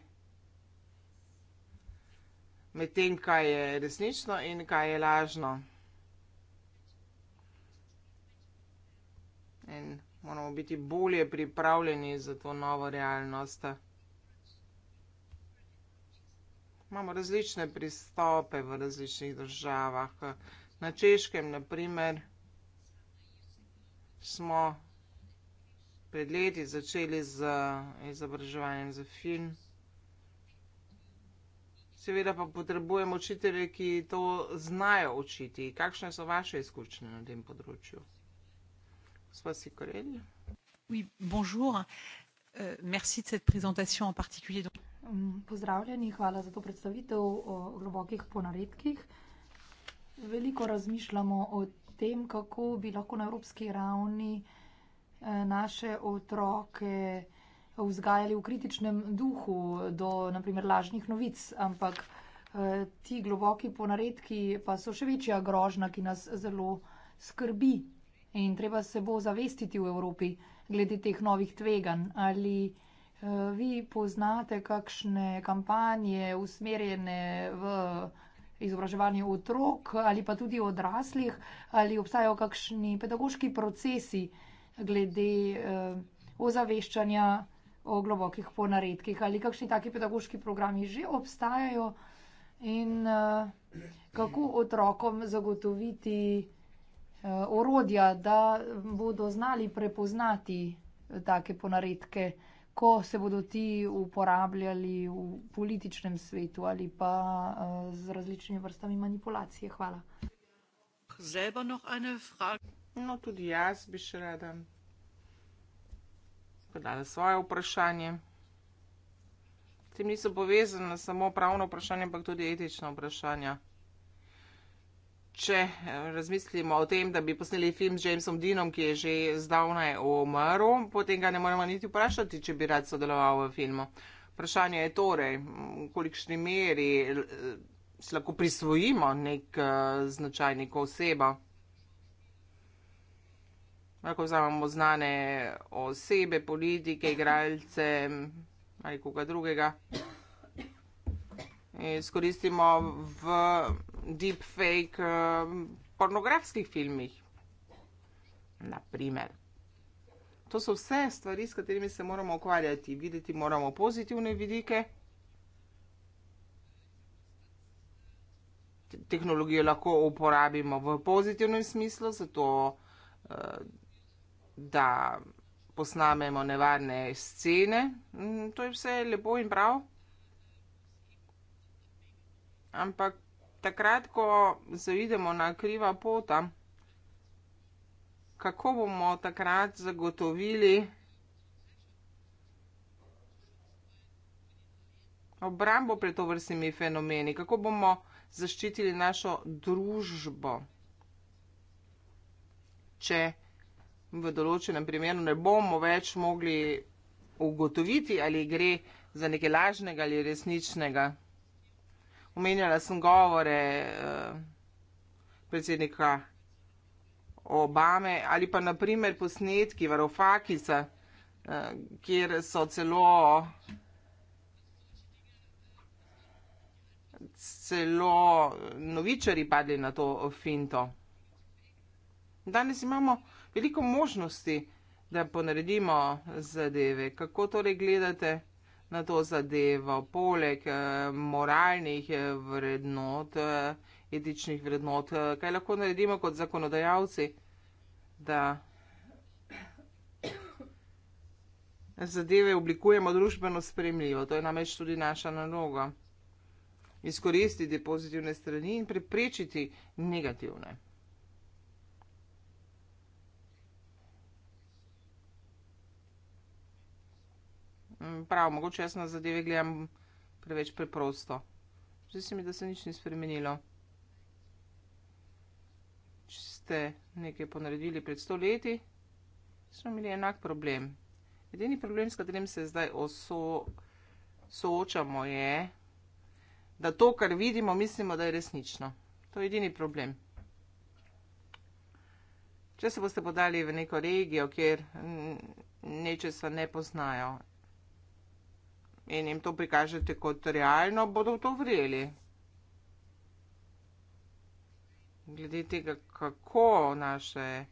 med tem, kaj je resnično in kaj je lažno. in moramo biti bolje pripravljeni za to novo realnost. Imamo različne pristope v različnih državah. Na češkem, naprimer, smo pred leti začeli z izobraževanjem za film. Seveda pa potrebujemo učitelje, ki to znajo učiti. Kakšne so vaše izkušnje na tem področju? sva si kolegi. Oui, bonjour. Euh, merci de cette présentation en particulier. Mm, pozdravljeni, hvala za to predstavitev o globokih ponaredkih. Veliko razmišljamo o tem, kako bi lahko na evropski ravni eh, naše otroke vzgajali v kritičnem duhu do, naprimer, lažnih novic, ampak eh, ti globoki ponaredki pa so še večja grožna, ki nas zelo skrbi. In treba se bo zavestiti v Evropi glede teh novih tveganj. Ali eh, vi poznate kakšne kampanje usmerjene v izobraževanje otrok ali pa tudi odraslih, ali obstajajo kakšni pedagoški procesi glede eh, ozaveščanja o globokih ponaredkih ali kakšni taki pedagoški programi že obstajajo in eh, kako otrokom zagotoviti Eh, orodja, da bodo znali prepoznati eh, take ponaredke, ko se bodo ti uporabljali v političnem svetu ali pa eh, z različnimi vrstami manipulacije. Hvala. No, tudi jaz bi še rada podala svoje vprašanje. S tem niso povezane samo pravno vprašanje, ampak tudi etično vprašanje če eh, razmislimo o tem, da bi posneli film z Jamesom Dinom, ki je že zdavnaj umrl, potem ga ne moremo niti vprašati, če bi rad sodeloval v filmu. Vprašanje je torej, v kolikšni meri eh, se lahko prisvojimo nek eh, značaj, neko osebo. Lahko vzamemo znane osebe, politike, igralce ali koga drugega. Izkoristimo v deepfake um, pornografskih filmih. Naprimer. To so vse stvari, s katerimi se moramo ukvarjati. Videti moramo pozitivne vidike. Tehnologijo lahko uporabimo v pozitivnem smislu, zato eh, da posnamemo nevarne scene. Mm, to je vse lepo in prav. Ampak takrat, ko zaidemo na kriva pota, kako bomo takrat zagotovili obrambo pred to vrstnimi fenomeni, kako bomo zaščitili našo družbo, če v določenem primeru ne bomo več mogli ugotoviti, ali gre za nekaj lažnega ali resničnega. Omenjala sem govore uh, predsednika Obame ali pa naprimer posnetki Varofakisa, uh, eh, kjer so celo, celo novičari padli na to finto. Danes imamo veliko možnosti, da ponaredimo zadeve. Kako torej gledate? na to zadevo, poleg eh, moralnih eh, vrednot, eh, etičnih vrednot, kaj lahko naredimo kot zakonodajalci, da zadeve oblikujemo družbeno spremljivo. To je namreč tudi naša naloga. Izkoristiti pozitivne strani in preprečiti negativne. Prav, mogoče jaz na zadeve gledam preveč preprosto. Zdi se mi, da se nič ni spremenilo. Če ste nekaj ponaredili pred sto leti, smo imeli enak problem. Edini problem, s katerim se zdaj oso, soočamo, je, da to, kar vidimo, mislimo, da je resnično. To je edini problem. Če se boste podali v neko regijo, kjer nečesa ne poznajo in jim to prikažete kot realno, bodo v to vrjeli. Glede tega, kako naše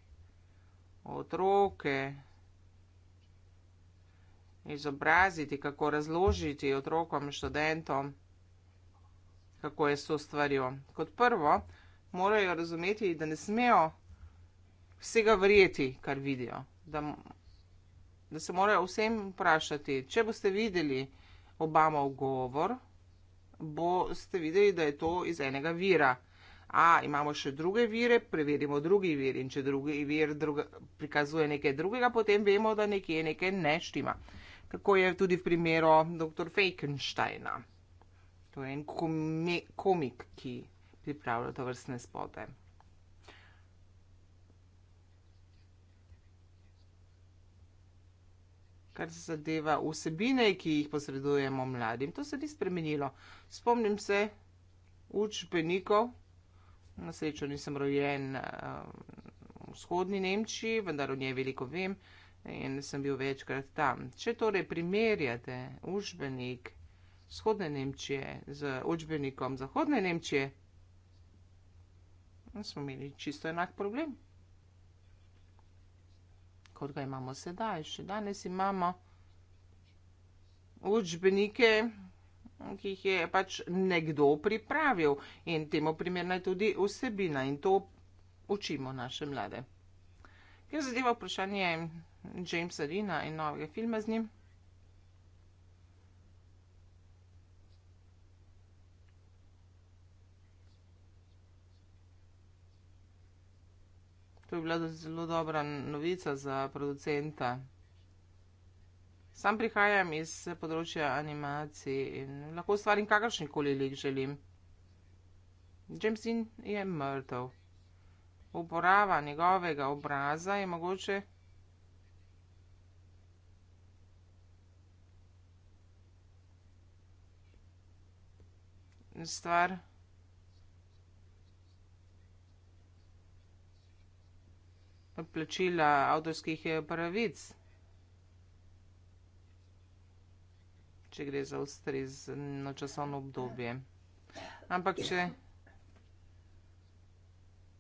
otroke izobraziti, kako razložiti otrokom, študentom, kako je s to stvarjo. Kot prvo, morajo razumeti, da ne smejo vsega verjeti, kar vidijo. Da, da se morajo vsem vprašati, če boste videli, Obama v govor, boste videli, da je to iz enega vira. A, imamo še druge vire, preverimo drugi vir in če drugi vir druga, prikazuje nekaj drugega, potem vemo, da nekje nekaj neštima. Tako je tudi v primeru dr. Fekensteina. To je en komik, ki pripravlja to vrstne spote. kar se zadeva vsebine, ki jih posredujemo mladim. To se ni spremenilo. Spomnim se učbenikov, na srečo nisem rojen eh, v vzhodni Nemčiji, vendar o njej veliko vem in sem bil večkrat tam. Če torej primerjate učbenik vzhodne Nemčije z učbenikom zahodne Nemčije, smo imeli čisto enak problem kot ga imamo sedaj. Še danes imamo učbenike, ki jih je pač nekdo pripravil in temu primerna je tudi vsebina in to učimo naše mlade. Ker zadeva vprašanje Jamesa Rina in novega filma z njim. To je bila zelo dobra novica za producenta. Sam prihajam iz področja animacij in lahko ustvarim kakršni koli lik želim. James Dean je mrtev. Uporaba njegovega obraza je mogoče. stvar. plačila avtorskih eh, pravic, če gre za ustrezno časovno obdobje. Ampak če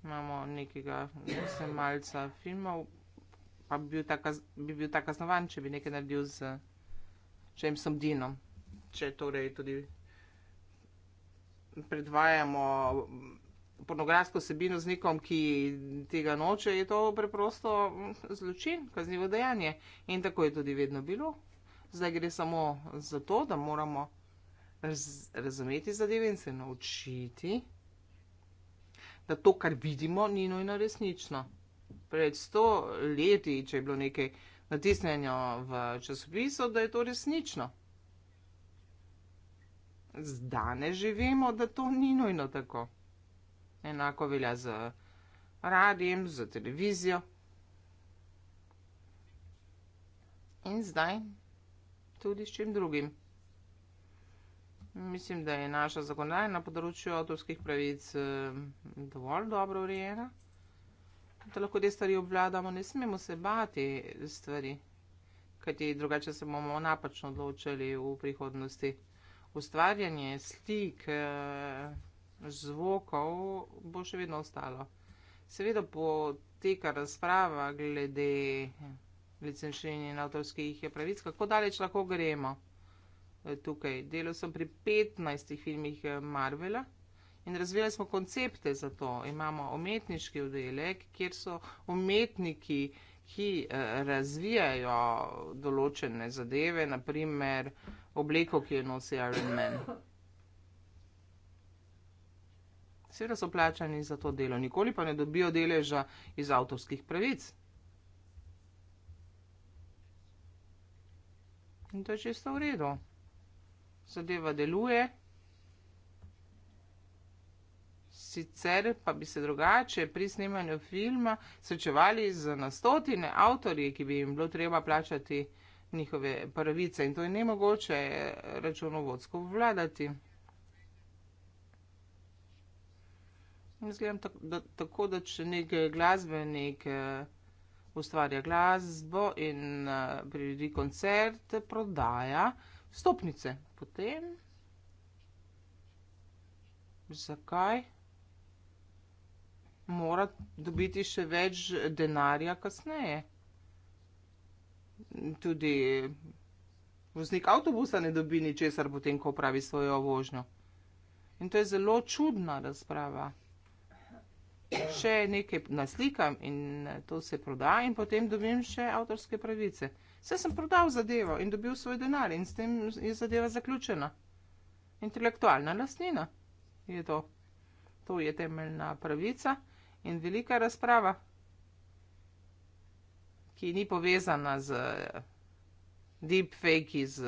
imamo nekega malca filmov, pa bi bil, ta, bi bil ta kaznovan, če bi nekaj naredil z Jamesom Dinom. Če torej tudi predvajamo pornografsko sebino z nekom, ki tega noče, je to preprosto zločin, kaznivo dejanje. In tako je tudi vedno bilo. Zdaj gre samo za to, da moramo raz razumeti zadeve in se naučiti, da to, kar vidimo, ni nujno resnično. Pred sto leti, če je bilo nekaj natisnjeno v časopisu, da je to resnično. Zdaj ne živimo, da to ni nujno tako enako velja z radijem, z televizijo. In zdaj tudi s čim drugim. Mislim, da je naša zakonodaja na področju avtorskih pravic eh, dovolj dobro urejena. Da lahko te stvari obvladamo, ne smemo se bati stvari, kajti drugače se bomo napačno odločili v prihodnosti. Ustvarjanje slik. Eh, delež zvokov bo še vedno ostalo. Seveda poteka razprava glede licenčenja in avtorskih pravic, kako daleč lahko gremo e, tukaj. Delo sem pri 15 filmih e, Marvela in razvijali smo koncepte za to. Imamo umetniški oddelek, kjer so umetniki, ki e, razvijajo določene zadeve, naprimer obleko, ki jo nosi Iron Man. Seveda so plačani za to delo, nikoli pa ne dobijo deleža iz avtorskih pravic. In to je čisto v redu. Zadeva deluje. Sicer pa bi se drugače pri snemanju filma srečevali z nastotine avtorji, ki bi jim bilo treba plačati njihove pravice in to je nemogoče računovodsko vladati. Jaz gledam tako, da če nek glasbenik eh, ustvarja glasbo in eh, priredi koncert, prodaja stopnice. Potem, zakaj mora dobiti še več denarja kasneje? Tudi voznik avtobusa ne dobi ničesar, potem ko pravi svojo vožnjo. In to je zelo čudna razprava še nekaj naslikam in to se proda in potem dobim še avtorske pravice. Vse sem prodal zadevo in dobil svoj denar in s tem je zadeva zaključena. Intelektualna lastnina je to. To je temeljna pravica in velika razprava, ki ni povezana z deepfake, z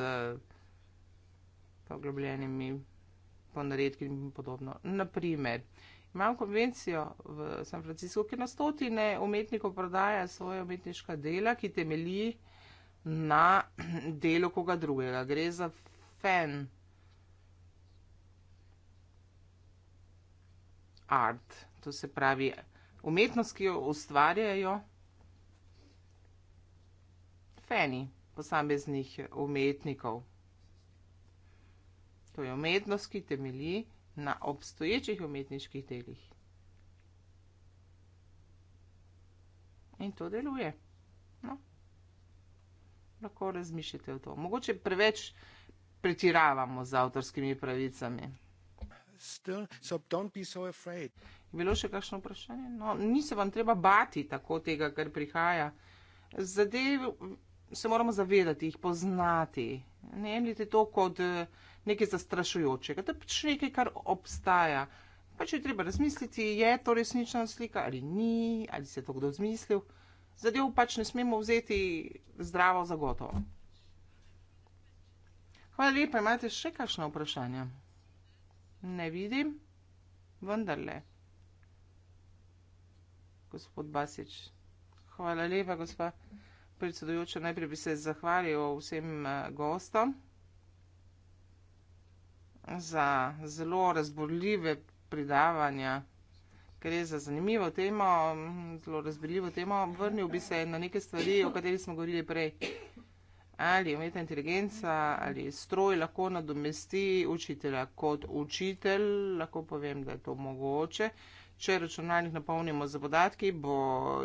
poglobljenimi ponaredki in podobno. Naprimer, imam konvencijo v San Francisco, ki na stotine umetnikov prodaja svoje umetniška dela, ki temelji na delu koga drugega. Gre za fan art, to se pravi umetnost, ki jo ustvarjajo fani posameznih umetnikov. To je umetnost, ki temelji na obstoječih umetniških delih. In to deluje. No. Lahko razmišljate o to. Mogoče preveč pretiravamo z avtorskimi pravicami. Still, so so je bilo še kakšno vprašanje? No, ni se vam treba bati tako tega, kar prihaja. Zadev se moramo zavedati, jih poznati. Ne jemljite to kot uh, nekaj zastrašujočega, da pač nekaj, kar obstaja. Pač je treba razmisliti, je to resnična slika ali ni, ali se je to kdo izmislil. Zadev pač ne smemo vzeti zdravo za gotovo. Hvala lepa, imate še kakšno vprašanje? Ne vidim, vendar le. Gospod Basič, hvala lepa, gospod predsedujoča. Najprej bi se zahvalil vsem eh, gostom za zelo razborljive predavanja, ker je za zanimivo temo, zelo razborljivo temo. Vrnil bi se na neke stvari, o katerih smo govorili prej. Ali je umetna inteligenca ali stroj lahko nadomesti učitelja kot učitelj, lahko povem, da je to mogoče. Če računalnik napolnimo z podatki, bo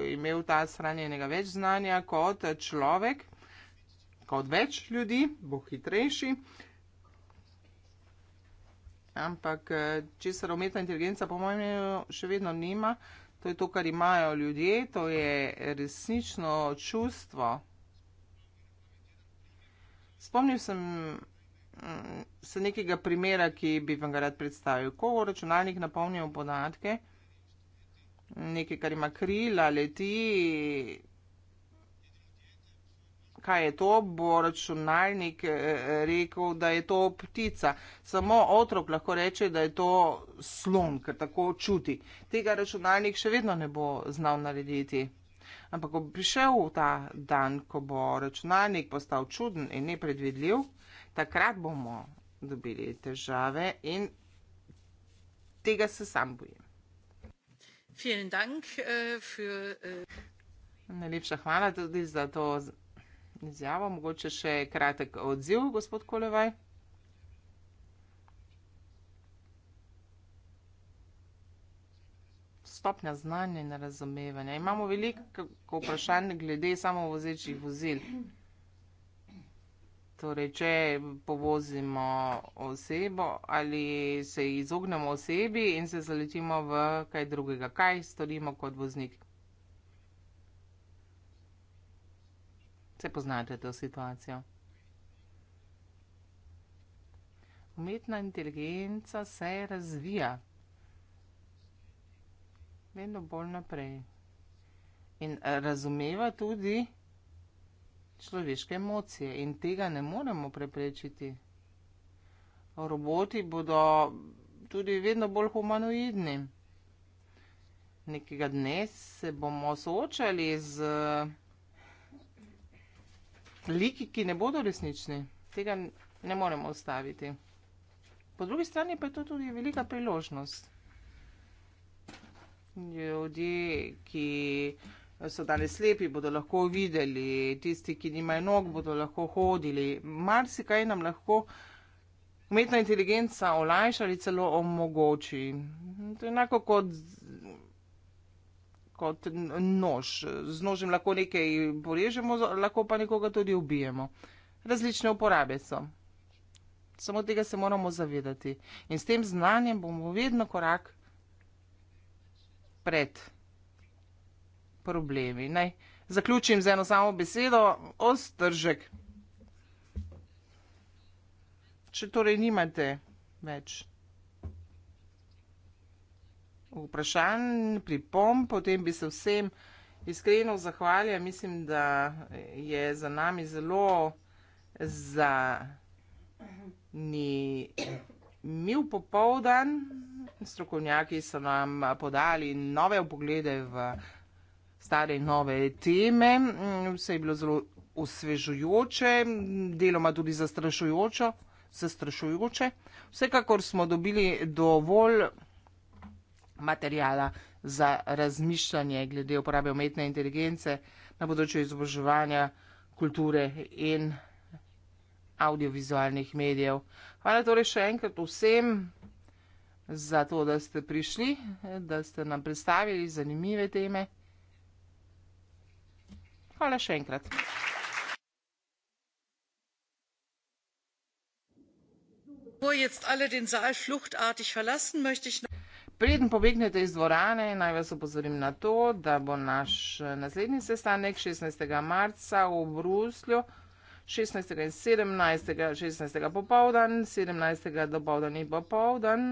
imel ta shranjenega več znanja kot človek, kot več ljudi, bo hitrejši. Uh, ampak eh, česar umetna inteligenca, po mojem mnenju, še vedno nima, to je to, kar imajo ljudje, to je resnično čustvo. Spomnil sem mm, se nekega primera, ki bi vam ga rad predstavil. Ko računalnik napolnijo podatke, nekaj, kar ima krila, leti, kaj je to, bo računalnik eh, eh, rekel, da je to ptica. Samo otrok lahko reče, da je to slon, ker tako čuti. Tega računalnik še vedno ne bo znal narediti. Ampak ko bo prišel ta dan, ko bo računalnik postal čuden in nepredvidljiv, takrat bomo dobili težave in tega se sam bojim. Dank, uh, für, uh... Najlepša hvala tudi za to izjavo. Mogoče še kratek odziv, gospod Kolevaj. Stopnja znanja in razumevanja. Imamo veliko vprašanj glede samovozečih vozil. Torej, če povozimo osebo ali se izognemo osebi in se zaletimo v kaj drugega, kaj storimo kot voznik? se poznate to situacijo. Umetna inteligenca se razvija vedno bolj naprej in eh, razumeva tudi človeške emocije in tega ne moremo preprečiti. Roboti bodo tudi vedno bolj humanoidni. Nekega dne se bomo soočali z liki, ki ne bodo resnični, tega ne moremo ustaviti. Po drugi strani pa je to tudi velika priložnost. Ljudje, ki so danes slepi, bodo lahko videli, tisti, ki nimajo nog, bodo lahko hodili. Mar si kaj nam lahko umetna inteligenca olajša ali celo omogoči. To je enako kot kot nož. Z nožem lahko nekaj porežemo, lahko pa nekoga tudi ubijemo. Različne uporabe so. Samo tega se moramo zavedati. In s tem znanjem bomo vedno korak pred problemi. Naj zaključim z eno samo besedo. Ostržek. Če torej nimate več vprašanj, pripomb, potem bi se vsem iskreno zahvalil. Mislim, da je za nami zelo zanimiv popovdan. Strokovnjaki so nam podali nove upoglede v stare in nove teme. Vse je bilo zelo osvežujoče, deloma tudi zastrašujoče. Vsekakor smo dobili dovolj materijala za razmišljanje glede uporabe umetne inteligence na področju izobraževanja, kulture in audiovizualnih medijev. Hvala torej še enkrat vsem za to, da ste prišli, da ste nam predstavili zanimive teme. Hvala še enkrat. Wo jetzt alle den Saal fluchtartig verlassen, möchte ich noch Preden pobegnete iz dvorane, naj vas opozorim na to, da bo naš eh, naslednji sestanek 16. marca v Bruslju, 16. in 17. 16. popovdan, 17. dopovdan in popovdan.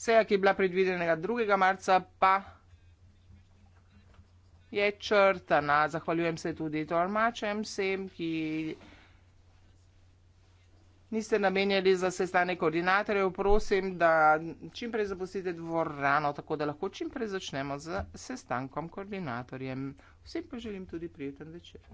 Seja, ki je bila predvidenega 2. marca, pa je črtana. Zahvaljujem se tudi tolmačem vsem, ki je niste namenjali za sestane koordinatorjev, prosim, da čim prej zapustite dvorano, tako da lahko čim prej začnemo z sestankom koordinatorjem. Vsem pa želim tudi prijeten večer.